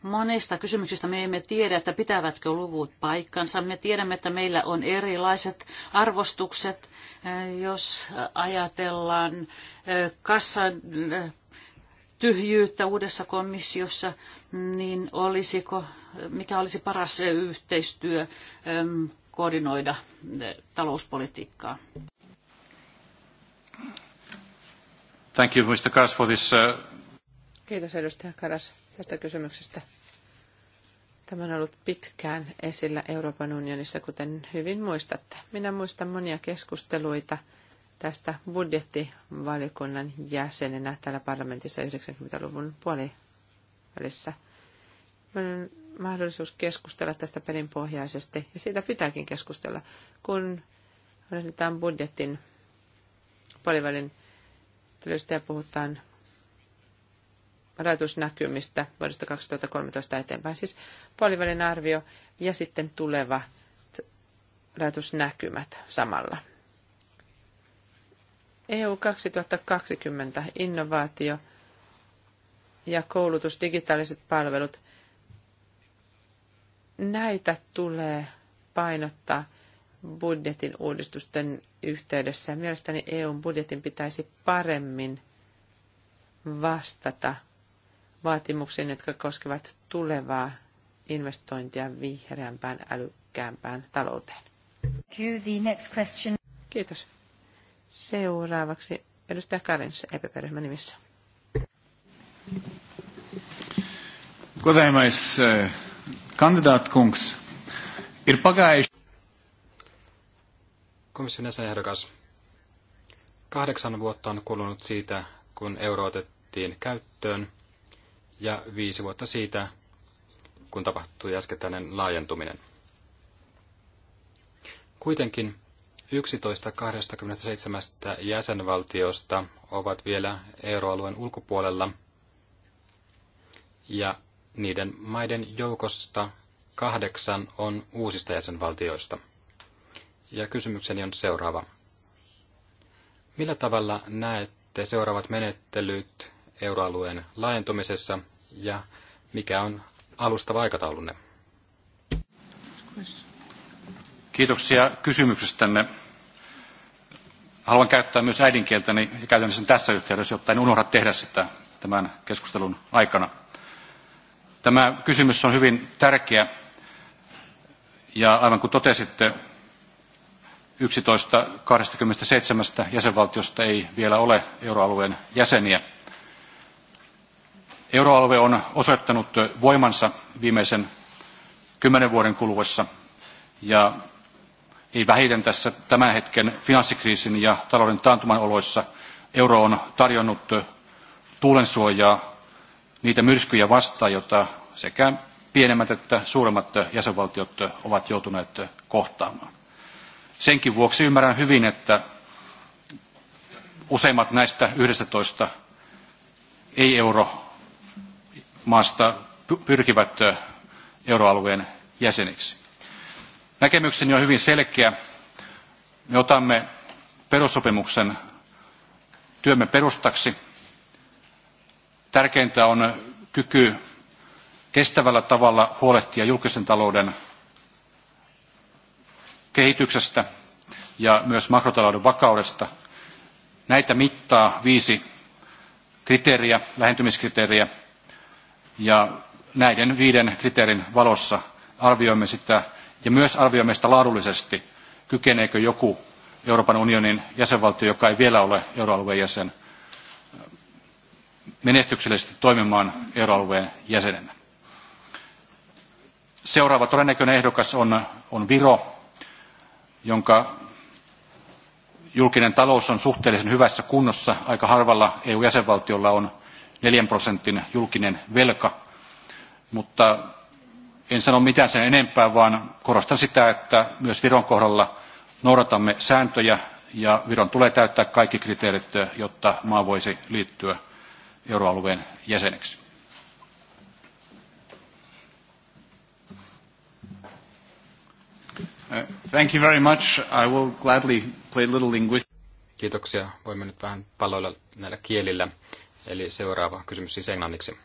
Monista kysymyksistä me emme tiedä, että pitävätkö luvut paikkansa. Me tiedämme, että meillä on erilaiset arvostukset, jos ajatellaan kassan tyhjyyttä uudessa komissiossa, niin olisiko, mikä olisi paras eh, yhteistyö koordinoida eh, talouspolitiikkaa?
Thank you, Mr. Karas, for this, uh...
Kiitos edustaja Karas tästä kysymyksestä. Tämä on ollut pitkään esillä Euroopan unionissa, kuten hyvin muistatte. Minä muistan monia keskusteluita – tästä budjettivaliokunnan jäsenenä täällä parlamentissa 90-luvun puolivälissä. Meillä on mahdollisuus keskustella tästä perinpohjaisesti, ja siitä pitääkin keskustella, kun odotetaan budjetin puolivälin ja puhutaan rajoitusnäkymistä vuodesta 2013 eteenpäin, siis puolivälin arvio ja sitten tuleva rajoitusnäkymät samalla. EU 2020, innovaatio ja koulutus, digitaaliset palvelut. Näitä tulee painottaa budjetin uudistusten yhteydessä. Mielestäni EUn budjetin pitäisi paremmin vastata vaatimuksiin, jotka koskevat tulevaa investointia vihreämpään, älykkäämpään talouteen. Kiitos. Seuraavaksi edustaja Karins EPP-ryhmän nimissä.
Godājamais eh, kandidātkungs, ir pagājuši...
Komission jäsenehdokas, kahdeksan vuotta on kulunut siitä, kun euro otettiin käyttöön, ja viisi vuotta siitä, kun tapahtui äskettäinen laajentuminen. Kuitenkin 11 27 jäsenvaltiosta ovat vielä euroalueen ulkopuolella ja niiden maiden joukosta kahdeksan on uusista jäsenvaltioista. Ja kysymykseni on seuraava. Millä tavalla näette seuraavat menettelyt euroalueen laajentumisessa ja mikä on alustava aikataulunne?
Kiitoksia kysymyksestänne. Haluan käyttää myös äidinkieltäni ja käytän sen tässä yhteydessä, jotta en unohda tehdä sitä tämän keskustelun aikana. Tämä kysymys on hyvin tärkeä ja aivan kuin totesitte, 11.27 jäsenvaltiosta ei vielä ole euroalueen jäseniä. Euroalue on osoittanut voimansa viimeisen kymmenen vuoden kuluessa ja ei niin vähiten tässä tämän hetken finanssikriisin ja talouden taantuman oloissa euro on tarjonnut tuulensuojaa niitä myrskyjä vastaan, joita sekä pienemmät että suuremmat jäsenvaltiot ovat joutuneet kohtaamaan. Senkin vuoksi ymmärrän hyvin, että useimmat näistä 11 ei-euromaasta pyrkivät euroalueen jäseniksi. Näkemykseni on hyvin selkeä. Me otamme perussopimuksen työmme perustaksi. Tärkeintä on kyky kestävällä tavalla huolehtia julkisen talouden kehityksestä ja myös makrotalouden vakaudesta. Näitä mittaa viisi kriteeriä, lähentymiskriteeriä, ja näiden viiden kriteerin valossa arvioimme sitä ja myös arvioimme sitä laadullisesti, kykeneekö joku Euroopan unionin jäsenvaltio, joka ei vielä ole euroalueen jäsen, menestyksellisesti toimimaan euroalueen jäsenenä. Seuraava todennäköinen ehdokas on, on Viro, jonka julkinen talous on suhteellisen hyvässä kunnossa. Aika harvalla EU-jäsenvaltiolla on 4 prosentin julkinen velka, mutta en sano mitään sen enempää, vaan korostan sitä, että myös Viron kohdalla noudatamme sääntöjä ja Viron tulee täyttää kaikki kriteerit, jotta maa voisi liittyä euroalueen jäseneksi. Uh, thank you very much. I will gladly play little
linguistic. Kiitoksia. Voimme nyt vähän paloilla näillä kielillä. Eli seuraava kysymys siis englanniksi.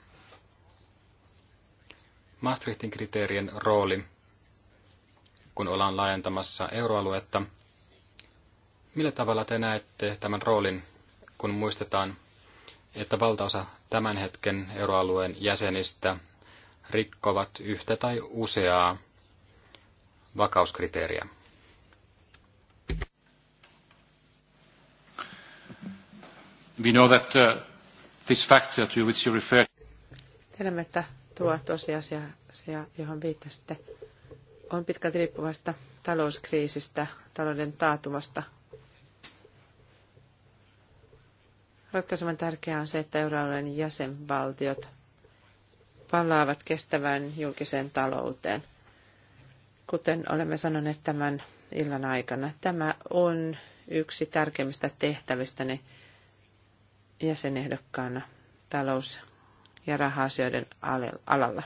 Maastrichtin kriteerien rooli, kun ollaan laajentamassa euroaluetta. Millä tavalla te näette tämän roolin, kun muistetaan, että valtaosa tämän hetken euroalueen jäsenistä rikkovat yhtä tai useaa
vakauskriteeriä? We know that uh, this factor to which you refer.
Tiedämme, että tuo tosiasia, johon viittasitte, on pitkälti riippuvasta talouskriisistä, talouden taatumasta. Ratkaisevan tärkeää on se, että euroalueen jäsenvaltiot palaavat kestävään julkiseen talouteen. Kuten olemme sanoneet tämän illan aikana, tämä on yksi tärkeimmistä tehtävistäni jäsenehdokkaana talous- ja raha-asioiden alalla.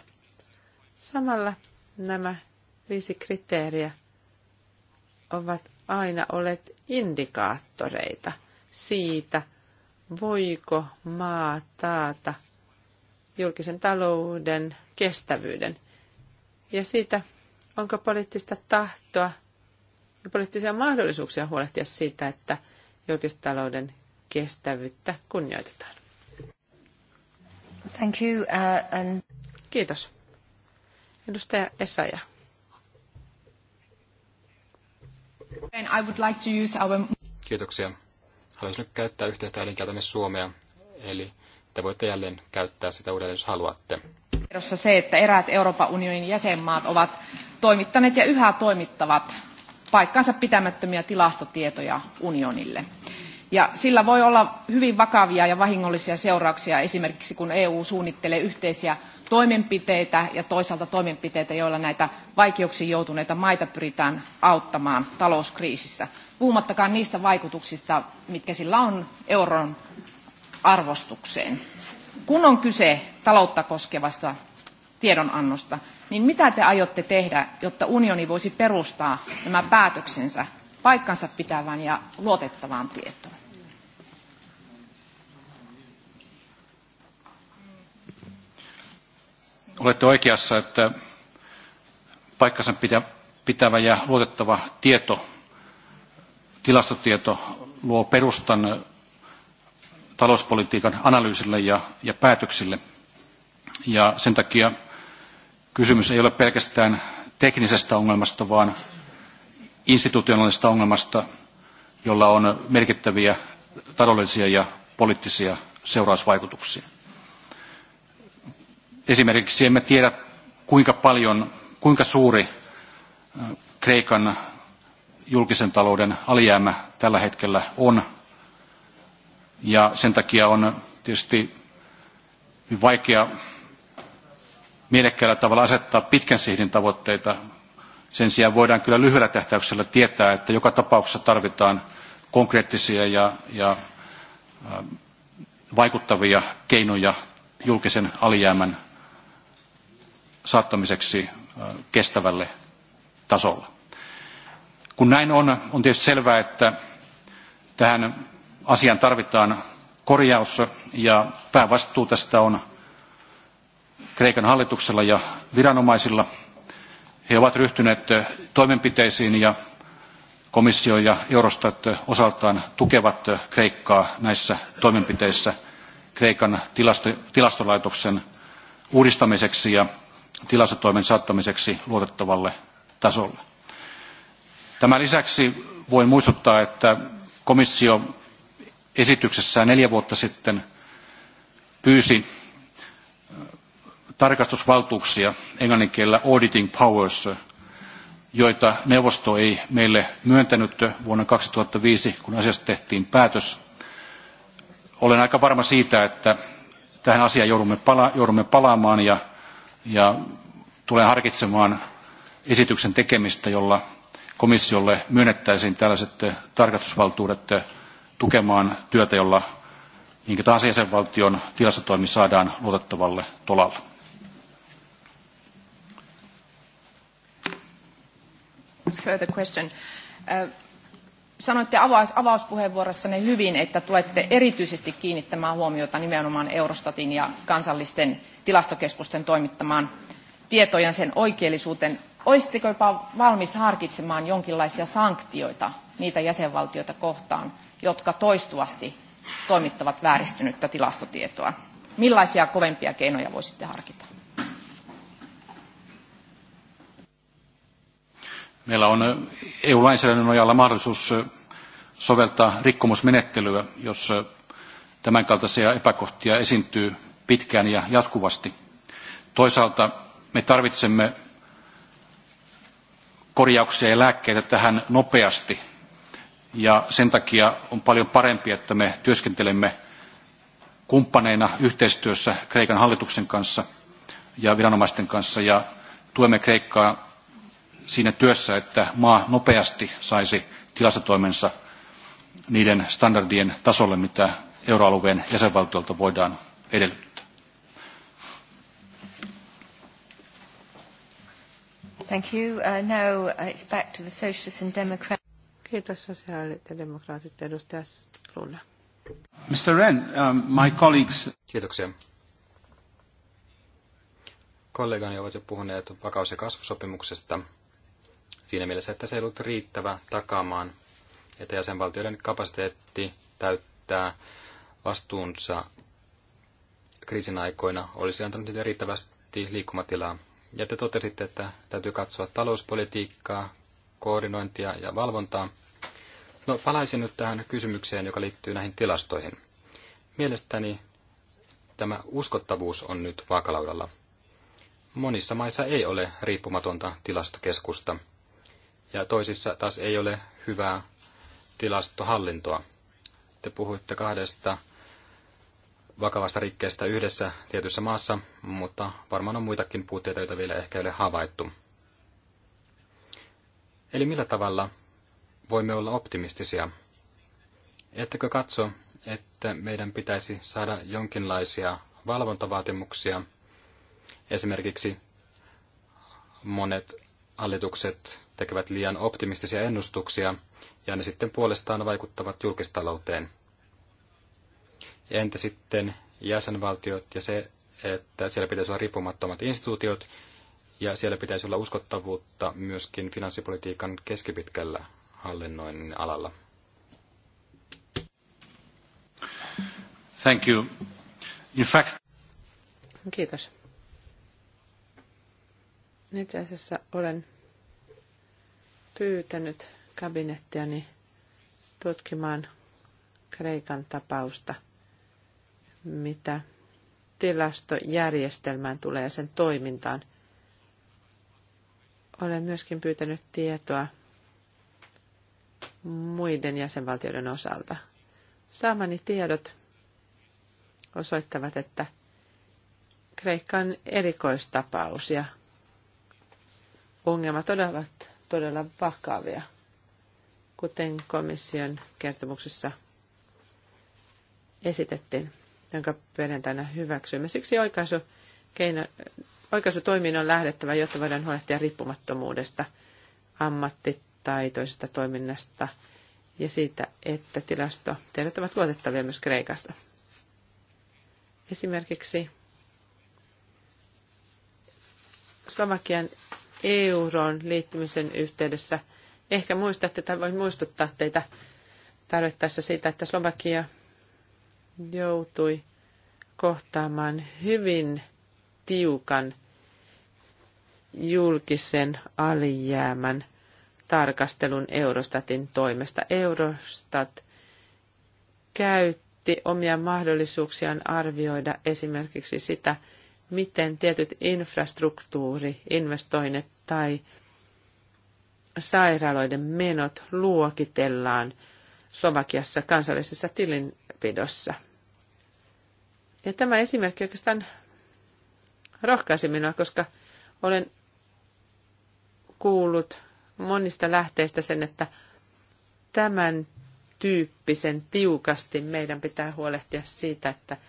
Samalla nämä viisi kriteeriä ovat aina olleet indikaattoreita siitä, voiko maa taata julkisen talouden kestävyyden ja siitä, onko poliittista tahtoa ja poliittisia mahdollisuuksia huolehtia siitä, että julkistalouden kestävyyttä kunnioitetaan.
Thank you, uh, and... Kiitos. Edustaja Essaja. And I would like to use our...
Kiitoksia. Haluaisin nyt käyttää yhteistä äidinkieltämme suomea, eli te voitte jälleen käyttää sitä uudelleen, jos haluatte.
Tiedossa se, että eräät Euroopan unionin jäsenmaat ovat toimittaneet ja yhä toimittavat paikkansa pitämättömiä tilastotietoja unionille. Ja sillä voi olla hyvin vakavia ja vahingollisia seurauksia esimerkiksi kun EU suunnittelee yhteisiä toimenpiteitä ja toisaalta toimenpiteitä, joilla näitä vaikeuksiin joutuneita maita pyritään auttamaan talouskriisissä. Puhumattakaan niistä vaikutuksista, mitkä sillä on euron arvostukseen. Kun on kyse taloutta koskevasta tiedonannosta, niin mitä te aiotte tehdä, jotta unioni voisi perustaa nämä päätöksensä paikkansa pitävän ja luotettavaan tietoon?
olette oikeassa, että paikkansa pitävä ja luotettava tieto, tilastotieto luo perustan talouspolitiikan analyysille ja, ja päätöksille. Ja sen takia kysymys ei ole pelkästään teknisestä ongelmasta, vaan institutionaalisesta ongelmasta, jolla on merkittäviä taloudellisia ja poliittisia seurausvaikutuksia. Esimerkiksi emme tiedä, kuinka paljon, kuinka suuri Kreikan julkisen talouden alijäämä tällä hetkellä on. Ja sen takia on tietysti vaikea mielekkäällä tavalla asettaa pitkän sihdin tavoitteita. Sen sijaan voidaan kyllä lyhyellä tähtäyksellä tietää, että joka tapauksessa tarvitaan konkreettisia ja, ja vaikuttavia keinoja julkisen alijäämän saattamiseksi kestävälle tasolle. Kun näin on, on tietysti selvää, että tähän asiaan tarvitaan korjaus ja päävastuu tästä on Kreikan hallituksella ja viranomaisilla. He ovat ryhtyneet toimenpiteisiin ja komissio ja Eurostat osaltaan tukevat Kreikkaa näissä toimenpiteissä Kreikan tilasto, tilastolaitoksen uudistamiseksi ja tilastotoimen saattamiseksi luotettavalle tasolle. Tämän lisäksi voin muistuttaa, että komissio esityksessään neljä vuotta sitten pyysi äh, tarkastusvaltuuksia englanninkielellä auditing powers, joita neuvosto ei meille myöntänyt vuonna 2005, kun asiasta tehtiin päätös. Olen aika varma siitä, että tähän asiaan joudumme, pala- joudumme palaamaan ja ja tulen harkitsemaan esityksen tekemistä, jolla komissiolle myönnettäisiin tällaiset tarkastusvaltuudet tukemaan työtä, jolla minkä tahansa jäsenvaltion tilastotoimi saadaan luotettavalle tolalle.
Further question. Uh, sanoitte avaus, avauspuheenvuorossanne hyvin, että tulette erityisesti kiinnittämään huomiota nimenomaan Eurostatin ja kansallisten tilastokeskusten toimittamaan tietojen sen oikeellisuuteen. Olisitteko jopa valmis harkitsemaan jonkinlaisia sanktioita niitä jäsenvaltioita kohtaan, jotka toistuvasti toimittavat vääristynyttä tilastotietoa? Millaisia kovempia keinoja voisitte harkita?
Meillä on eh, EU-lainsäädännön nojalla mahdollisuus eh, soveltaa rikkomusmenettelyä, jos eh, tämänkaltaisia epäkohtia esiintyy pitkään ja jatkuvasti. Toisaalta me tarvitsemme korjauksia ja lääkkeitä tähän nopeasti. Ja sen takia on paljon parempi, että me työskentelemme kumppaneina yhteistyössä Kreikan hallituksen kanssa ja viranomaisten kanssa ja tuemme Kreikkaa siinä työssä, että maa nopeasti saisi tilastotoimensa niiden standardien tasolle, mitä euroalueen jäsenvaltiolta voidaan edellyttää.
Thank you.
Uh, now uh, it's back to the Socialists and Democrats. Kiitos sosiaalit ja demokraatit edustaja
Luna. Mr. Ren, um, my colleagues... Kiitoksia.
Kollegani ovat jo puhuneet vakaus- ja kasvusopimuksesta – siinä mielessä, että se ei ollut riittävä takaamaan, että jäsenvaltioiden kapasiteetti täyttää vastuunsa kriisin aikoina olisi antanut niille riittävästi liikkumatilaa. Ja te totesitte, että täytyy katsoa talouspolitiikkaa, koordinointia ja valvontaa. No, palaisin nyt tähän kysymykseen, joka liittyy näihin tilastoihin. Mielestäni tämä uskottavuus on nyt vaakalaudalla. Monissa maissa ei ole riippumatonta tilastokeskusta – ja toisissa taas ei ole hyvää tilastohallintoa. Te puhuitte kahdesta vakavasta rikkeestä yhdessä tietyssä maassa, mutta varmaan on muitakin puutteita, joita vielä ehkä ei ole havaittu. Eli millä tavalla voimme olla optimistisia? Ettekö katso, että meidän pitäisi saada jonkinlaisia valvontavaatimuksia? Esimerkiksi monet hallitukset tekevät liian optimistisia ennustuksia, ja ne sitten puolestaan vaikuttavat julkistalouteen. Entä sitten jäsenvaltiot ja se, että siellä pitäisi olla riippumattomat instituutiot, ja siellä pitäisi olla uskottavuutta myöskin finanssipolitiikan keskipitkällä hallinnoinnin alalla.
Thank you. In fact...
Kiitos. Itse asiassa olen pyytänyt kabinettiani tutkimaan Kreikan tapausta, mitä tilastojärjestelmään tulee sen toimintaan. Olen myöskin pyytänyt tietoa muiden jäsenvaltioiden osalta. Saamani tiedot osoittavat, että Kreikka on erikoistapaus ja ongelmat ovat todella vakavia, kuten komission kertomuksessa esitettiin, jonka perjantaina hyväksyimme. Siksi oikaisu, keino, oikaisutoimiin on lähdettävä, jotta voidaan huolehtia riippumattomuudesta, ammattitaitoisesta toiminnasta ja siitä, että tilastotiedot ovat luotettavia myös Kreikasta. Esimerkiksi Slovakian euroon liittymisen yhteydessä. Ehkä muistatte tai voin muistuttaa teitä tarvittaessa siitä, että Slovakia joutui kohtaamaan hyvin tiukan julkisen alijäämän tarkastelun Eurostatin toimesta. Eurostat käytti omia mahdollisuuksiaan arvioida esimerkiksi sitä, miten tietyt infrastruktuuriinvestoinnit tai sairaaloiden menot luokitellaan Slovakiassa kansallisessa tilinpidossa. Ja tämä esimerkki oikeastaan rohkaisi minua, koska olen kuullut monista lähteistä sen, että tämän tyyppisen tiukasti meidän pitää huolehtia siitä, että –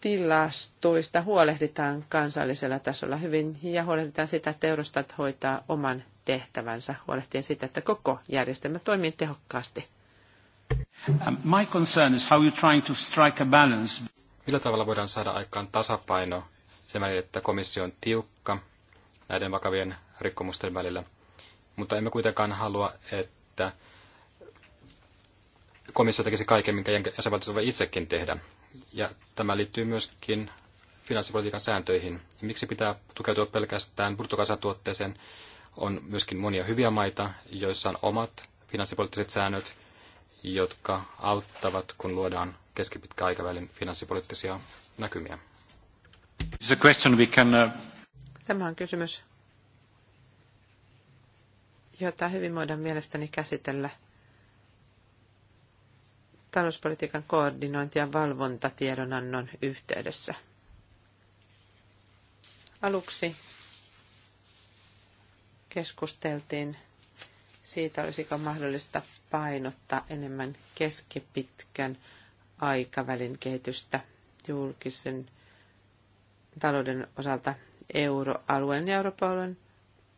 tilastoista huolehditaan kansallisella tasolla hyvin ja huolehditaan sitä, että Eurostat hoitaa oman tehtävänsä, huolehtien sitä, että koko järjestelmä toimii tehokkaasti.
Um, my concern is how you're trying to strike a balance. Millä tavalla voidaan
saada aikaan tasapaino sen välillä, että komissio on tiukka näiden vakavien rikkomusten välillä, mutta emme kuitenkaan halua, että komissio tekisi kaiken, minkä jäsenvaltiot voi itsekin tehdä ja tämä liittyy myöskin finanssipolitiikan sääntöihin. Miksi pitää tukeutua pelkästään bruttokansantuotteeseen? On myöskin monia hyviä maita, joissa on omat finanssipoliittiset säännöt, jotka auttavat, kun luodaan keskipitkän aikavälin finanssipoliittisia
näkymiä. Uh,
tämä on kysymys, jota hyvin voidaan mielestäni käsitellä talouspolitiikan koordinointi- ja valvontatiedonannon yhteydessä. Aluksi keskusteltiin siitä, olisiko mahdollista painottaa enemmän keskipitkän aikavälin kehitystä julkisen talouden osalta euroalueen ja euroalueen,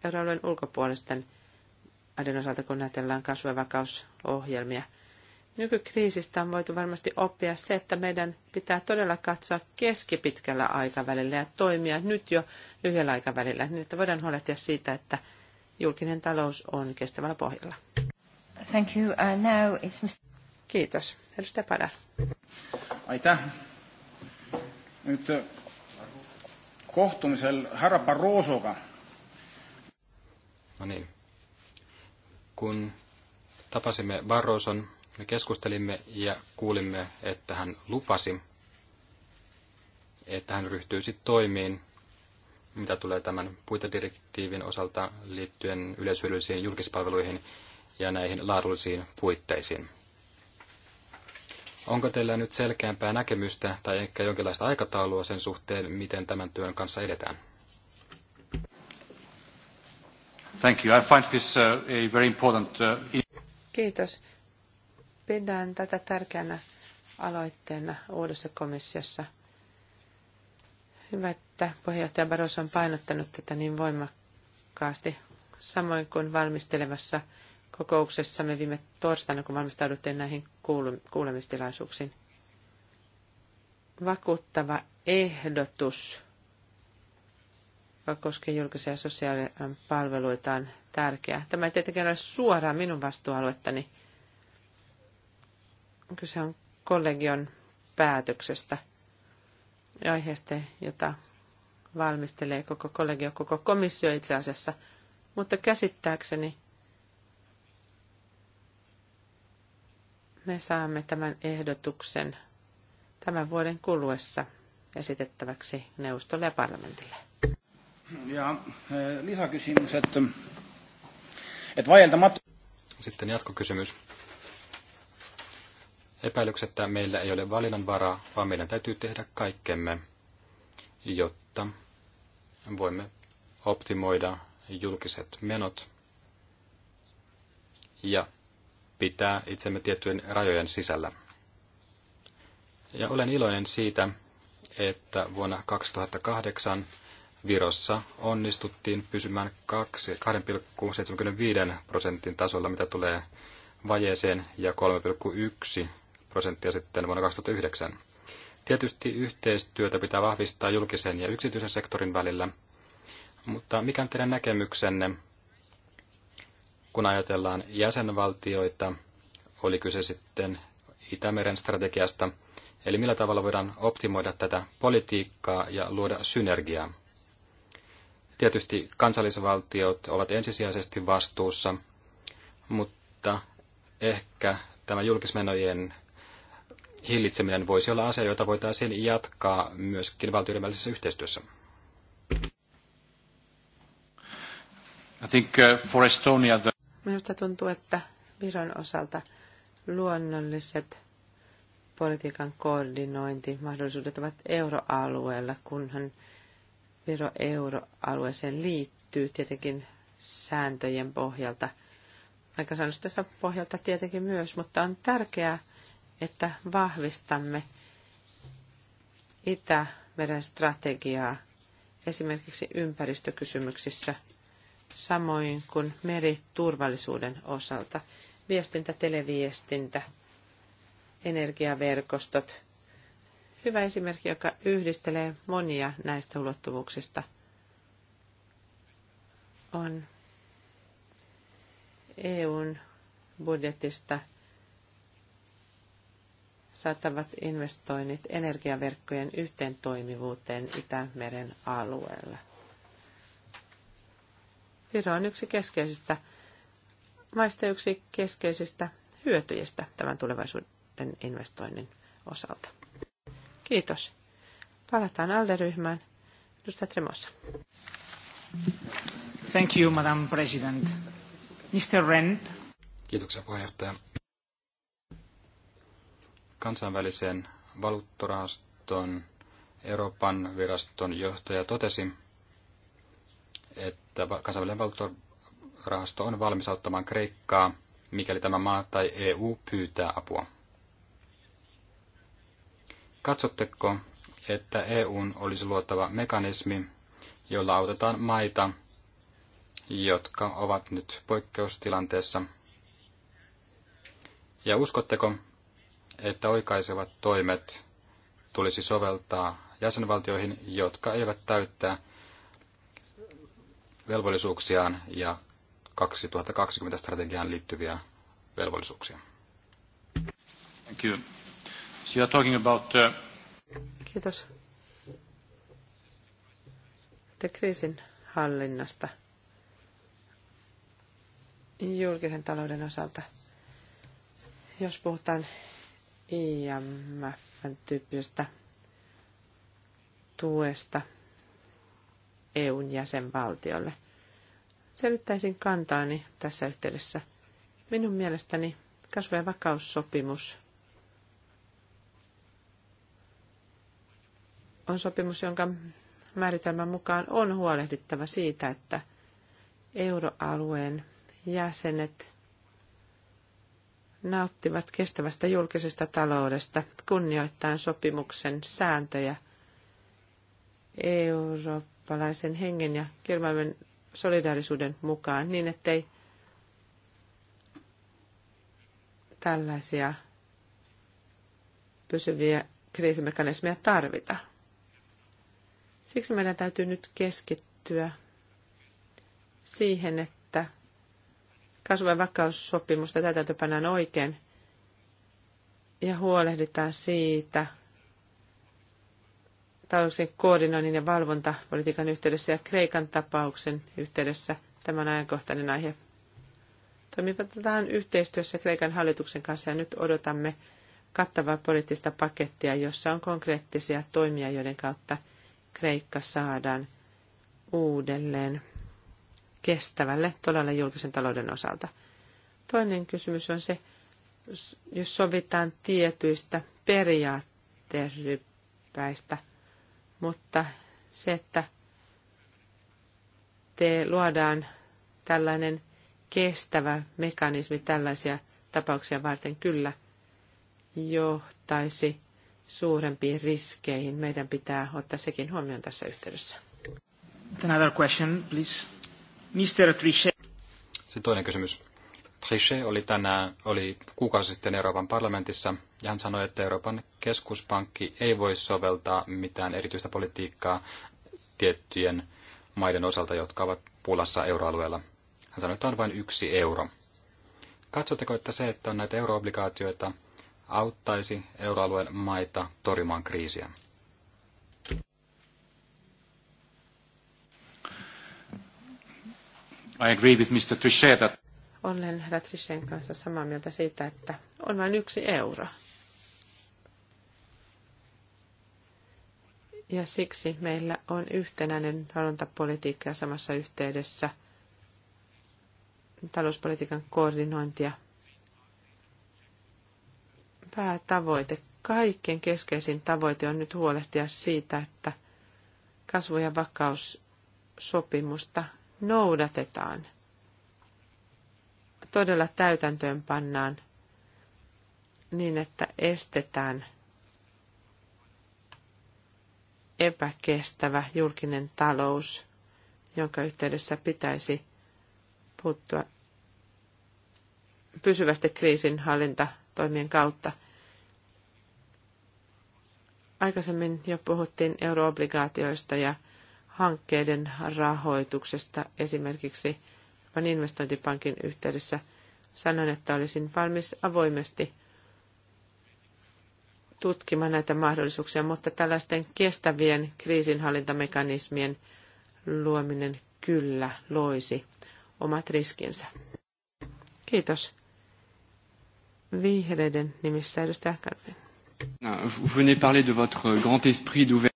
euroalueen ulkopuolisten maiden osalta, kun ajatellaan kasvu- ja vakausohjelmia – Nykykriisistä on voitu varmasti oppia se, että meidän pitää todella katsoa keskipitkällä aikavälillä ja toimia nyt jo lyhyellä aikavälillä, niin että voidaan huolehtia siitä, että julkinen talous on kestävällä pohjalla.
Thank you. Uh, now it's Mr. Kiitos. Edustaja Padar.
Aita,
Nyt kohtumisen herra Barrosoga.
No niin. Kun tapasimme Barroson me keskustelimme ja kuulimme, että hän lupasi, että hän ryhtyisi toimiin, mitä tulee tämän puitedirektiivin osalta liittyen yleishyödyllisiin julkispalveluihin ja näihin laadullisiin puitteisiin. Onko teillä nyt selkeämpää näkemystä tai ehkä jonkinlaista aikataulua sen suhteen, miten tämän työn kanssa edetään?
Thank you. I find this uh, a very important... Uh,
Kiitos. Pidän tätä tärkeänä aloitteena uudessa komissiossa. Hyvä, että puheenjohtaja Barroso on painottanut tätä niin voimakkaasti, samoin kuin valmistelevassa kokouksessamme viime torstaina, kun valmistauduttiin näihin kuulemistilaisuuksiin. Vakuuttava ehdotus, joka koskee julkisia sosiaalipalveluita, on tärkeä. Tämä ei tietenkään ole suoraan minun vastuualuettani, Kyse on kollegion päätöksestä ja aiheesta, jota valmistelee koko kollegio, koko komissio itse asiassa. Mutta käsittääkseni me saamme tämän ehdotuksen tämän vuoden kuluessa esitettäväksi neuvostolle ja parlamentille.
Ja eh, lisäkysymys,
että, että vajeltamatta... Sitten jatkokysymys epäilyksettä meillä ei ole valinnanvaraa, vaan meidän täytyy tehdä kaikkemme, jotta voimme optimoida julkiset menot ja pitää itsemme tiettyjen rajojen sisällä. Ja olen iloinen siitä, että vuonna 2008 Virossa onnistuttiin pysymään 2,75 prosentin tasolla, mitä tulee vajeeseen, ja 3,1 prosenttia sitten vuonna 2009. Tietysti yhteistyötä pitää vahvistaa julkisen ja yksityisen sektorin välillä, mutta mikä on teidän näkemyksenne, kun ajatellaan jäsenvaltioita, oli kyse sitten Itämeren strategiasta, eli millä tavalla voidaan optimoida tätä politiikkaa ja luoda synergiaa. Tietysti kansallisvaltiot ovat ensisijaisesti vastuussa, mutta ehkä tämä julkismenojen hillitseminen voisi olla asia, jota voitaisiin jatkaa myöskin valtioiden välisessä yhteistyössä?
I think uh, for Estonia the...
Minusta tuntuu, että Viron osalta luonnolliset politiikan koordinointimahdollisuudet ovat euroalueella, kunhan Viro euroalueeseen liittyy tietenkin sääntöjen pohjalta. sanoisin tässä pohjalta tietenkin myös, mutta on tärkeää että vahvistamme Itämeren strategiaa esimerkiksi ympäristökysymyksissä, samoin kuin meriturvallisuuden osalta, viestintä, televiestintä, energiaverkostot. Hyvä esimerkki, joka yhdistelee monia näistä ulottuvuuksista, on EUn budjetista – saattavat investoinnit energiaverkkojen yhteentoimivuuteen Itämeren alueella. Viro on yksi keskeisistä maista yksi keskeisistä hyötyjistä tämän tulevaisuuden investoinnin osalta. Kiitos. Palataan alleryhmään. Edustaja Tremossa.
Thank you, Madam President. Mr. Rent. Kiitoksia puheenjohtaja kansainvälisen valuuttorahaston Euroopan viraston johtaja totesi, että kansainvälinen valuuttorahasto on valmis auttamaan Kreikkaa, mikäli tämä maa tai EU pyytää apua. Katsotteko, että EUn olisi luottava mekanismi, jolla autetaan maita, jotka ovat nyt poikkeustilanteessa? Ja uskotteko, että oikaisevat toimet tulisi soveltaa jäsenvaltioihin, jotka eivät täyttää velvollisuuksiaan ja 2020 strategiaan liittyviä velvollisuuksia.
Thank you. So you're talking about, uh,
Kiitos. Te kriisin hallinnasta julkisen talouden osalta. Jos puhutaan IMF-tyyppisestä tuesta EUn jäsenvaltiolle. Selittäisin kantaani tässä yhteydessä. Minun mielestäni kasvu- ja vakaussopimus on sopimus, jonka määritelmän mukaan on huolehdittava siitä, että euroalueen jäsenet nauttivat kestävästä julkisesta taloudesta kunnioittaen sopimuksen sääntöjä eurooppalaisen hengen ja kirjaimen solidaarisuuden mukaan niin, ettei tällaisia pysyviä kriisimekanismeja tarvita. Siksi meidän täytyy nyt keskittyä siihen, että kasvu- vakaussopimusta täytäntöpänään oikein ja huolehditaan siitä talouksien koordinoinnin ja valvontapolitiikan yhteydessä ja Kreikan tapauksen yhteydessä. tämän ajankohtainen aihe. Toimivataan yhteistyössä Kreikan hallituksen kanssa ja nyt odotamme kattavaa poliittista pakettia, jossa on konkreettisia toimia, joiden kautta Kreikka saadaan uudelleen kestävälle todella julkisen talouden osalta. Toinen kysymys on se, jos sovitaan tietyistä periaatteryppäistä, mutta se, että te luodaan tällainen kestävä mekanismi tällaisia tapauksia varten kyllä johtaisi suurempiin riskeihin. Meidän pitää ottaa sekin huomioon tässä yhteydessä.
Another question, please. Mr.
Trichet. Sitten toinen kysymys. Trichet oli tänään, oli kuukausi sitten Euroopan parlamentissa, ja hän sanoi, että Euroopan keskuspankki ei voi soveltaa mitään erityistä politiikkaa tiettyjen maiden osalta, jotka ovat pulassa euroalueella. Hän sanoi, että on vain yksi euro. Katsotteko, että se, että on näitä euroobligaatioita, auttaisi euroalueen maita torjumaan kriisiä?
I agree with Mr. Trichet that...
Olen herra Trichetin kanssa samaa mieltä siitä, että on vain yksi euro. Ja siksi meillä on yhtenäinen valvontapolitiikka ja samassa yhteydessä talouspolitiikan koordinointia. Päätavoite, kaikkein keskeisin tavoite on nyt huolehtia siitä, että kasvu- ja vakaussopimusta noudatetaan, todella täytäntöön pannaan niin, että estetään epäkestävä julkinen talous, jonka yhteydessä pitäisi puuttua pysyvästi kriisinhallintatoimien kautta. Aikaisemmin jo puhuttiin euroobligaatioista ja hankkeiden rahoituksesta esimerkiksi Euroopan investointipankin yhteydessä sanoin, että olisin valmis avoimesti tutkimaan näitä mahdollisuuksia, mutta tällaisten kestävien kriisinhallintamekanismien luominen kyllä loisi omat riskinsä. Kiitos. Vihreiden nimissä edustaja Karvin.
Je venais parler de votre grand esprit d'ouverture.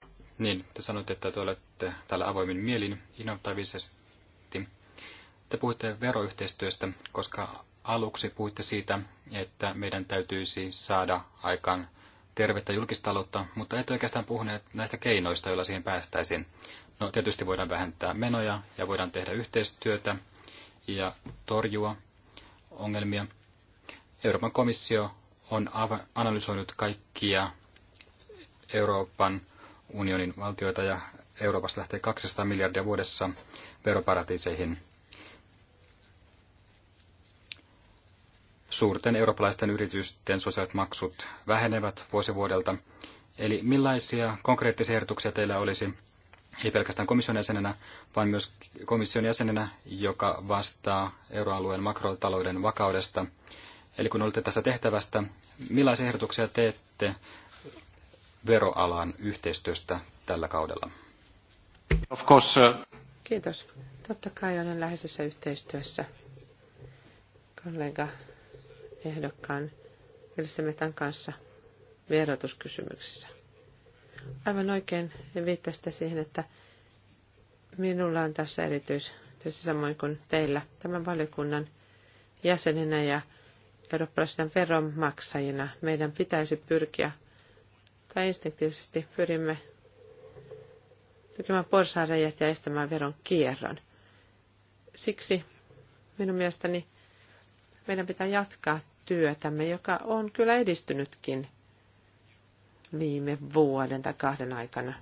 Niin, te sanoitte, että te olette täällä avoimin mielin innovatiivisesti. Te puhutte veroyhteistyöstä, koska aluksi puhutte siitä, että meidän täytyisi saada aikaan tervettä julkistaloutta, mutta et oikeastaan puhuneet näistä keinoista, joilla siihen päästäisiin. No tietysti voidaan vähentää menoja ja voidaan tehdä yhteistyötä ja torjua ongelmia. Euroopan komissio on analysoinut kaikkia Euroopan unionin valtioita ja Euroopasta lähtee 200 miljardia vuodessa veroparatiiseihin. Suurten eurooppalaisten yritysten sosiaaliset maksut vähenevät vuosivuodelta. Eli millaisia konkreettisia ehdotuksia teillä olisi, ei pelkästään komission jäsenenä, vaan myös komission jäsenenä, joka vastaa euroalueen makrotalouden vakaudesta. Eli kun olette tässä tehtävästä, millaisia ehdotuksia teette veroalan yhteistyöstä
tällä kaudella? Of course, uh,
Kiitos. Totta kai olen läheisessä yhteistyössä kollega ehdokkaan Elisemetan kanssa verotuskysymyksissä. Aivan oikein viittasitte siihen, että minulla on tässä erityis, tässä samoin kuin teillä tämän valiokunnan jäsenenä ja eurooppalaisena veronmaksajina meidän pitäisi pyrkiä tai instinktiivisesti pyrimme tekemään porsaanreijät ja estämään veron kierron. Siksi minun mielestäni meidän pitää jatkaa työtämme, joka on kyllä edistynytkin viime vuoden tai kahden aikana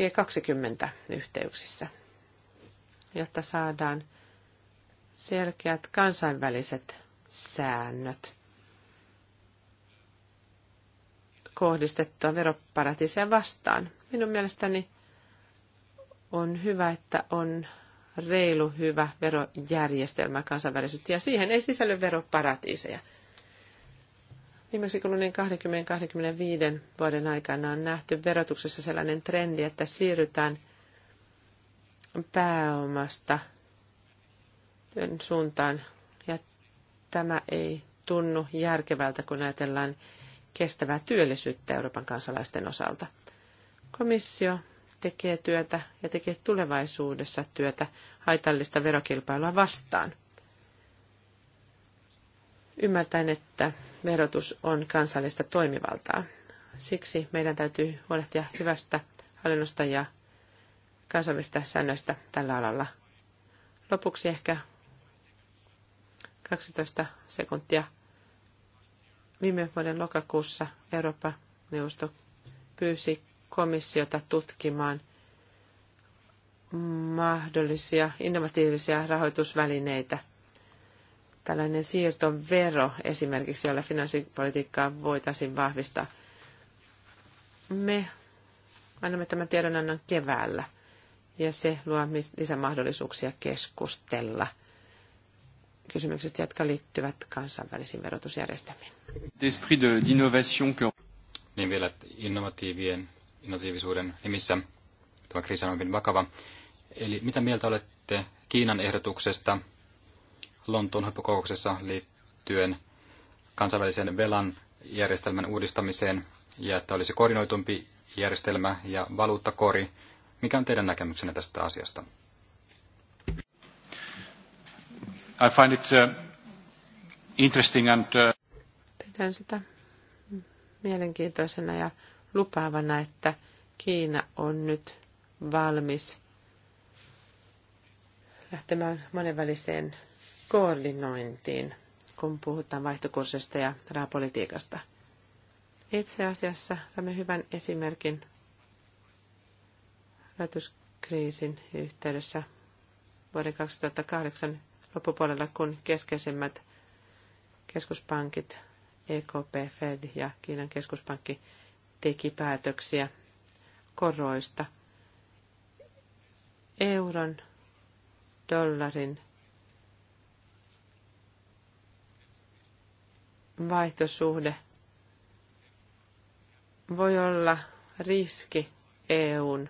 G20-yhteyksissä, jotta saadaan selkeät kansainväliset säännöt kohdistettua veroparatiiseja vastaan. Minun mielestäni on hyvä, että on reilu, hyvä verojärjestelmä kansainvälisesti, ja siihen ei sisälly veroparatiiseja. Viimeksi kuluneen 20-25 vuoden aikana on nähty verotuksessa sellainen trendi, että siirrytään pääomasta suuntaan, ja tämä ei tunnu järkevältä, kun ajatellaan kestävää työllisyyttä Euroopan kansalaisten osalta. Komissio tekee työtä ja tekee tulevaisuudessa työtä haitallista verokilpailua vastaan. Ymmärtäen, että verotus on kansallista toimivaltaa. Siksi meidän täytyy huolehtia hyvästä hallinnosta ja kansallisista säännöistä tällä alalla. Lopuksi ehkä 12 sekuntia Viime vuoden lokakuussa Eurooppa-neuvosto pyysi komissiota tutkimaan mahdollisia innovatiivisia rahoitusvälineitä. Tällainen siirtovero esimerkiksi, jolla finanssipolitiikkaa voitaisiin vahvistaa. Me annamme tämän tiedonannon keväällä ja se luo lisämahdollisuuksia keskustella kysymykset, jotka liittyvät kansainvälisiin verotusjärjestelmiin.
D'esprit de, d'innovation que... Niin vielä innovatiivien, innovatiivisuuden nimissä. Tämä kriisi on hyvin vakava. Eli mitä mieltä olette Kiinan ehdotuksesta Lontoon huippukokouksessa liittyen kansainvälisen velan järjestelmän uudistamiseen ja että olisi koordinoitumpi järjestelmä ja valuuttakori. Mikä on teidän näkemyksenne tästä asiasta?
I find it uh, interesting and uh...
Pidän sitä mielenkiintoisena ja lupaavana, että Kiina on nyt valmis lähtemään monenväliseen koordinointiin, kun puhutaan vaihtokurssista ja rahapolitiikasta. Itse asiassa saamme hyvän esimerkin rahoituskriisin yhteydessä vuoden 2008 loppupuolella, kun keskeisimmät keskuspankit EKP, Fed ja Kiinan keskuspankki teki päätöksiä koroista. Euron, dollarin vaihtosuhde voi olla riski EUn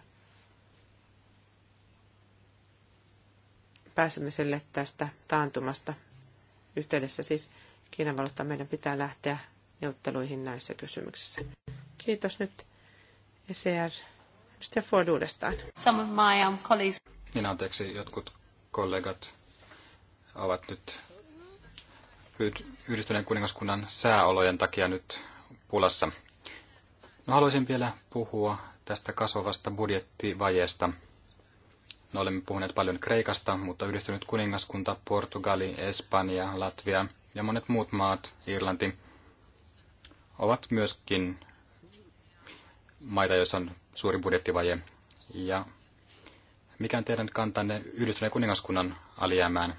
pääsemiselle tästä taantumasta yhteydessä. Siis Kiinan valuutta meidän pitää lähteä
neuvotteluihin näissä kysymyksissä.
Kiitos nyt ECR. Mr. Ford uudestaan. Some of my um, colleagues...
Niin anteeksi, jotkut kollegat ovat nyt yhdistyneen kuningaskunnan sääolojen takia nyt pulassa. No, haluaisin vielä puhua tästä kasvavasta budjettivajeesta. No, olemme puhuneet paljon Kreikasta, mutta yhdistynyt kuningaskunta, Portugali, Espanja, Latvia – ja monet muut maat, Irlanti, ovat myöskin maita, joissa on suuri budjettivaje. Ja mikä on teidän kantanne yhdistyneen kuningaskunnan alijäämään?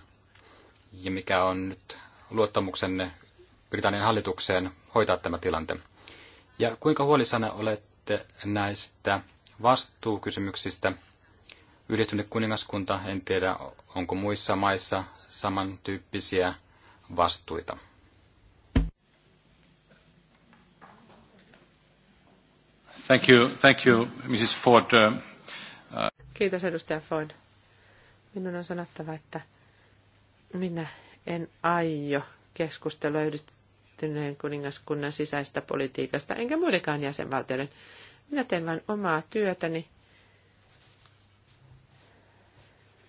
Ja mikä on nyt luottamuksenne Britannian hallitukseen hoitaa tämä tilante? Ja kuinka huolissanne olette näistä vastuukysymyksistä? Yhdistynyt kuningaskunta, en tiedä onko muissa maissa samantyyppisiä vastuita.
Thank you, thank you, Mrs. Ford. Uh, uh,
Kiitos edustaja Ford. Minun on sanottava, että minä en aio keskustelua yhdistyneen kuningaskunnan sisäistä politiikasta, enkä muidenkaan jäsenvaltioiden. Minä teen vain omaa työtäni.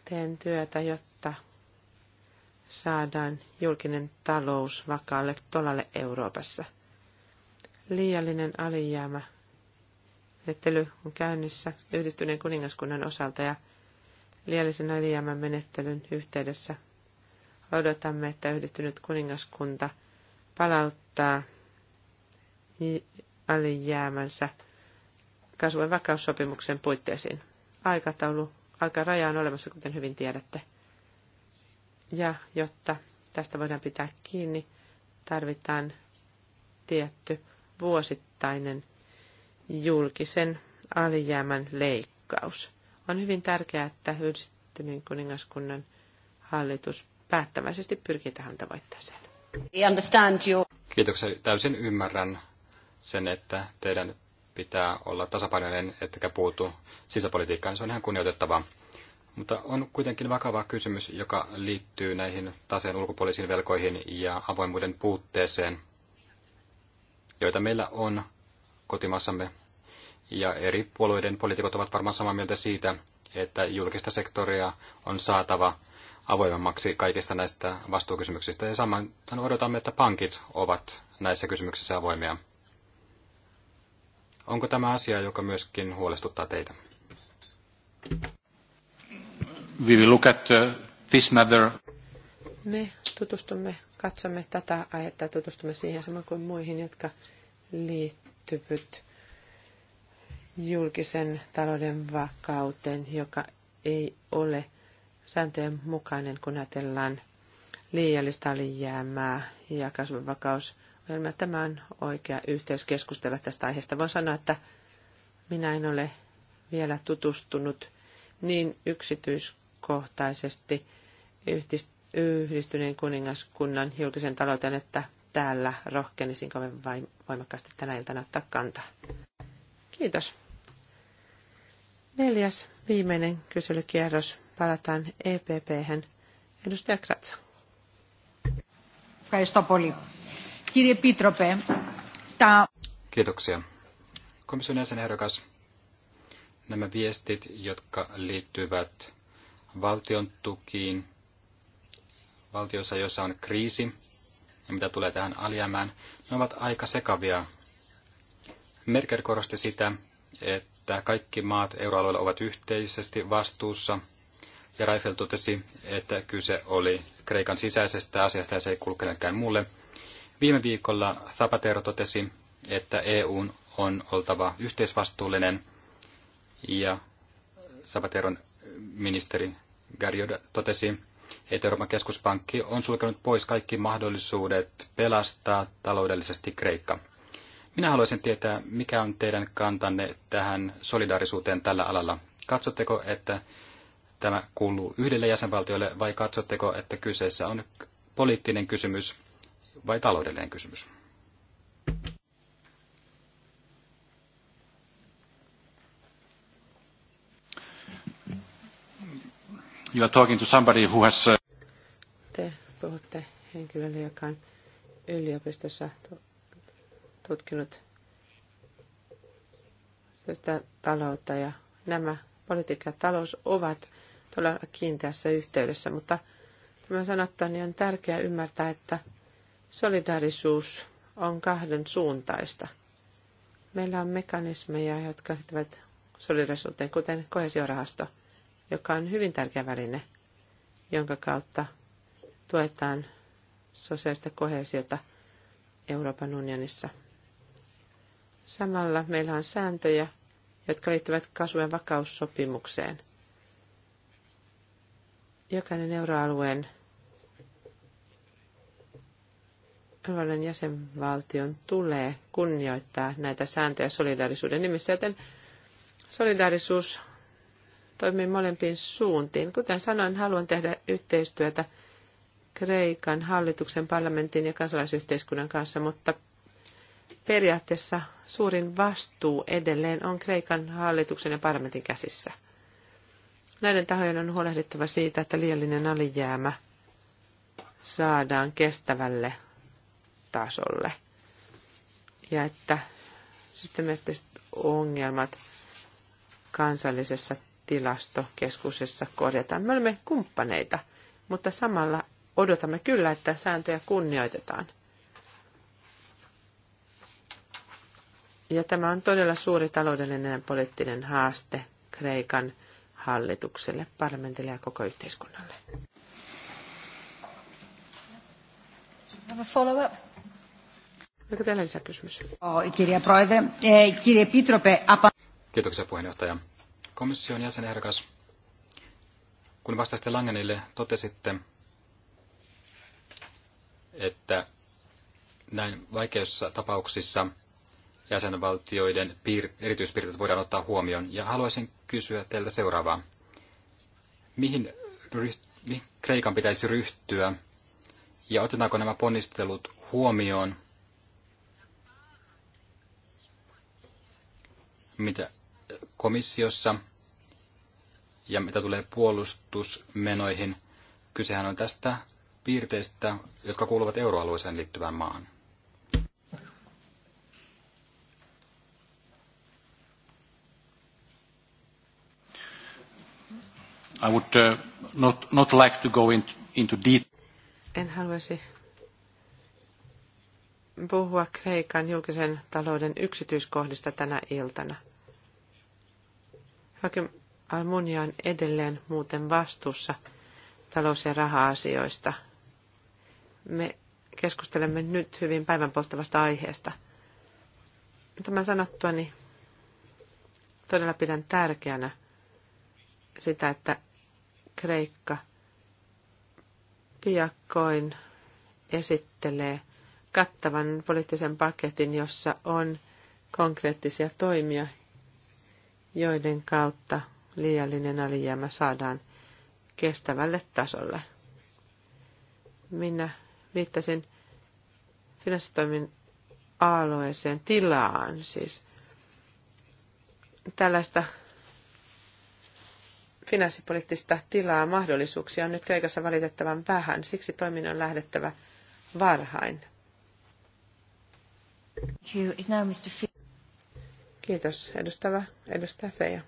Teen työtä, jotta saadaan julkinen talous vakaalle tolalle Euroopassa. Liiallinen alijäämä menettely on käynnissä yhdistyneen kuningaskunnan osalta ja liiallisen alijäämän menettelyn yhteydessä odotamme, että yhdistynyt kuningaskunta palauttaa alijäämänsä kasvun vakaussopimuksen puitteisiin. Aikataulu, alkaa rajaan olemassa, kuten hyvin tiedätte. Ja jotta tästä voidaan pitää kiinni, tarvitaan tietty vuosittainen julkisen alijäämän leikkaus. On hyvin tärkeää, että yhdistyneen kuningaskunnan hallitus päättäväisesti pyrkii tähän tavoitteeseen.
Kiitoksia. Täysin ymmärrän sen, että teidän pitää olla tasapainoinen, ettekä puutu sisäpolitiikkaan. Se on ihan kunnioitettavaa. Mutta on kuitenkin vakava kysymys, joka liittyy näihin taseen ulkopuolisiin velkoihin ja avoimuuden puutteeseen, joita meillä on kotimaassamme. Ja eri puolueiden poliitikot ovat varmaan samaa mieltä siitä, että julkista sektoria on saatava avoimemmaksi kaikista näistä vastuukysymyksistä. Ja saman odotamme, että pankit ovat näissä kysymyksissä avoimia. Onko tämä asia, joka myöskin huolestuttaa teitä?
we will look at uh, this matter.
Me tutustumme, katsomme tätä aihetta ja tutustumme siihen samoin kuin muihin, jotka liittyvät julkisen talouden vakauteen, joka ei ole sääntöjen mukainen, kun ajatellaan liiallista alijäämää ja kasvunvakausohjelmaa. Tämä on oikea yhteys keskustella tästä aiheesta. Voin sanoa, että minä en ole vielä tutustunut niin yksityiskohtaisesti kohtaisesti yhdistyneen kuningaskunnan julkisen talouteen, että täällä rohkenisin kovin voimakkaasti tänä iltana ottaa kantaa. Kiitos. Neljäs viimeinen kyselykierros. Palataan EPP-hän. Edustaja Kratsa.
Kiitoksia. Komission jäsenehdokas, nämä viestit, jotka liittyvät valtion tukiin valtioissa, joissa on kriisi, ja mitä tulee tähän alijäämään, ne ovat aika sekavia. Merkel korosti sitä, että kaikki maat euroalueella ovat yhteisesti vastuussa, ja Raifel totesi, että kyse oli Kreikan sisäisestä asiasta ja se ei kulkenutkaan muulle. Viime viikolla Zapatero totesi, että EUn on oltava yhteisvastuullinen, ja Zapateron ministeri Garriod totesi, että Euroopan keskuspankki on sulkenut pois kaikki mahdollisuudet pelastaa taloudellisesti Kreikka. Minä haluaisin tietää, mikä on teidän kantanne tähän solidaarisuuteen tällä alalla. Katsotteko, että tämä kuuluu yhdelle jäsenvaltiolle vai katsotteko, että kyseessä on poliittinen kysymys vai taloudellinen kysymys?
you are talking to somebody who has... Uh,
Te puhutte henkilölle, joka on yliopistossa tutkinut tästä taloutta ja nämä politiikka ja talous ovat todella kiinteässä yhteydessä, mutta tämä sanottua, niin on tärkeää ymmärtää, että solidaarisuus on kahden suuntaista. Meillä on mekanismeja, jotka liittyvät solidaarisuuteen, kuten kohesiorahasto – joka on hyvin tärkeä väline, jonka kautta tuetaan sosiaalista kohesiota Euroopan unionissa. Samalla meillä on sääntöjä, jotka liittyvät kasvun vakaussopimukseen. Jokainen euroalueen alueiden jäsenvaltion tulee kunnioittaa näitä sääntöjä solidaarisuuden nimissä, joten solidaarisuus toimii molempiin suuntiin. Kuten sanoin, haluan tehdä yhteistyötä Kreikan hallituksen, parlamentin ja kansalaisyhteiskunnan kanssa, mutta periaatteessa suurin vastuu edelleen on Kreikan hallituksen ja parlamentin käsissä. Näiden tahojen on huolehdittava siitä, että liiallinen alijäämä saadaan kestävälle tasolle ja että systemaattiset ongelmat kansallisessa tilastokeskuksessa korjataan. Me olemme kumppaneita, mutta samalla odotamme kyllä, että sääntöjä kunnioitetaan. Ja tämä on todella suuri taloudellinen ja poliittinen haaste Kreikan hallitukselle, parlamentille ja koko yhteiskunnalle.
Oliko teillä
lisäkysymys?
Oh, eh,
Kiitoksia puheenjohtaja. Komission jäsenehdokas, kun vastasitte Langenille, totesitte, että näin vaikeissa tapauksissa jäsenvaltioiden piir- erityispiirteet voidaan ottaa huomioon. Ja haluaisin kysyä teiltä seuraavaa. Mihin, mihin Kreikan pitäisi ryhtyä ja otetaanko nämä ponnistelut huomioon? Mitä komissiossa. Ja mitä tulee puolustusmenoihin, kysehän on tästä piirteistä, jotka kuuluvat euroalueeseen liittyvään maahan.
I would uh, not, not like to go in, into detail.
En haluaisi puhua Kreikan julkisen talouden yksityiskohdista tänä iltana. Hakim Almunia on edelleen muuten vastuussa talous- ja raha-asioista. Me keskustelemme nyt hyvin päivänpolttavasta aiheesta. Tämän sanottua, niin todella pidän tärkeänä sitä, että Kreikka piakkoin esittelee kattavan poliittisen paketin, jossa on konkreettisia toimia, joiden kautta liiallinen alijäämä saadaan kestävälle tasolle. Minä viittasin finanssitoimin alueeseen tilaan, siis tällaista finanssipoliittista tilaa mahdollisuuksia on nyt Kreikassa valitettavan vähän, siksi toiminnan on lähdettävä varhain. Kiitos, edustava, edustaja Feija.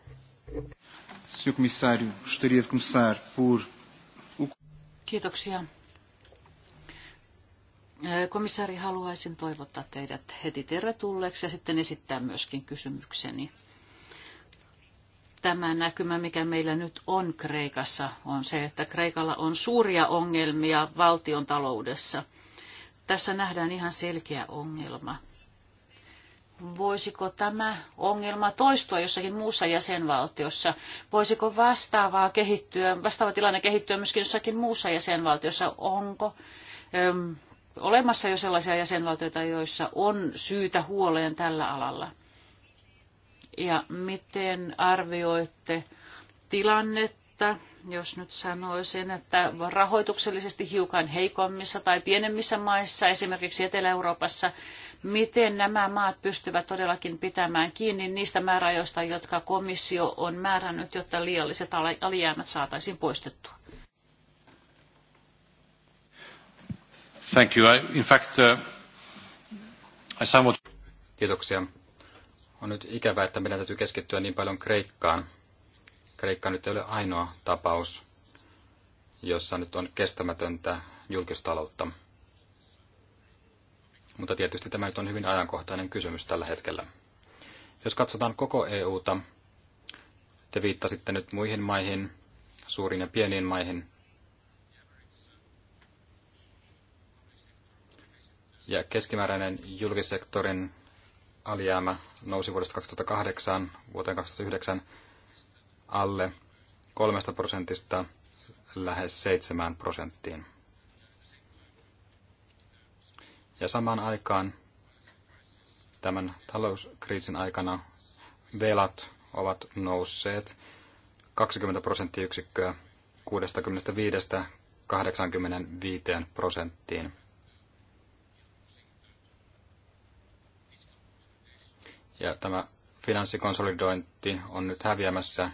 Kiitoksia. Eh, komissaari, haluaisin toivottaa teidät heti tervetulleeksi ja sitten esittää myöskin kysymykseni. Tämä näkymä, mikä meillä nyt on Kreikassa, on se, että Kreikalla on suuria ongelmia valtion taloudessa. Tässä nähdään ihan selkeä ongelma voisiko tämä ongelma toistua jossakin muussa jäsenvaltiossa? Voisiko vastaavaa kehittyä, vastaava tilanne kehittyä myöskin jossakin muussa jäsenvaltiossa? Onko öm, olemassa jo sellaisia jäsenvaltioita, joissa on syytä huoleen tällä alalla? Ja miten arvioitte tilannetta, jos nyt sanoisin, että rahoituksellisesti hiukan heikommissa tai pienemmissä maissa, esimerkiksi Etelä-Euroopassa, miten nämä maat pystyvät todellakin pitämään kiinni niistä määräajoista, jotka komissio on määrännyt, jotta liialliset alijäämät saataisiin poistettua?
Thank you. I, in fact, uh, I
somewhat... Kiitoksia. On nyt ikävää, että meidän täytyy keskittyä niin paljon Kreikkaan. Kreikka nyt ei ole ainoa tapaus, jossa nyt on kestämätöntä julkistaloutta. Mutta tietysti tämä nyt on hyvin ajankohtainen kysymys tällä hetkellä. Jos katsotaan koko EUta, te viittasitte nyt muihin maihin, suuriin ja pieniin maihin. Ja keskimääräinen julkisektorin alijäämä nousi vuodesta 2008 vuoteen 2009 alle 3 prosentista lähes 7 prosenttiin. Ja samaan aikaan tämän talouskriisin aikana velat ovat nousseet 20 prosenttiyksikköä 65-85 prosenttiin. Ja tämä finanssikonsolidointi on nyt häviämässä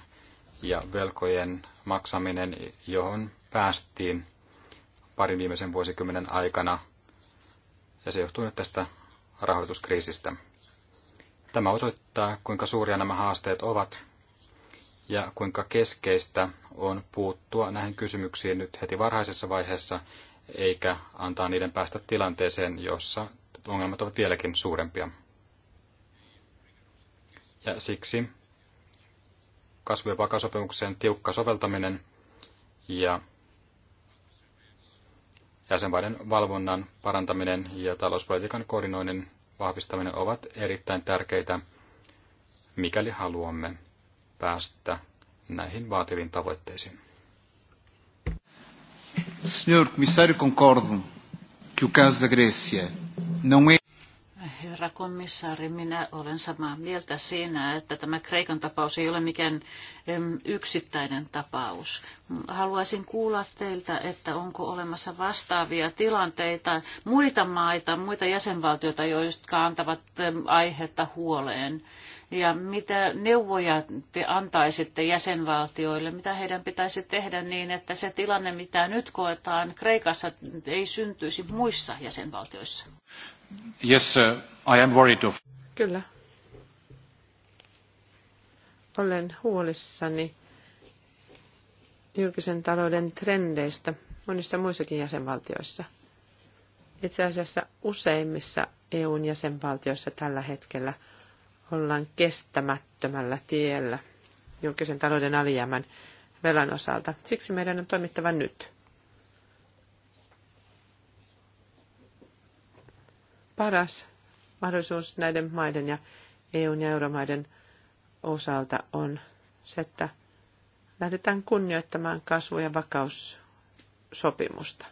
ja velkojen maksaminen, johon päästiin parin viimeisen vuosikymmenen aikana – ja se johtuu nyt tästä rahoituskriisistä. Tämä osoittaa, kuinka suuria nämä haasteet ovat ja kuinka keskeistä on puuttua näihin kysymyksiin nyt heti varhaisessa vaiheessa, eikä antaa niiden päästä tilanteeseen, jossa ongelmat ovat vieläkin suurempia. Ja siksi kasvu- ja vakasopimuksen tiukka soveltaminen ja Jäsenmaiden valvonnan parantaminen ja talouspolitiikan koordinoinnin vahvistaminen ovat erittäin tärkeitä, mikäli haluamme päästä näihin vaativiin tavoitteisiin.
Senhor Comissário, concordo que o caso da Grécia não é
herra komissaari, minä olen samaa mieltä siinä, että tämä Kreikan tapaus ei ole mikään yksittäinen tapaus. Haluaisin kuulla teiltä, että onko olemassa vastaavia tilanteita, muita maita, muita jäsenvaltioita, jotka antavat aihetta huoleen. Ja mitä neuvoja te antaisitte jäsenvaltioille, mitä heidän pitäisi tehdä niin, että se tilanne, mitä nyt koetaan Kreikassa, ei syntyisi muissa jäsenvaltioissa?
Yes, I am worried of.
Kyllä. Olen
huolissani julkisen talouden trendeistä monissa muissakin jäsenvaltioissa. Itse asiassa useimmissa EUn jäsenvaltioissa tällä hetkellä ollaan kestämättömällä tiellä julkisen talouden alijäämän velan osalta. Siksi meidän on toimittava nyt. paras mahdollisuus näiden maiden ja EUn ja euromaiden osalta on se, että lähdetään kunnioittamaan kasvu- ja vakaussopimusta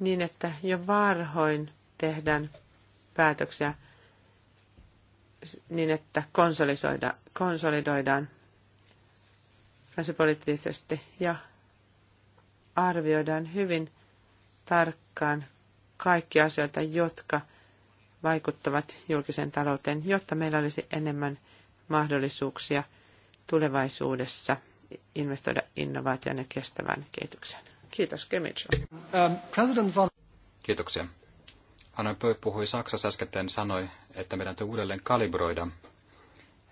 niin, että jo varhoin tehdään päätöksiä niin, että konsolidoida, konsolidoidaan finanssipoliittisesti ja arvioidaan hyvin tarkkaan kaikki asioita, jotka vaikuttavat julkiseen talouteen, jotta meillä olisi enemmän mahdollisuuksia tulevaisuudessa investoida innovaation ja kestävän kehityksen. Kiitos,
Kemitsa. Ähm, Kiitoksia. Anna Pöy puhui Saksassa äsken sanoi, että meidän täytyy uudelleen kalibroida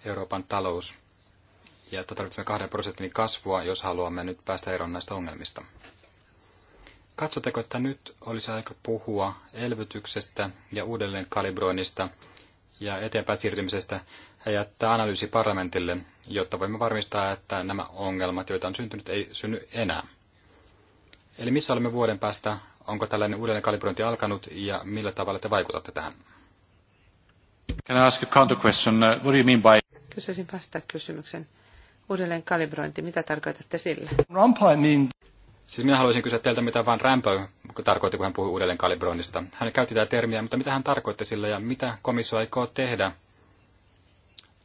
Euroopan talous ja että tarvitsemme kahden prosentin kasvua, jos haluamme nyt päästä eroon näistä ongelmista. Katsotteko, että nyt olisi aika puhua elvytyksestä ja uudelleen kalibroinnista ja eteenpäin siirtymisestä ja jättää analyysi parlamentille, jotta voimme varmistaa, että nämä ongelmat, joita on syntynyt, ei synny enää? Eli missä olemme vuoden päästä? Onko tällainen uudelleen kalibrointi alkanut ja millä tavalla te vaikutatte tähän?
Can I ask a counter question? Uh, what do you mean by...
Kysyisin vastaa kysymyksen.
Uudelleen kalibrointi, mitä tarkoitatte sillä?
Rampai mean... Siis minä haluaisin kysyä teiltä, mitä Van Rampö tarkoitti, kun hän puhui uudelleen kalibroinnista. Hän käytti tätä termiä, mutta mitä hän tarkoitti sillä ja mitä komissio aikoo tehdä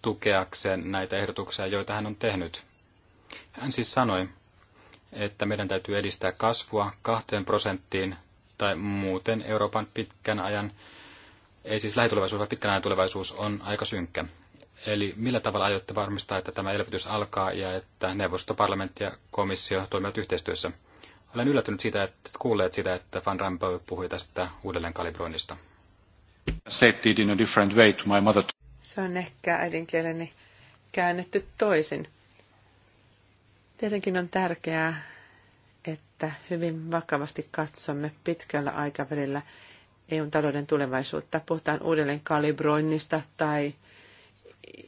tukeakseen näitä ehdotuksia, joita hän on tehnyt? Hän siis sanoi, että meidän täytyy edistää kasvua kahteen prosenttiin tai muuten Euroopan pitkän ajan, ei siis lähitulevaisuus, vaan pitkän ajan tulevaisuus on aika synkkä. Eli millä tavalla aiotte varmistaa, että tämä elvytys alkaa ja että neuvosto, parlamentti ja komissio toimivat yhteistyössä? Olen yllättynyt siitä, että kuulleet sitä, että Van Rambo puhui tästä uudelleen kalibroinnista.
Se on ehkä äidinkieleni käännetty toisin. Tietenkin on tärkeää, että hyvin vakavasti katsomme pitkällä aikavälillä eu talouden tulevaisuutta. Puhutaan uudelleen kalibroinnista tai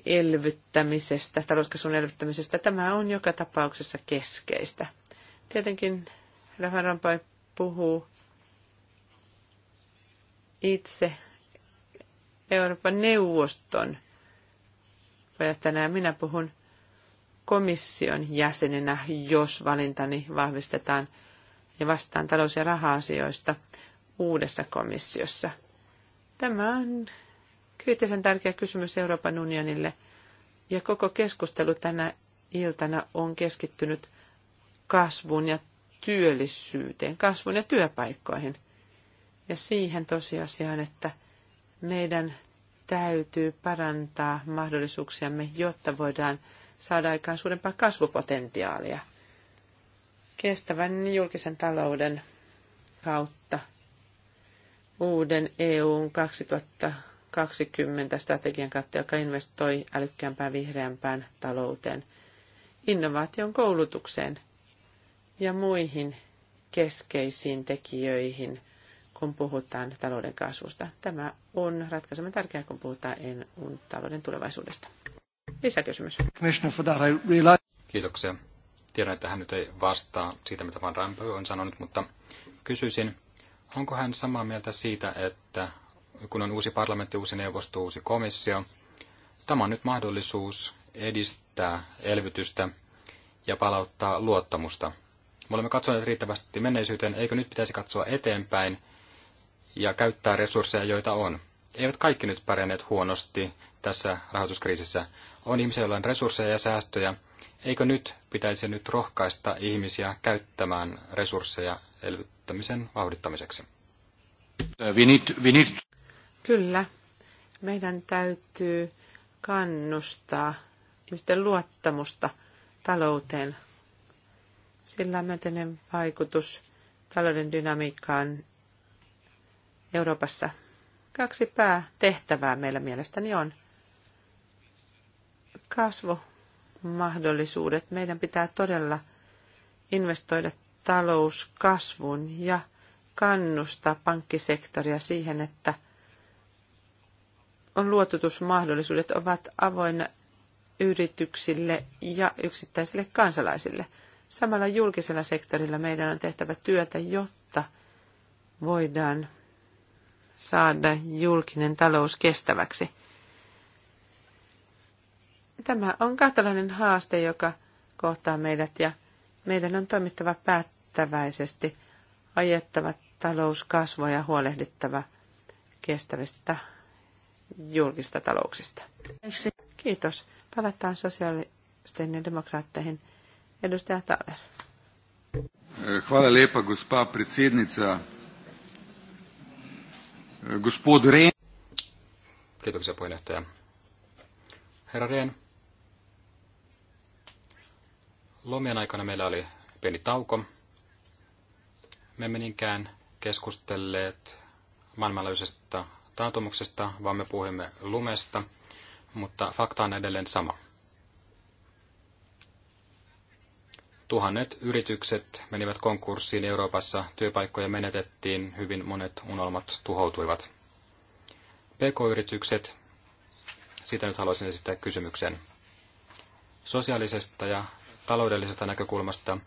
elvyttämisestä, talouskasvun elvyttämisestä. Tämä on joka tapauksessa keskeistä. Tietenkin Ramparampai puhuu itse Euroopan neuvoston puheenjohtajana minä puhun komission jäsenenä, jos valintani vahvistetaan ja vastaan talous- ja raha-asioista uudessa komissiossa. Tämä on kriittisen tärkeä kysymys Euroopan unionille ja koko keskustelu tänä iltana on keskittynyt kasvun ja työllisyyteen, kasvun ja työpaikkoihin. Ja siihen tosiasiaan, että meidän täytyy parantaa mahdollisuuksiamme, jotta voidaan saada aikaan suurempaa kasvupotentiaalia kestävän julkisen talouden kautta uuden EUn 2020 strategian kautta, joka investoi älykkäämpään vihreämpään talouteen, innovaation koulutukseen – ja muihin keskeisiin tekijöihin, kun puhutaan talouden kasvusta. Tämä on ratkaisevan tärkeää, kun puhutaan EUn talouden tulevaisuudesta. Lisäkysymys.
Kiitoksia. Tiedän, että hän nyt ei vastaa siitä, mitä Van Rampö on sanonut, mutta kysyisin, onko hän samaa mieltä siitä, että kun on uusi parlamentti, uusi neuvosto, uusi komissio, tämä on nyt mahdollisuus edistää elvytystä ja palauttaa luottamusta – me olemme katsoneet riittävästi menneisyyteen, eikö nyt pitäisi katsoa eteenpäin ja käyttää resursseja, joita on. Eivät kaikki nyt pärjänneet huonosti tässä rahoituskriisissä. On ihmisiä, joilla on resursseja ja säästöjä. Eikö nyt pitäisi nyt rohkaista ihmisiä käyttämään resursseja elvyttämisen vauhdittamiseksi?
Kyllä. Meidän täytyy kannustaa ihmisten luottamusta talouteen sillä on myönteinen vaikutus talouden dynamiikkaan Euroopassa. Kaksi päätehtävää meillä mielestäni on. Kasvumahdollisuudet. Meidän pitää todella investoida talouskasvun ja kannustaa pankkisektoria siihen, että on luototusmahdollisuudet ovat avoinna yrityksille ja yksittäisille kansalaisille – Samalla julkisella sektorilla meidän on tehtävä työtä, jotta voidaan saada julkinen talous kestäväksi. Tämä on kahtalainen haaste, joka kohtaa meidät ja meidän on toimittava päättäväisesti, ajettava talouskasvua ja huolehdittava kestävistä julkista talouksista. Kiitos. Palataan sosiaalisten ja demokraatteihin Edustaja Taler.
Hvala lepa, gospa predsednica. Gospod Rehn.
Kiitoksia puheenjohtaja. Herra Rehn, lomien aikana meillä oli pieni tauko. Me emme niinkään keskustelleet maailmanlaajuisesta taantumuksesta, vaan me puhuimme lumesta, mutta fakta on edelleen sama. tuhannet yritykset menivät konkurssiin Euroopassa, työpaikkoja menetettiin, hyvin monet unelmat tuhoutuivat. PK-yritykset, siitä nyt haluaisin esittää kysymyksen. Sosiaalisesta ja taloudellisesta näkökulmasta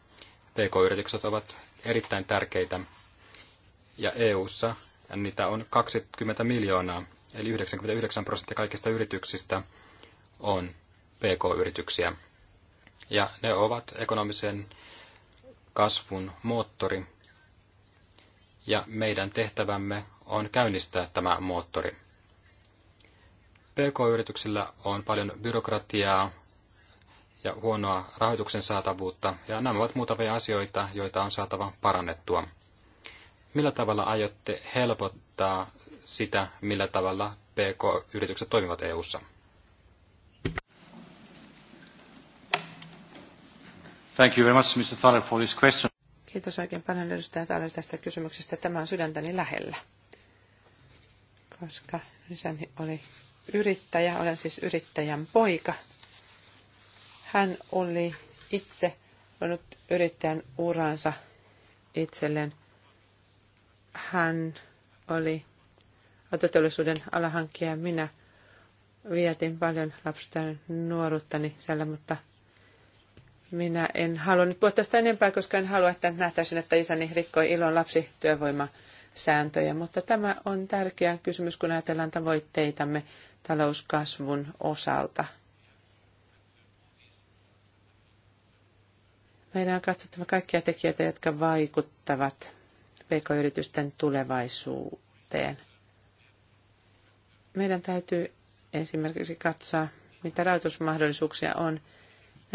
PK-yritykset ovat erittäin tärkeitä, ja EU:ssa niitä on 20 miljoonaa, eli 99 prosenttia kaikista yrityksistä on PK-yrityksiä ja ne ovat ekonomisen kasvun moottori, ja meidän tehtävämme on käynnistää tämä moottori. PK-yrityksillä on paljon byrokratiaa ja huonoa rahoituksen saatavuutta, ja nämä ovat muutamia asioita, joita on saatava parannettua. Millä tavalla aiotte helpottaa sitä, millä tavalla PK-yritykset toimivat EU:ssa?
Thank you very much, Mr. Thaler, for this question.
Kiitos oikein paljon edustaja Thaler tästä kysymyksestä. Tämä on sydäntäni lähellä, koska isäni oli yrittäjä, olen siis yrittäjän poika. Hän oli itse ollut yrittäjän uransa itselleen. Hän oli autoteollisuuden alahankkija. Minä vietin paljon lapsuutta nuoruuttani siellä, mutta – minä en halua nyt puhua tästä enempää, koska en halua, että nähtäisin, että isäni rikkoi ilon lapsityövoimasääntöjä. Mutta tämä on tärkeä kysymys, kun ajatellaan tavoitteitamme talouskasvun osalta. Meidän on katsottava kaikkia tekijöitä, jotka vaikuttavat pk-yritysten tulevaisuuteen. Meidän täytyy esimerkiksi katsoa, mitä rahoitusmahdollisuuksia on –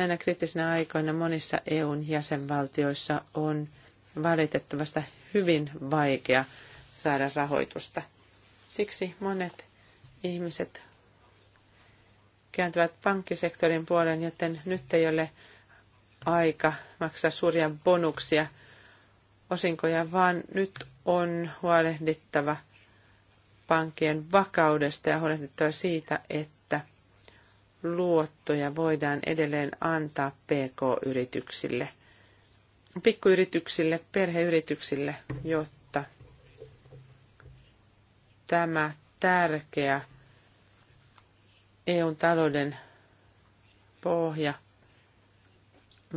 Näinä kriittisinä aikoina monissa EUn jäsenvaltioissa on valitettavasti hyvin vaikea saada rahoitusta. Siksi monet ihmiset kääntyvät pankkisektorin puoleen, joten nyt ei ole aika maksaa suuria bonuksia osinkoja, vaan nyt on huolehdittava pankkien vakaudesta ja huolehdittava siitä, että luottoja voidaan edelleen antaa PK-yrityksille, pikkuyrityksille, perheyrityksille, jotta tämä tärkeä EUn talouden pohja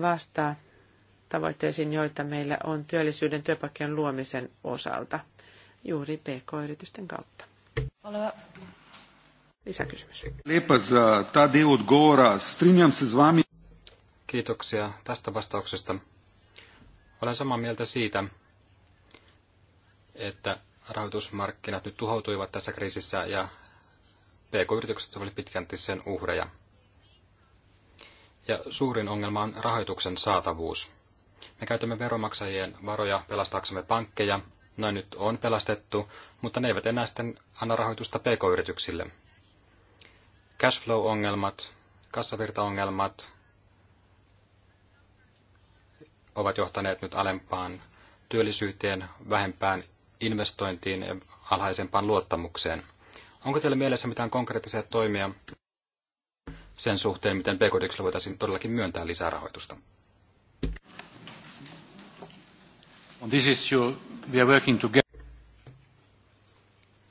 vastaa tavoitteisiin, joita meillä on työllisyyden työpaikkojen luomisen osalta juuri PK-yritysten kautta.
Oleva
Lisäkysymys.
Lepa za ta del odgovora. Strinjam se z vami.
Kiitoksia tästä vastauksesta. Olen samaa mieltä siitä, että rahoitusmarkkinat nyt tuhoutuivat tässä kriisissä ja PK-yritykset olivat pitkälti sen uhreja. Ja suurin ongelma on rahoituksen saatavuus. Me käytämme veromaksajien varoja pelastaaksemme pankkeja. Noin nyt on pelastettu, mutta ne eivät enää sitten anna rahoitusta PK-yrityksille. Cashflow-ongelmat, kassavirtaongelmat ovat johtaneet nyt alempaan työllisyyteen, vähempään investointiin ja alhaisempaan luottamukseen. Onko teillä mielessä mitään konkreettisia toimia sen suhteen, miten pk voitaisiin todellakin
myöntää lisää rahoitusta?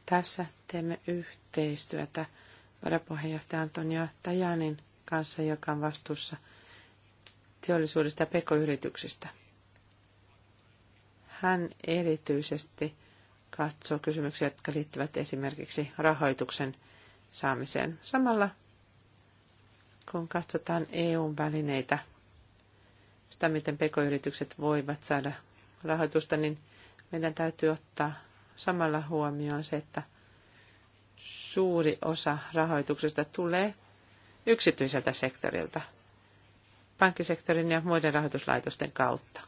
Tässä teemme yhteistyötä varapuheenjohtaja Antonio Tajanin kanssa, joka on vastuussa teollisuudesta ja pekoyrityksistä. Hän erityisesti katsoo kysymyksiä, jotka liittyvät esimerkiksi rahoituksen saamiseen. Samalla kun katsotaan eu välineitä, sitä miten pekoyritykset voivat saada rahoitusta, niin meidän täytyy ottaa samalla huomioon se, että suuri osa rahoituksesta tulee yksityiseltä sektorilta, pankkisektorin ja muiden rahoituslaitosten kautta.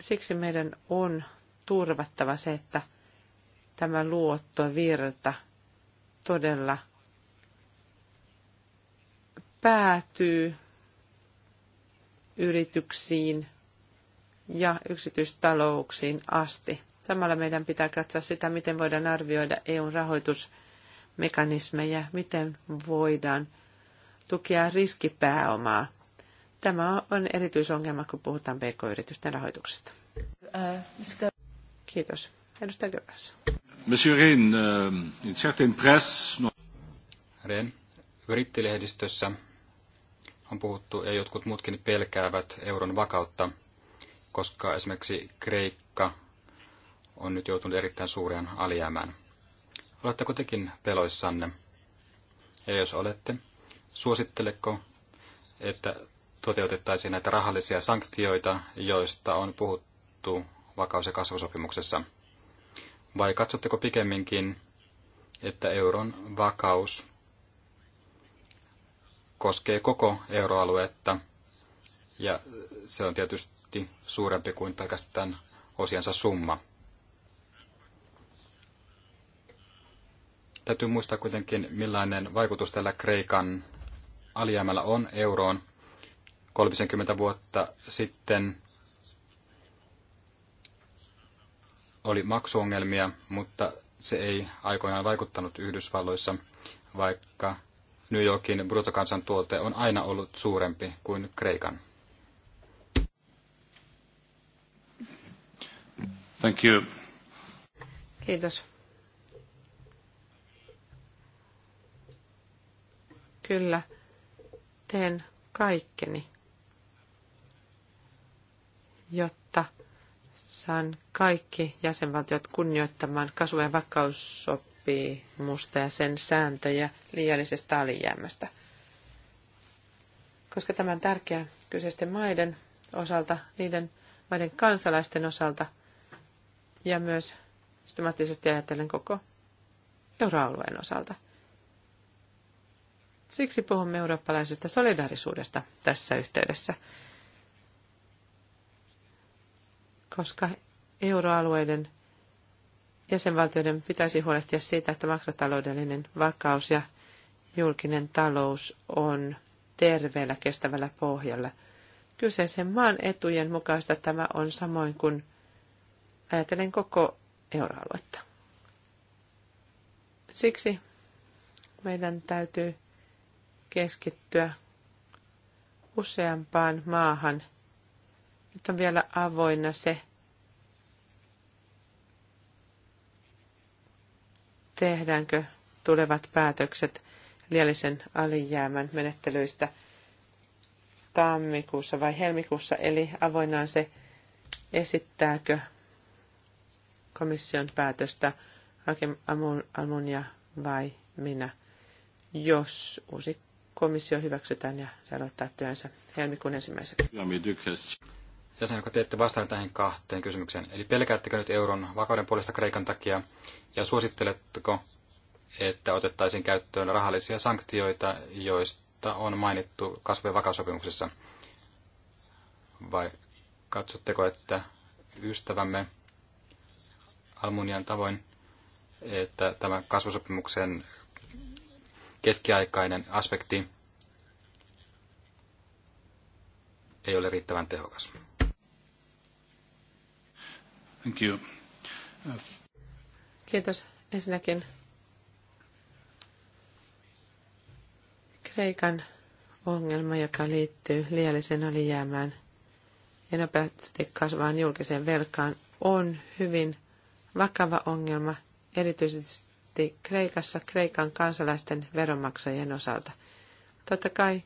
Siksi meidän on turvattava se, että tämä luottovirta todella päätyy yrityksiin ja yksityistalouksiin asti. Samalla meidän pitää katsoa sitä, miten voidaan arvioida EUn rahoitusmekanismeja, miten voidaan tukea riskipääomaa. Tämä on erityisongelma, kun puhutaan pk-yritysten rahoituksesta. Kiitos. Edustaja Göras.
Monsieur Rehn, in euh, certain press... Rehn, brittilehdistössä
on puhuttu ja jotkut muutkin pelkäävät euron vakautta, koska esimerkiksi Kreikka on nyt joutunut erittäin suureen alijäämään. Oletteko tekin peloissanne? Ja jos olette, suositteleko, että toteutettaisiin näitä rahallisia sanktioita, joista on puhuttu vakaus- ja kasvusopimuksessa? Vai katsotteko pikemminkin, että euron vakaus koskee koko euroaluetta, ja se on tietysti suurempi kuin pelkästään osiansa summa? Täytyy muistaa kuitenkin, millainen vaikutus tällä Kreikan alijäämällä on euroon. 30 vuotta sitten oli maksuongelmia, mutta se ei aikoinaan vaikuttanut Yhdysvalloissa, vaikka New Yorkin bruttokansantuote on aina ollut suurempi kuin Kreikan.
Thank you.
Kiitos. Kyllä, teen kaikkeni, jotta saan kaikki jäsenvaltiot kunnioittamaan kasvojen vakaussopimusta ja sen sääntöjä liiallisesta alijäämästä. Koska tämä on tärkeää kyseisten maiden osalta, niiden maiden kansalaisten osalta ja myös systemaattisesti ajatellen koko euroalueen osalta – Siksi puhumme eurooppalaisesta solidaarisuudesta tässä yhteydessä, koska euroalueiden jäsenvaltioiden pitäisi huolehtia siitä, että makrotaloudellinen vakaus ja julkinen talous on terveellä kestävällä pohjalla. Kyseisen maan etujen mukaista tämä on samoin kuin ajatellen koko euroaluetta. Siksi meidän täytyy keskittyä useampaan maahan. Nyt on vielä avoinna se, tehdäänkö tulevat päätökset liallisen alijäämän menettelyistä tammikuussa vai helmikuussa, eli avoinaan se esittääkö komission päätöstä Hakem Amunia vai minä, jos uusi komissio hyväksytään ja se aloittaa työnsä helmikuun ensimmäisenä.
Jäsen, joka te ette vastaan tähän kahteen kysymykseen. Eli pelkäättekö nyt euron vakauden puolesta Kreikan takia ja suositteletteko, että otettaisiin käyttöön rahallisia sanktioita, joista on mainittu kasvu- ja vakaussopimuksessa? Vai katsotteko, että ystävämme Almunian tavoin, että tämä kasvusopimuksen keskiaikainen aspekti ei ole riittävän tehokas.
Thank you.
Kiitos ensinnäkin Kreikan ongelma, joka liittyy liiallisen alijäämään ja nopeasti kasvaan julkiseen velkaan, on hyvin vakava ongelma, erityisesti konflikti Kreikassa Kreikan kansalaisten veronmaksajien osalta. Totta kai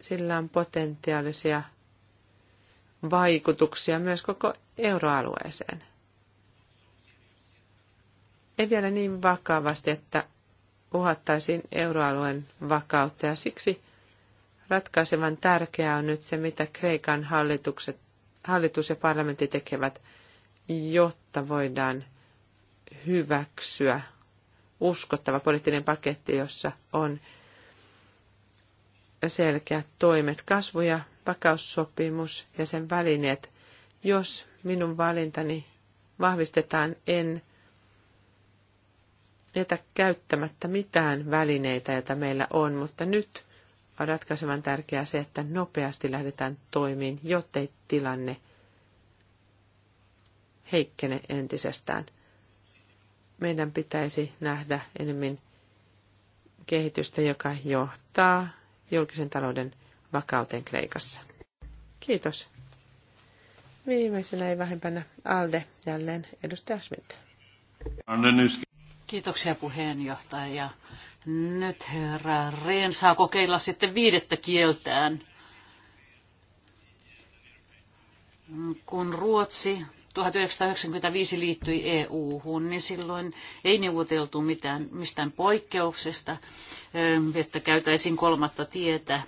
sillä on potentiaalisia vaikutuksia myös koko euroalueeseen. Ei vielä niin vakavasti, että uhattaisiin euroalueen vakautta ja siksi ratkaisevan tärkeää on nyt se, mitä Kreikan hallitukset, hallitus ja parlamentti tekevät, jotta voidaan hyväksyä uskottava poliittinen paketti, jossa on selkeät toimet, kasvu- ja vakaussopimus ja sen välineet. Jos minun valintani vahvistetaan, en jätä käyttämättä mitään välineitä, joita meillä on, mutta nyt on ratkaisevan tärkeää se, että nopeasti lähdetään toimiin, jottei tilanne heikkene entisestään meidän pitäisi nähdä enemmän kehitystä, joka johtaa julkisen talouden vakauteen Kreikassa. Kiitos. Viimeisenä ei vähempänä
Alde, jälleen edustaja Schmidt. Kiitoksia puheenjohtaja. Nyt herra Reen saa kokeilla sitten viidettä kieltään. Kun Ruotsi 1995 liittyi EU-hun, niin silloin ei neuvoteltu mitään, mistään poikkeuksesta, että käytäisiin kolmatta tietä,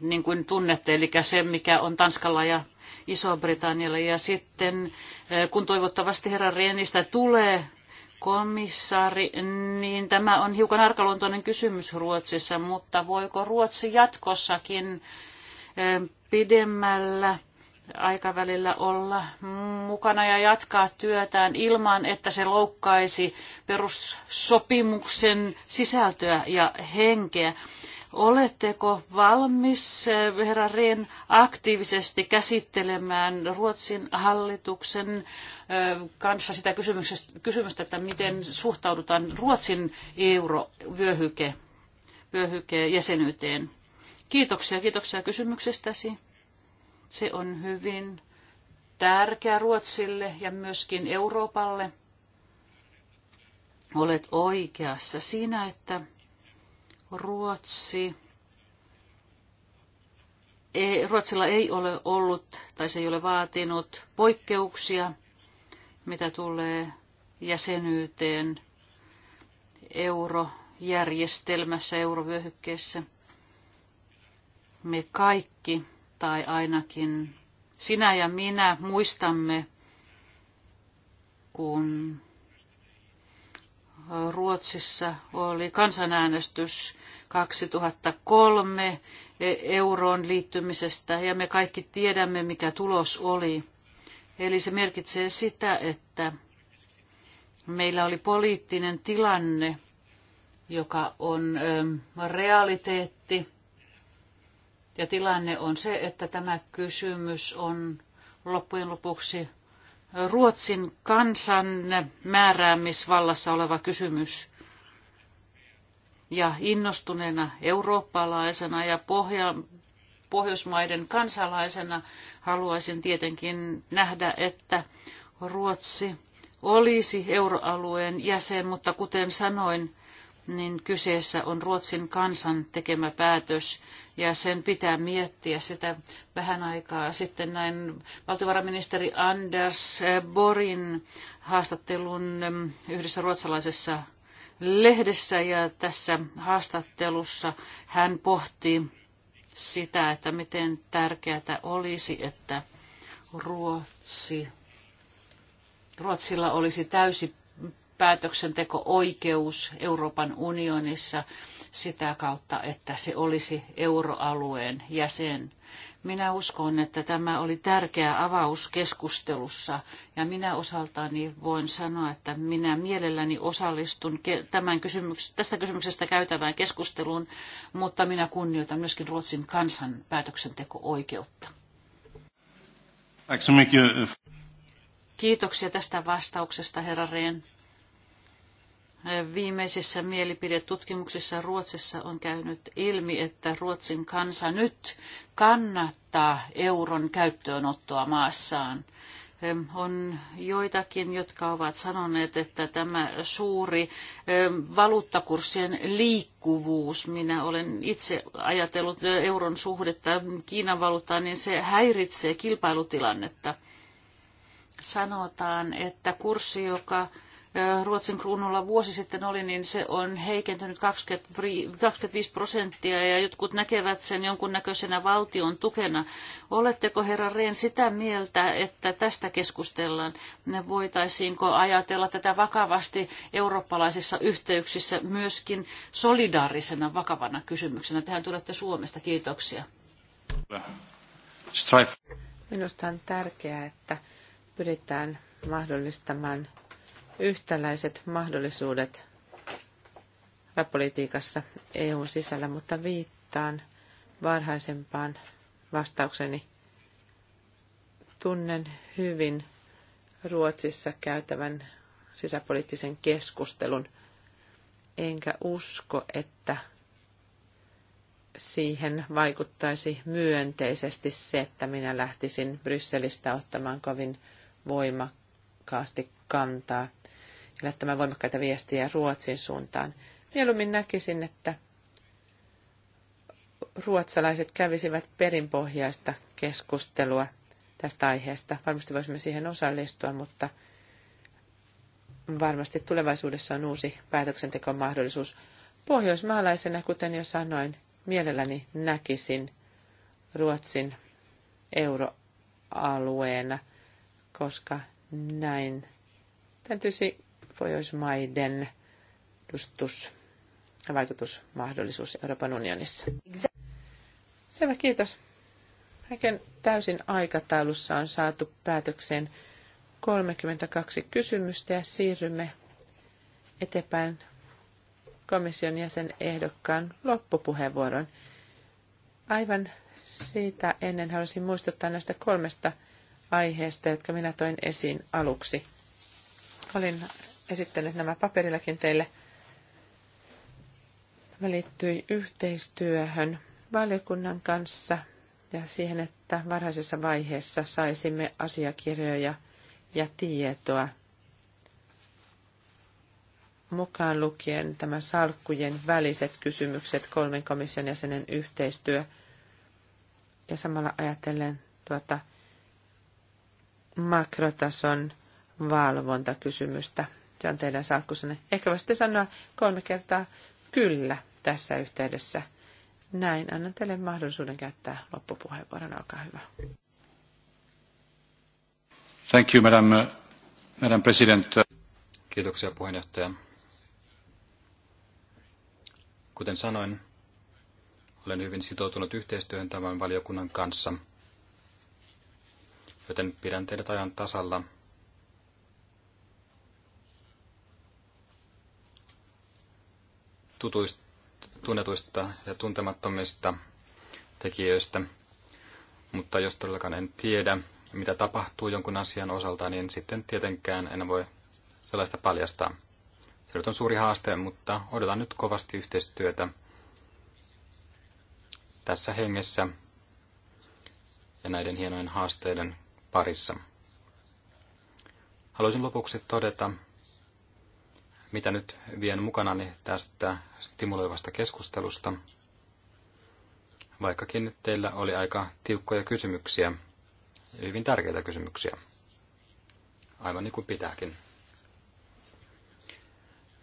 niin kuin tunnette, eli se, mikä on Tanskalla ja Iso-Britannialla. Ja sitten, kun toivottavasti herra Rienistä tulee komissaari, niin tämä on hiukan arkaluontoinen kysymys Ruotsissa, mutta voiko Ruotsi jatkossakin pidemmällä aikavälillä olla mukana ja jatkaa työtään ilman, että se loukkaisi perussopimuksen sisältöä ja henkeä. Oletteko valmis, herra Rehn, aktiivisesti käsittelemään Ruotsin hallituksen kanssa sitä kysymystä, että miten suhtaudutaan Ruotsin eurovyöhyke jäsenyyteen? Kiitoksia, kiitoksia kysymyksestäsi. Se on hyvin tärkeä Ruotsille ja myöskin Euroopalle. Olet oikeassa siinä, että Ruotsi ei, Ruotsilla ei ole ollut tai se ei ole vaatinut poikkeuksia, mitä tulee jäsenyyteen eurojärjestelmässä, eurovyöhykkeessä. Me kaikki tai ainakin sinä ja minä muistamme, kun Ruotsissa oli kansanäänestys 2003 e- euroon liittymisestä ja me kaikki tiedämme, mikä tulos oli. Eli se merkitsee sitä, että meillä oli poliittinen tilanne, joka on realiteetti ja tilanne on se, että tämä kysymys on loppujen lopuksi Ruotsin kansan määräämisvallassa oleva kysymys. Ja innostuneena eurooppalaisena ja pohja, Pohjoismaiden kansalaisena haluaisin tietenkin nähdä, että Ruotsi olisi euroalueen jäsen, mutta kuten sanoin, niin kyseessä on Ruotsin kansan tekemä päätös ja sen pitää miettiä sitä vähän aikaa sitten näin valtiovarainministeri Anders Borin haastattelun ähm, yhdessä ruotsalaisessa lehdessä ja tässä haastattelussa hän pohti sitä, että miten tärkeää olisi, että Ruotsi, Ruotsilla olisi täysi päätöksenteko-oikeus Euroopan unionissa sitä kautta, että se olisi euroalueen jäsen. Minä uskon, että tämä oli tärkeä avaus keskustelussa ja minä osaltani voin sanoa, että minä mielelläni osallistun tämän kysymyks- tästä kysymyksestä käytävään keskusteluun, mutta minä kunnioitan myöskin Ruotsin kansan päätöksenteko-oikeutta. Kiitoksia tästä vastauksesta, herra Rehn. Viimeisissä mielipidetutkimuksissa Ruotsissa on käynyt ilmi, että Ruotsin kansa nyt kannattaa euron käyttöönottoa maassaan. On joitakin, jotka ovat sanoneet, että tämä suuri valuuttakurssien liikkuvuus, minä olen itse ajatellut euron suhdetta Kiinan valuuttaan, niin se häiritsee kilpailutilannetta. Sanotaan, että kurssi, joka Ruotsin kruunulla vuosi sitten oli, niin se on heikentynyt 25 prosenttia ja jotkut näkevät sen jonkunnäköisenä valtion tukena. Oletteko herra Rehn sitä mieltä, että tästä keskustellaan? Voitaisiinko ajatella tätä vakavasti eurooppalaisissa yhteyksissä myöskin solidaarisena vakavana kysymyksenä? Tähän tulette Suomesta. Kiitoksia.
Minusta on tärkeää, että pyritään mahdollistamaan yhtäläiset mahdollisuudet rapolitiikassa EUn sisällä, mutta viittaan varhaisempaan vastaukseni. Tunnen hyvin Ruotsissa käytävän sisäpoliittisen keskustelun, enkä usko, että siihen vaikuttaisi myönteisesti se, että minä lähtisin Brysselistä ottamaan kovin voimakkaasti kantaa – lähettämään voimakkaita viestiä Ruotsin suuntaan. Mieluummin näkisin, että ruotsalaiset kävisivät perinpohjaista keskustelua tästä aiheesta. Varmasti voisimme siihen osallistua, mutta varmasti tulevaisuudessa on uusi mahdollisuus. Pohjoismaalaisena, kuten jo sanoin, mielelläni näkisin Ruotsin euroalueena, koska näin täytyisi Pohjoismaiden edustus ja vaikutusmahdollisuus Euroopan unionissa. Selvä, kiitos. Häken täysin aikataulussa on saatu päätökseen 32 kysymystä ja siirrymme eteenpäin komission jäsen ehdokkaan loppupuheenvuoron. Aivan siitä ennen haluaisin muistuttaa näistä kolmesta aiheesta, jotka minä toin esiin aluksi. Olin esittänyt nämä paperillakin teille. Tämä liittyi yhteistyöhön valiokunnan kanssa ja siihen, että varhaisessa vaiheessa saisimme asiakirjoja ja tietoa mukaan lukien tämä salkkujen väliset kysymykset kolmen komission jäsenen yhteistyö ja samalla ajatellen tuota makrotason valvontakysymystä se on teidän salkkusenne. Ehkä voisitte sanoa kolme kertaa kyllä tässä yhteydessä. Näin, annan teille mahdollisuuden käyttää loppupuheenvuoron. Olkaa hyvä.
Thank you, Madam, uh, Madam President. Kiitoksia puheenjohtaja.
Kuten sanoin, olen hyvin sitoutunut yhteistyöhön tämän valiokunnan kanssa, joten pidän teidät ajan tasalla – tutuista, tunnetuista ja tuntemattomista tekijöistä, mutta jos todellakaan en tiedä, mitä tapahtuu jonkun asian osalta, niin sitten tietenkään en voi sellaista paljastaa. Se nyt on suuri haaste, mutta odotan nyt kovasti yhteistyötä tässä hengessä ja näiden hienojen haasteiden parissa. Haluaisin lopuksi todeta, mitä nyt vien mukanani tästä stimuloivasta keskustelusta, vaikkakin teillä oli aika tiukkoja kysymyksiä, hyvin tärkeitä kysymyksiä, aivan niin kuin pitääkin.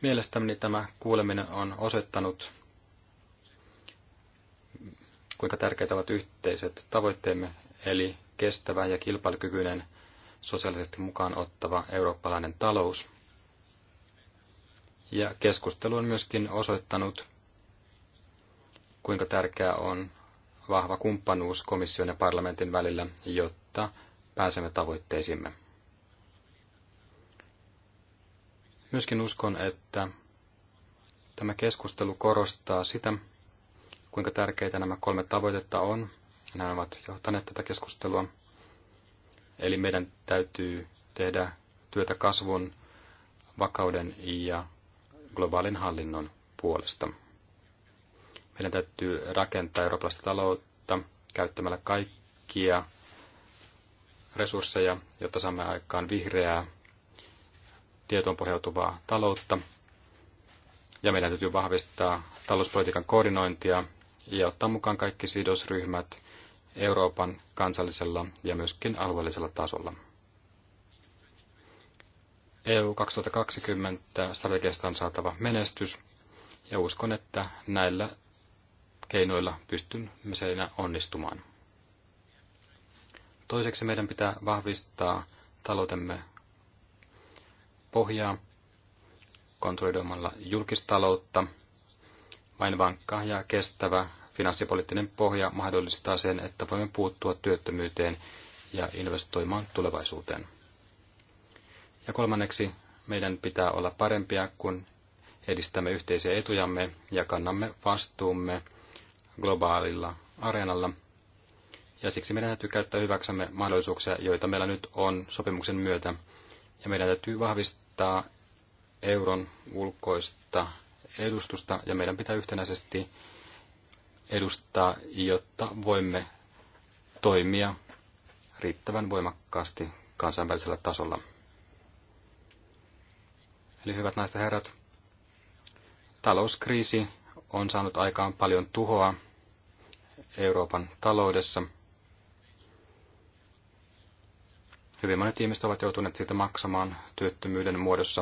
Mielestäni tämä kuuleminen on osoittanut, kuinka tärkeitä ovat yhteiset tavoitteemme, eli kestävä ja kilpailukykyinen, sosiaalisesti mukaan ottava eurooppalainen talous – ja keskustelu on myöskin osoittanut, kuinka tärkeää on vahva kumppanuus komission ja parlamentin välillä, jotta pääsemme tavoitteisimme. Myöskin uskon, että tämä keskustelu korostaa sitä, kuinka tärkeitä nämä kolme tavoitetta on. Nämä ovat johtaneet tätä keskustelua. Eli meidän täytyy tehdä työtä kasvun, vakauden ja globaalin hallinnon puolesta. Meidän täytyy rakentaa eurooppalaista taloutta käyttämällä kaikkia resursseja, jotta saamme aikaan vihreää, tietoon pohjautuvaa taloutta. Ja meidän täytyy vahvistaa talouspolitiikan koordinointia ja ottaa mukaan kaikki sidosryhmät Euroopan kansallisella ja myöskin alueellisella tasolla. EU 2020 strategiasta on saatava menestys, ja uskon, että näillä keinoilla pystymme siinä onnistumaan. Toiseksi meidän pitää vahvistaa taloutemme pohjaa kontrolloimalla julkistaloutta. Vain vankka ja kestävä finanssipoliittinen pohja mahdollistaa sen, että voimme puuttua työttömyyteen ja investoimaan tulevaisuuteen. Ja kolmanneksi meidän pitää olla parempia, kun edistämme yhteisiä etujamme ja kannamme vastuumme globaalilla areenalla. Ja siksi meidän täytyy käyttää hyväksämme mahdollisuuksia, joita meillä nyt on sopimuksen myötä. Ja meidän täytyy vahvistaa euron ulkoista edustusta ja meidän pitää yhtenäisesti edustaa, jotta voimme toimia riittävän voimakkaasti kansainvälisellä tasolla. Eli hyvät naiset herrat, talouskriisi on saanut aikaan paljon tuhoa Euroopan taloudessa. Hyvin monet ihmiset ovat joutuneet siitä maksamaan työttömyyden muodossa.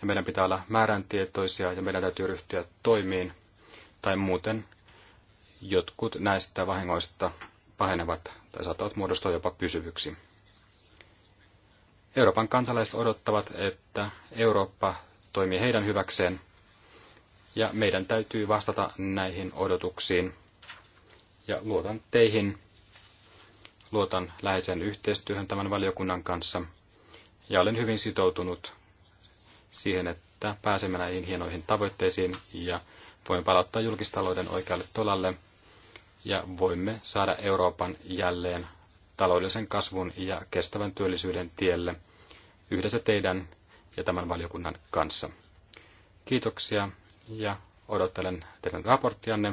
Ja meidän pitää olla määräntietoisia ja meidän täytyy ryhtyä toimiin, tai muuten jotkut näistä vahingoista pahenevat tai saattavat muodostua jopa pysyvyksi. Euroopan kansalaiset odottavat, että Eurooppa toimii heidän hyväkseen, ja meidän täytyy vastata näihin odotuksiin. Ja luotan teihin, luotan läheiseen yhteistyöhön tämän valiokunnan kanssa, ja olen hyvin sitoutunut siihen, että pääsemme näihin hienoihin tavoitteisiin ja voimme palauttaa julkistalouden oikealle tolalle ja voimme saada Euroopan jälleen taloudellisen kasvun ja kestävän työllisyyden tielle, yhdessä teidän ja tämän valiokunnan kanssa. Kiitoksia ja odottelen teidän raporttianne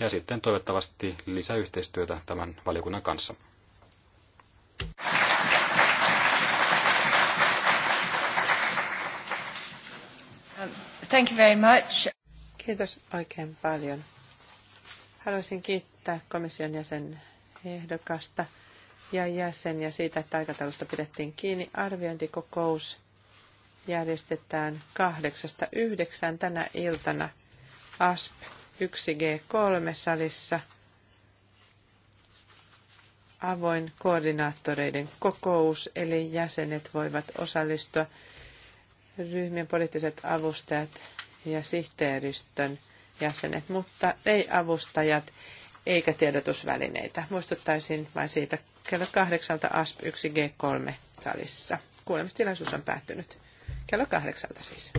ja sitten toivottavasti lisäyhteistyötä tämän valiokunnan kanssa.
Thank you very much. Kiitos oikein paljon. Haluaisin kiittää komission jäsen ehdokasta ja ja siitä, että aikataulusta pidettiin kiinni. Arviointikokous järjestetään 8.9. tänä iltana ASP 1G3 salissa. Avoin koordinaattoreiden kokous, eli jäsenet voivat osallistua ryhmien poliittiset avustajat ja sihteeristön jäsenet, mutta ei avustajat eikä tiedotusvälineitä. Muistuttaisin vain siitä kello kahdeksalta ASP 1G3 salissa. Kuulemistilaisuus on päättynyt. Kello kahdeksalta siis.